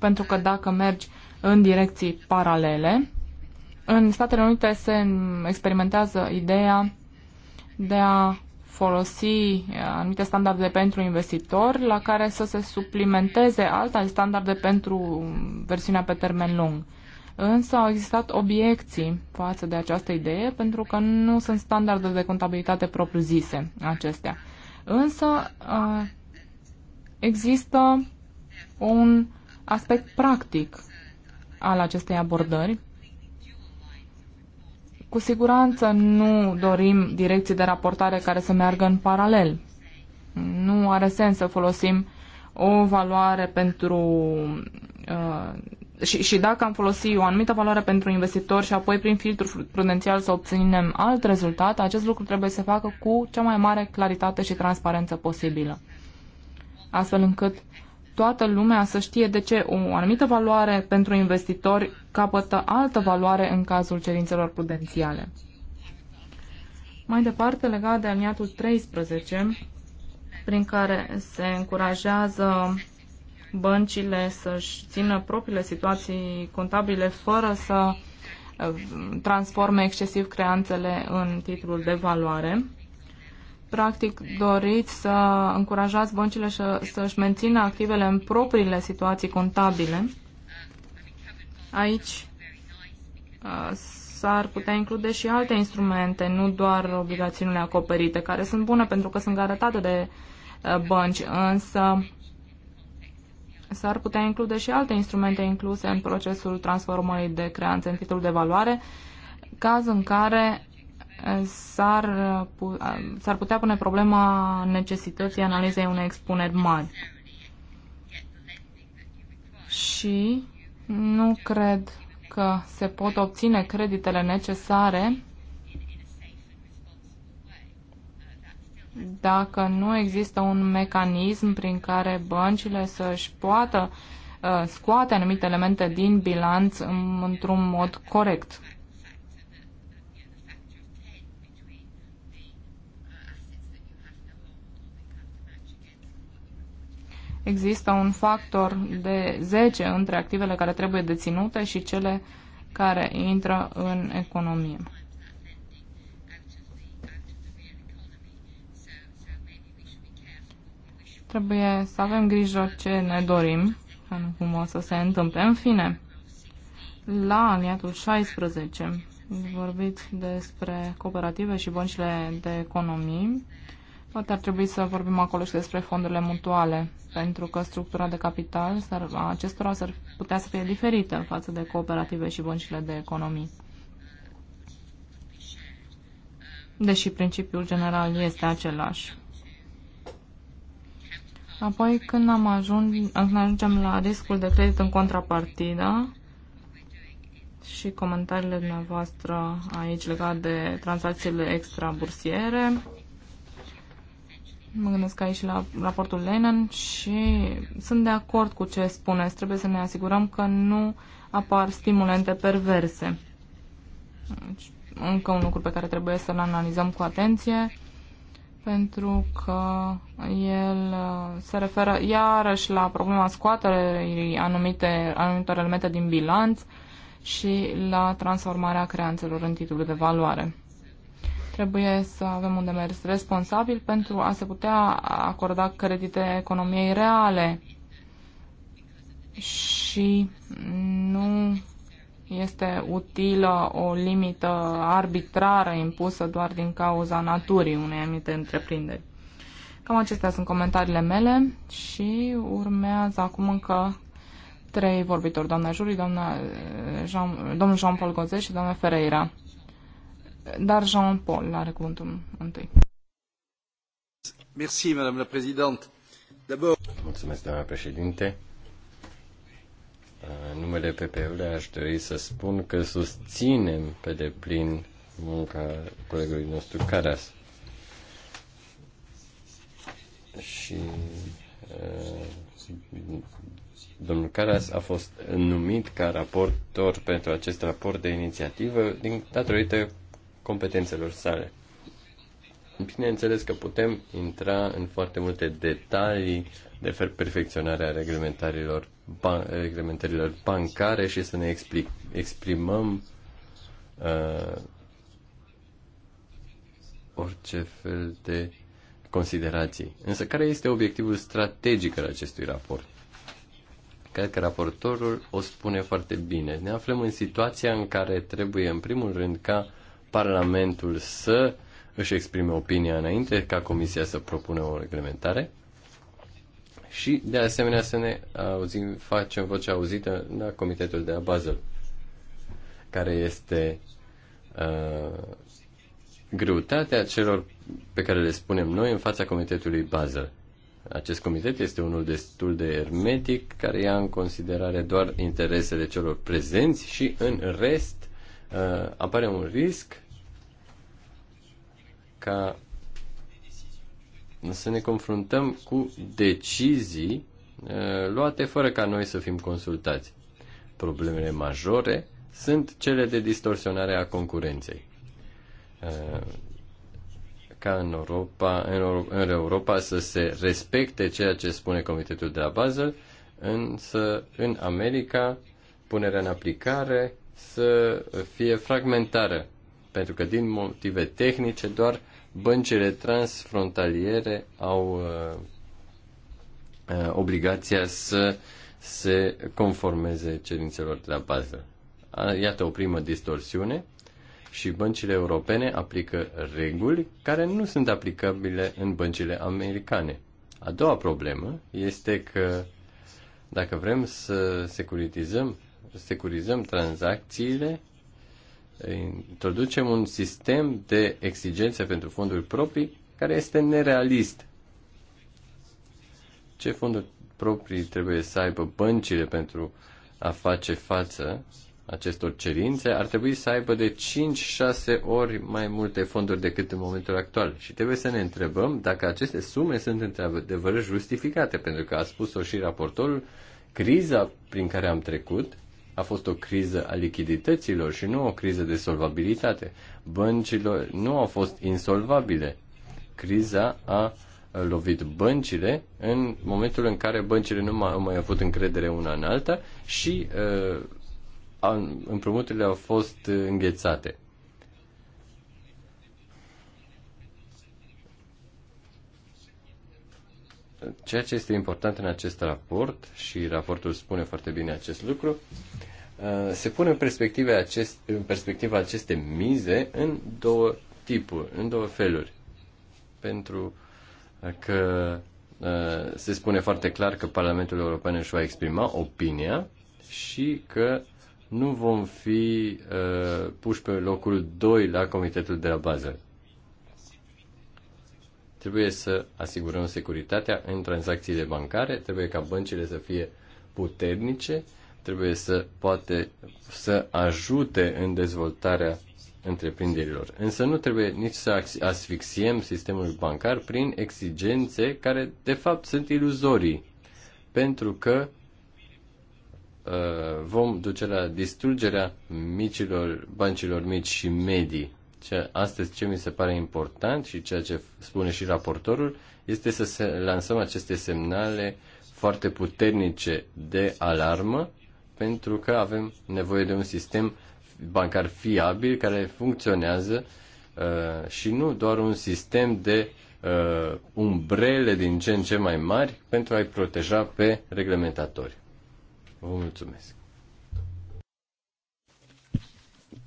pentru că dacă mergi în direcții paralele, în Statele Unite se experimentează ideea de a folosi uh, anumite standarde pentru investitor, la care să se suplimenteze alte standarde pentru versiunea pe termen lung. Însă au existat obiecții față de această idee, pentru că nu sunt standarde de contabilitate propriu-zise acestea. Însă uh, există un aspect practic al acestei abordări. Cu siguranță nu dorim direcții de raportare care să meargă în paralel. Nu are sens să folosim o valoare pentru. Uh, și, și dacă am folosit o anumită valoare pentru investitor și apoi prin filtru prudențial să obținem alt rezultat, acest lucru trebuie să facă cu cea mai mare claritate și transparență posibilă. Astfel încât uh, toată lumea să știe de ce o anumită valoare pentru investitori capătă altă valoare în cazul cerințelor prudențiale. Mai departe, legat de aliniatul 13, prin care se încurajează băncile să-și țină propriile situații contabile fără să eh, transforme excesiv creanțele în titlul de valoare practic doriți să încurajați băncile să-și mențină activele în propriile situații contabile. Aici uh, s-ar putea include și alte instrumente, nu doar obligațiunile acoperite, care sunt bune pentru că sunt garantate de uh, bănci, însă s-ar putea include și alte instrumente incluse în procesul transformării de creanțe în titlul de valoare, caz în care s-ar, s-ar putea pune problema necesității analizei unei expuneri mari. Și nu cred că se pot obține creditele necesare dacă nu există un mecanism prin care băncile să-și poată uh, scoate anumite elemente din bilanț într-un mod corect. există un factor de 10 între activele care trebuie deținute și cele care intră în economie. Trebuie să avem grijă ce ne dorim, cum o să se întâmple. În fine, la aliatul 16 vorbit despre cooperative și băncile de economii Poate ar trebui să vorbim acolo și despre fondurile mutuale, pentru că structura de capital a acestora s-ar putea să fie diferită față de cooperative și băncile de economii. Deși principiul general este același. Apoi, când, am ajung, când ajungem la riscul de credit în contrapartidă și comentariile dumneavoastră aici legate de tranzacțiile extrabursiere, Mă gândesc aici la raportul Lenin și sunt de acord cu ce spuneți. Trebuie să ne asigurăm că nu apar stimulente perverse. Deci, încă un lucru pe care trebuie să-l analizăm cu atenție pentru că el uh, se referă iarăși la problema scoaterei anumite, anumitor elemente din bilanț și la transformarea creanțelor în titluri de valoare. Trebuie să avem un demers responsabil pentru a se putea acorda credite economiei reale și nu este utilă o limită arbitrară impusă doar din cauza naturii unei anumite întreprinderi. Cam acestea sunt comentariile mele și urmează acum încă trei vorbitori, doamna Juri, doamna Jean, domnul Jean-Paul Gozet și doamna Ferreira. Dar Jean-Paul are cuvântul întâi. Merci, Madame la Présidente. Mulțumesc, doamna președinte. În numele PPU-ului aș dori să spun că susținem pe deplin munca colegului nostru Caras. Și uh, domnul Caras a fost numit ca raportor pentru acest raport de inițiativă din datorită competențelor sale. Bineînțeles că putem intra în foarte multe detalii de perfecționarea reglementărilor, ban, reglementărilor bancare și să ne exprimăm uh, orice fel de considerații. Însă care este obiectivul strategic al acestui raport? Cred că raportorul o spune foarte bine. Ne aflăm în situația în care trebuie, în primul rând, ca Parlamentul să își exprime opinia înainte ca Comisia să propună o reglementare și, de asemenea, să ne auzim, facem vocea auzită la Comitetul de la Basel, care este uh, greutatea celor pe care le spunem noi în fața Comitetului Basel. Acest comitet este unul destul de hermetic, care ia în considerare doar interesele celor prezenți și, în rest, uh, apare un risc ca să ne confruntăm cu decizii uh, luate fără ca noi să fim consultați. Problemele majore sunt cele de distorsionare a concurenței. Uh, ca în Europa, în Europa să se respecte ceea ce spune Comitetul de la Basel, însă în America punerea în aplicare să fie fragmentară, pentru că din motive tehnice doar băncile transfrontaliere au uh, uh, obligația să se conformeze cerințelor de la bază. Iată o primă distorsiune și băncile europene aplică reguli care nu sunt aplicabile în băncile americane. A doua problemă este că dacă vrem să securitizăm, securizăm tranzacțiile, introducem un sistem de exigențe pentru fonduri proprii care este nerealist. Ce fonduri proprii trebuie să aibă băncile pentru a face față acestor cerințe, ar trebui să aibă de 5-6 ori mai multe fonduri decât în momentul actual. Și trebuie să ne întrebăm dacă aceste sume sunt într-adevăr justificate, pentru că a spus-o și raportorul, criza prin care am trecut a fost o criză a lichidităților și nu o criză de solvabilitate. Băncile nu au fost insolvabile. Criza a lovit băncile în momentul în care băncile nu mai au mai avut încredere una în alta și uh, împrumuturile au fost înghețate. ceea ce este important în acest raport, și raportul spune foarte bine acest lucru, Uh, se pun în, perspective acest, în perspectiva aceste mize în două tipuri, în două feluri. Pentru uh, că uh, se spune foarte clar că Parlamentul European își va exprima opinia și că nu vom fi puși pe locul 2 la Comitetul de la Bază. Trebuie să asigurăm securitatea în tranzacțiile bancare, trebuie ca băncile să fie puternice trebuie să poate să ajute în dezvoltarea întreprinderilor. Însă nu trebuie nici să asfixiem sistemul bancar prin exigențe care de fapt sunt iluzorii, pentru că uh, vom duce la distrugerea micilor, bancilor mici și medii. Ce, astăzi ce mi se pare important și ceea ce spune și raportorul este să lansăm aceste semnale foarte puternice de alarmă pentru că avem nevoie de un sistem bancar fiabil care funcționează uh, și nu doar un sistem de uh, umbrele din ce în ce mai mari pentru a-i proteja pe reglementatori. Vă mulțumesc.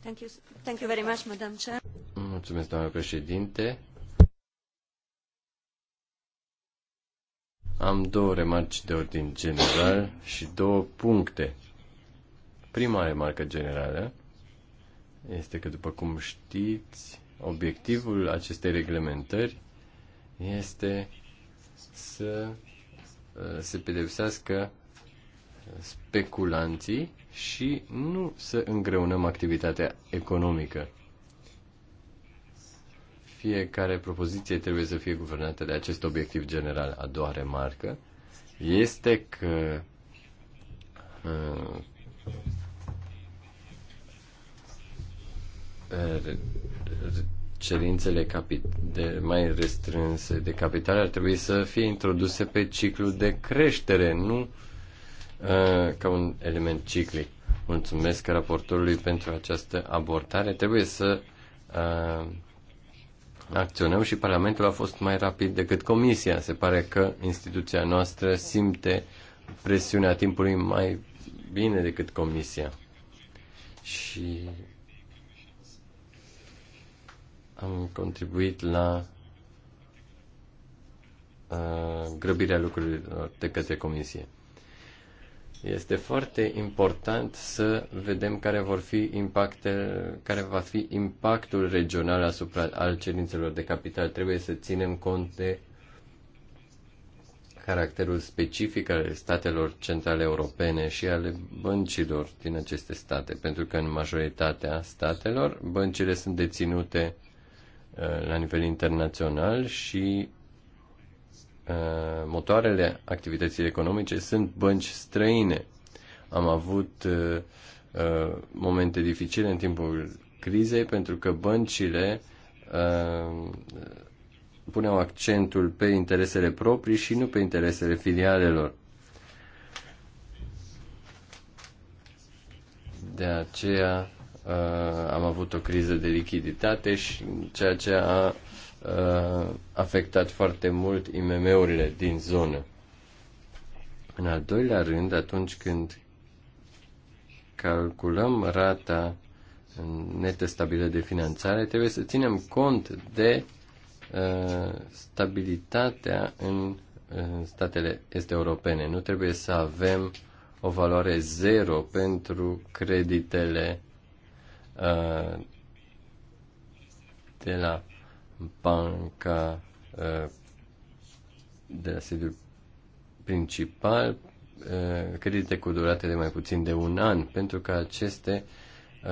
Thank you. Thank you very much, Madam Chair. Mulțumesc, doamnă președinte. Am două remarci de ordin general și două puncte Prima remarcă generală este că, după cum știți, obiectivul acestei reglementări este să uh, se pedepsească speculanții și nu să îngreunăm activitatea economică. Fiecare propoziție trebuie să fie guvernată de acest obiectiv general. A doua remarcă este că uh, cerințele de mai restrânse de capital ar trebui să fie introduse pe ciclu de creștere, nu uh, ca un element ciclic. Mulțumesc raportorului pentru această abordare. Trebuie să uh, acționăm și Parlamentul a fost mai rapid decât Comisia. Se pare că instituția noastră simte presiunea timpului mai bine decât Comisia. Și am contribuit la uh, grăbirea lucrurilor de către Comisie. Este foarte important să vedem care vor fi impactele, care va fi impactul regional asupra al cerințelor de capital. Trebuie să ținem cont de caracterul specific al statelor centrale europene și ale băncilor din aceste state, pentru că în majoritatea statelor băncile sunt deținute Uh, la nivel internațional și uh, motoarele activității economice sunt bănci străine. Am avut uh, momente dificile în timpul crizei pentru că băncile puneau accentul pe interesele proprii și nu pe interesele filialelor. De aceea Uh, am avut o criză de lichiditate și ceea ce a uh, afectat foarte mult IMM-urile din zonă. În al doilea rând, atunci când calculăm rata netă stabilă de finanțare, trebuie să ținem cont de uh, stabilitatea în, în uh, statele este europene. Nu trebuie să avem o valoare zero pentru creditele de la banca uh, de la sediul principal uh, credite cu durate de mai puțin de un an, pentru că aceste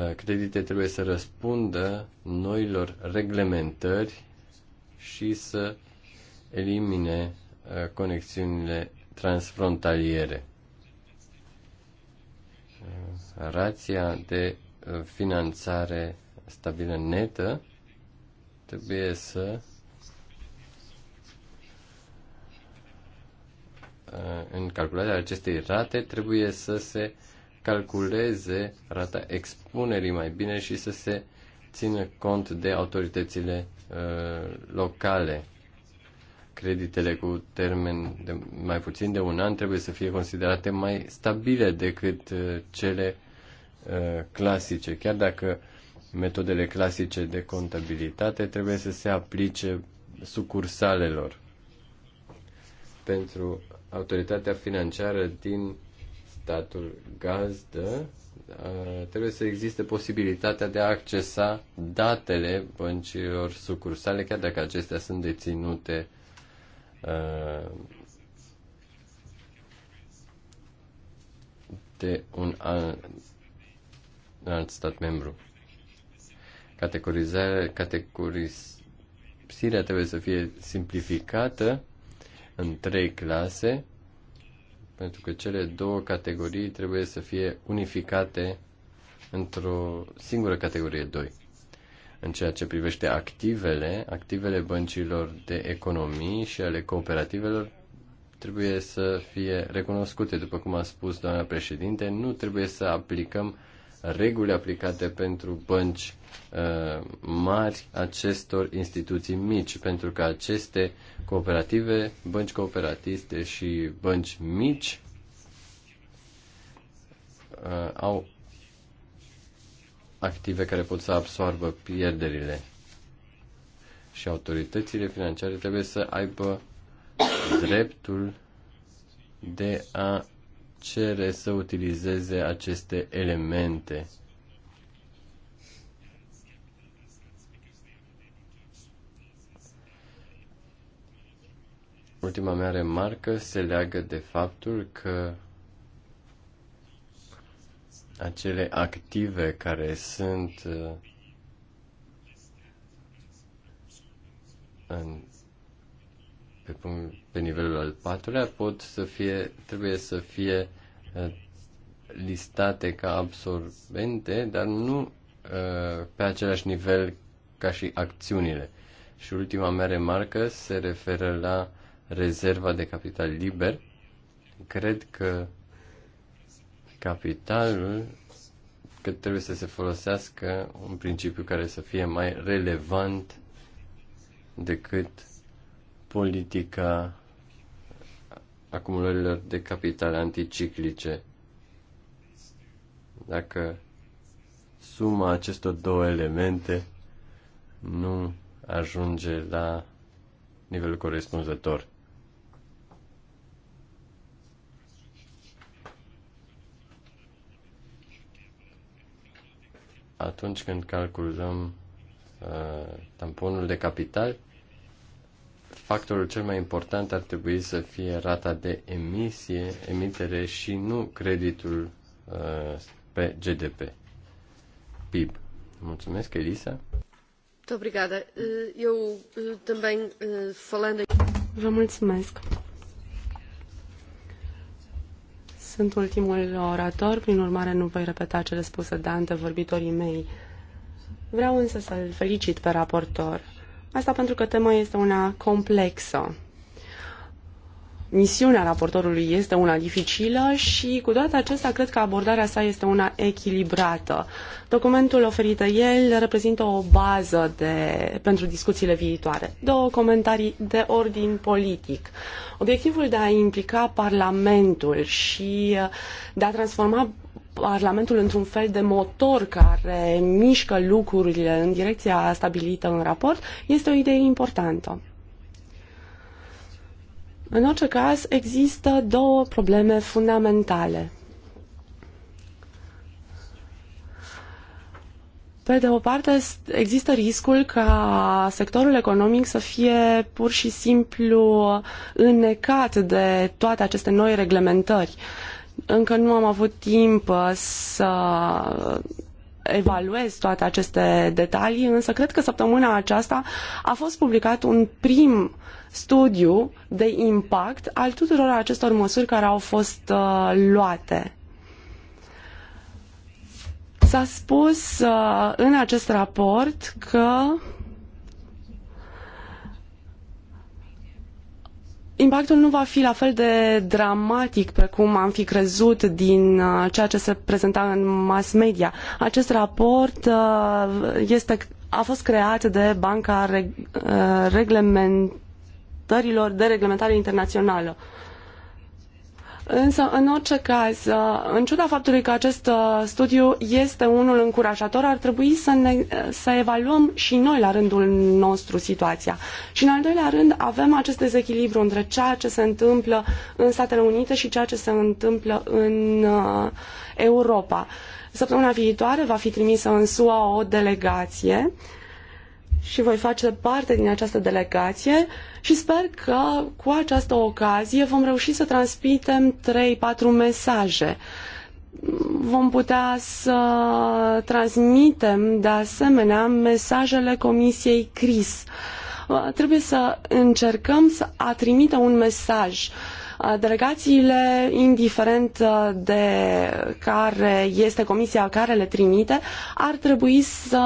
uh, credite trebuie să răspundă noilor reglementări și să elimine conexiunile transfrontaliere. Rația de Uh, finanțare stabilă netă, trebuie să uh, în calcularea acestei rate trebuie să se calculeze rata expunerii mai bine și să se țină cont de autoritățile uh, locale. Creditele cu termen de mai puțin de un an trebuie să fie considerate mai stabile decât cele uh, Uh, clasice, chiar dacă metodele clasice de contabilitate trebuie să se aplice sucursalelor pentru autoritatea financiară din statul gazdă uh, trebuie să existe posibilitatea de a accesa datele băncilor sucursale, chiar dacă acestea sunt deținute uh, de un în alt stat membru. Categorizarea, categorisirea trebuie să fie simplificată în trei clase, pentru că cele două categorii trebuie să fie unificate într-o singură categorie 2. În ceea ce privește activele, activele băncilor de economii și ale cooperativelor trebuie să fie recunoscute, după cum a spus doamna președinte, nu trebuie să aplicăm reguli aplicate pentru bănci uh, mari acestor instituții mici, pentru că aceste cooperative, bănci cooperatiste și bănci mici uh, au active care pot să absorbă pierderile și autoritățile financiare trebuie să aibă dreptul de a cere să utilizeze aceste elemente. Ultima mea remarcă se leagă de faptul că acele active care sunt uh, în pe, punct, pe nivelul al patrulea pot să fie, trebuie să fie uh, listate ca absorbente, dar nu uh, pe același nivel ca și acțiunile. Și ultima mea remarcă se referă la rezerva de capital liber. Cred că capitalul că trebuie să se folosească un principiu care să fie mai relevant decât politica acumulărilor de capital anticiclice. Dacă suma acestor două elemente nu ajunge la nivelul corespunzător. Atunci când calculăm uh, tamponul de capital, factorul cel mai important ar trebui să fie rata de emisie, emitere și nu creditul uh, pe GDP. PIB. Mulțumesc, Elisa. Obrigada. Eh, eu eh, também eh, falando. Vă mulțumesc. Sunt ultimul orator, prin urmare nu voi repeta cele spuse de antevorbitorii mei. Vreau însă să-l felicit pe raportor. Asta pentru că tema este una complexă. Misiunea raportorului este una dificilă și cu toate acestea cred că abordarea sa este una echilibrată. Documentul oferit de el reprezintă o bază de, pentru discuțiile viitoare. Două comentarii de ordin politic. Obiectivul de a implica Parlamentul și de a transforma Parlamentul într-un fel de motor care mișcă lucrurile în direcția stabilită în raport, este o idee importantă. În orice caz, există două probleme fundamentale. Pe de o parte, există riscul ca sectorul economic să fie pur și simplu înnecat de toate aceste noi reglementări. Încă nu am avut timp uh, să evaluez toate aceste detalii, însă cred că săptămâna aceasta a fost publicat un prim studiu de impact al tuturor acestor măsuri care au fost uh, luate. S-a spus uh, în acest raport că impactul nu va fi la fel de dramatic precum am fi crezut din uh, ceea ce se prezenta în mass media. Acest raport uh, este, a fost creat de Banca uh, Reglementărilor de Reglementare Internațională. Însă, în orice caz, în ciuda faptului că acest uh, studiu este unul încurajator, ar trebui să, ne, să evaluăm și noi la rândul nostru situația. Și în al doilea rând, avem acest dezechilibru între ceea ce se întâmplă în Statele Unite și ceea ce se întâmplă în uh, Europa. Săptămâna viitoare va fi trimisă în SUA o delegație și voi face parte din această delegație și sper că cu această ocazie vom reuși să transmitem 3-4 mesaje. Vom putea să transmitem de asemenea mesajele Comisiei CRIS. Trebuie să încercăm să a trimite un mesaj uh, Uh, delegațiile, indiferent uh, de care este comisia care le trimite, ar trebui să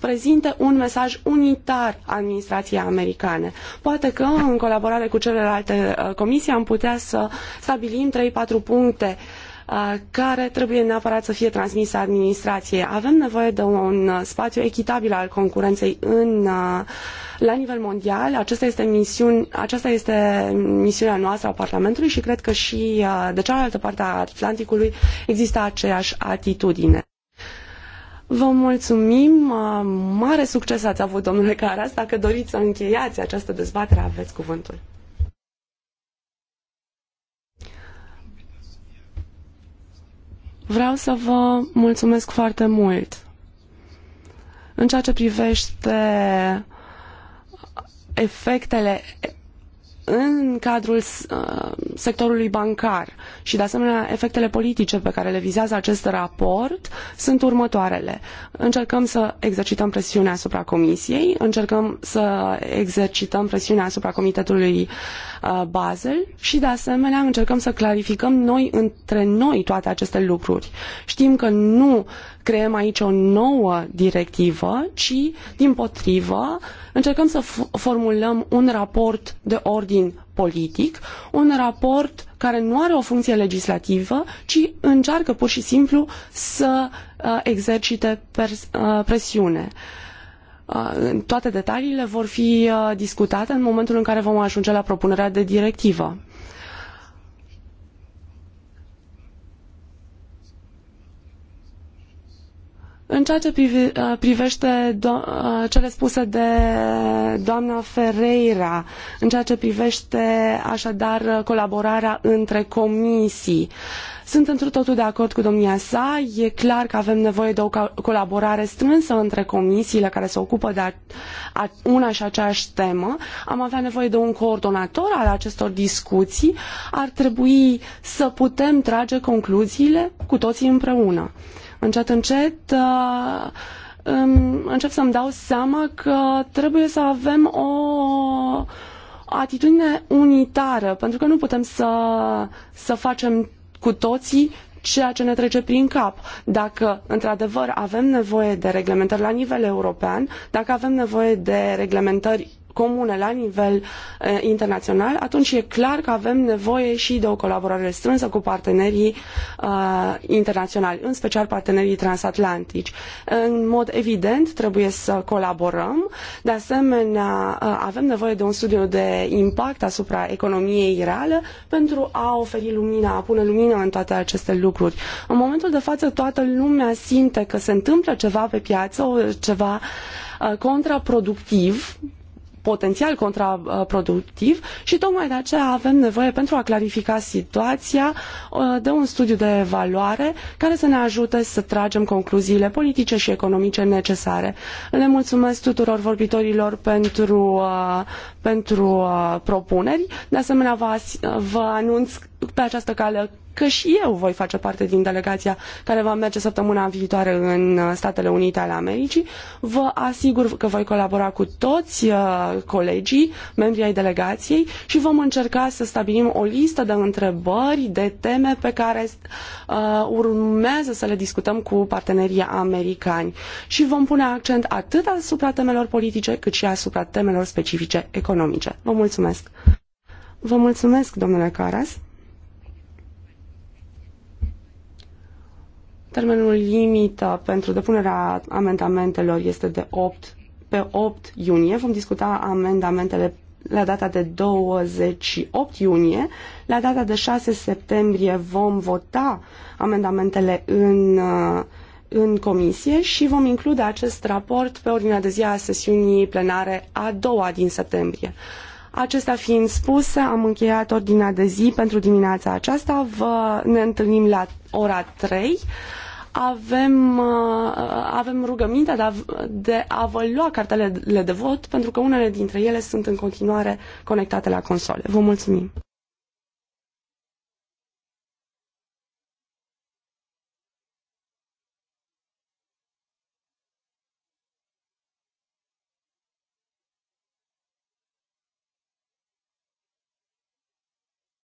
prezinte un mesaj unitar administrației americane. Poate că, în colaborare cu celelalte uh, comisii, am putea să stabilim trei patru puncte uh, care trebuie neapărat să fie transmisă administrației. Avem nevoie de un spațiu echitabil al concurenței în, la nivel mondial. Aceasta este, misiun, aceasta este misiunea noastră a Parlamentului și cred că și de cealaltă parte a Atlanticului există aceeași atitudine. Vă mulțumim, mare succes ați avut, domnule Caras. Dacă doriți să încheiați această dezbatere, aveți cuvântul. Vreau să vă mulțumesc foarte mult. În ceea ce privește efectele în cadrul uh, sectorului bancar și, de asemenea, efectele politice pe care le vizează acest raport sunt următoarele. Încercăm să exercităm presiunea asupra Comisiei, încercăm să exercităm presiunea asupra Comitetului uh, Basel și, de asemenea, încercăm să clarificăm noi între noi toate aceste lucruri. Știm că nu creăm aici o nouă directivă, ci, din potrivă, încercăm să formulăm un raport de ordin politic, un raport care nu are o funcție legislativă, ci încearcă pur și simplu să uh, exercite uh, presiune. Uh, toate detaliile vor fi discutate în momentul în care vom ajunge la propunerea de directivă. În ceea ce uh, privește do, uh, cele spuse de doamna Ferreira, în ceea ce privește așadar colaborarea între comisii, sunt într totul de acord cu domnia sa. E clar că avem nevoie de o colaborare strânsă între comisiile care se ocupă de una și aceeași temă. Am avea nevoie de un coordonator al acestor discuții. Ar trebui să putem trage concluziile cu toții împreună încet, încet uh, încep să-mi dau seama că trebuie să avem o atitudine unitară, pentru că nu putem să, să facem cu toții ceea ce ne trece prin cap. Dacă, într-adevăr, avem nevoie de reglementări la nivel european, dacă avem nevoie de reglementări comune la nivel uh, internațional, atunci e clar că avem nevoie și de o colaborare strânsă cu partenerii uh, internaționali, în special partenerii transatlantici. În mod evident trebuie să colaborăm, de asemenea uh, avem nevoie de un studiu de impact asupra economiei reale pentru a oferi lumina, a pune lumină în toate aceste lucruri. În momentul de față toată lumea simte că se întâmplă ceva pe piață, ceva contraproductiv potențial contraproductiv și tocmai de aceea avem nevoie pentru a clarifica situația uh, de un studiu de evaluare care să ne ajute să tragem concluziile politice și economice necesare. Le mulțumesc tuturor vorbitorilor pentru uh, pentru uh, propuneri. De asemenea, vă, vă anunț pe această cale că și eu voi face parte din delegația care va merge săptămâna viitoare în uh, Statele Unite ale Americii. Vă asigur că voi colabora cu toți uh, colegii, membrii ai delegației și vom încerca să stabilim o listă de întrebări, de teme pe care urmează să le discutăm cu partenerii americani și vom pune accent atât asupra temelor politice cât și asupra temelor specifice economice economice. Vă mulțumesc! Vă mulțumesc, domnule Caras! Termenul limită pentru depunerea amendamentelor este de 8, pe 8 iunie. Vom discuta amendamentele la data de 28 iunie. La data de 6 septembrie vom vota amendamentele în uh, în comisie și vom include acest raport pe ordinea de zi a sesiunii plenare a doua din septembrie. Acestea fiind spuse, am încheiat ordinea de zi pentru dimineața aceasta. Vă, ne întâlnim la ora 3. Avem, uh, avem rugămintea de a, de a vă lua cartelele de vot, pentru că unele dintre ele sunt în continuare conectate la console. Vă mulțumim!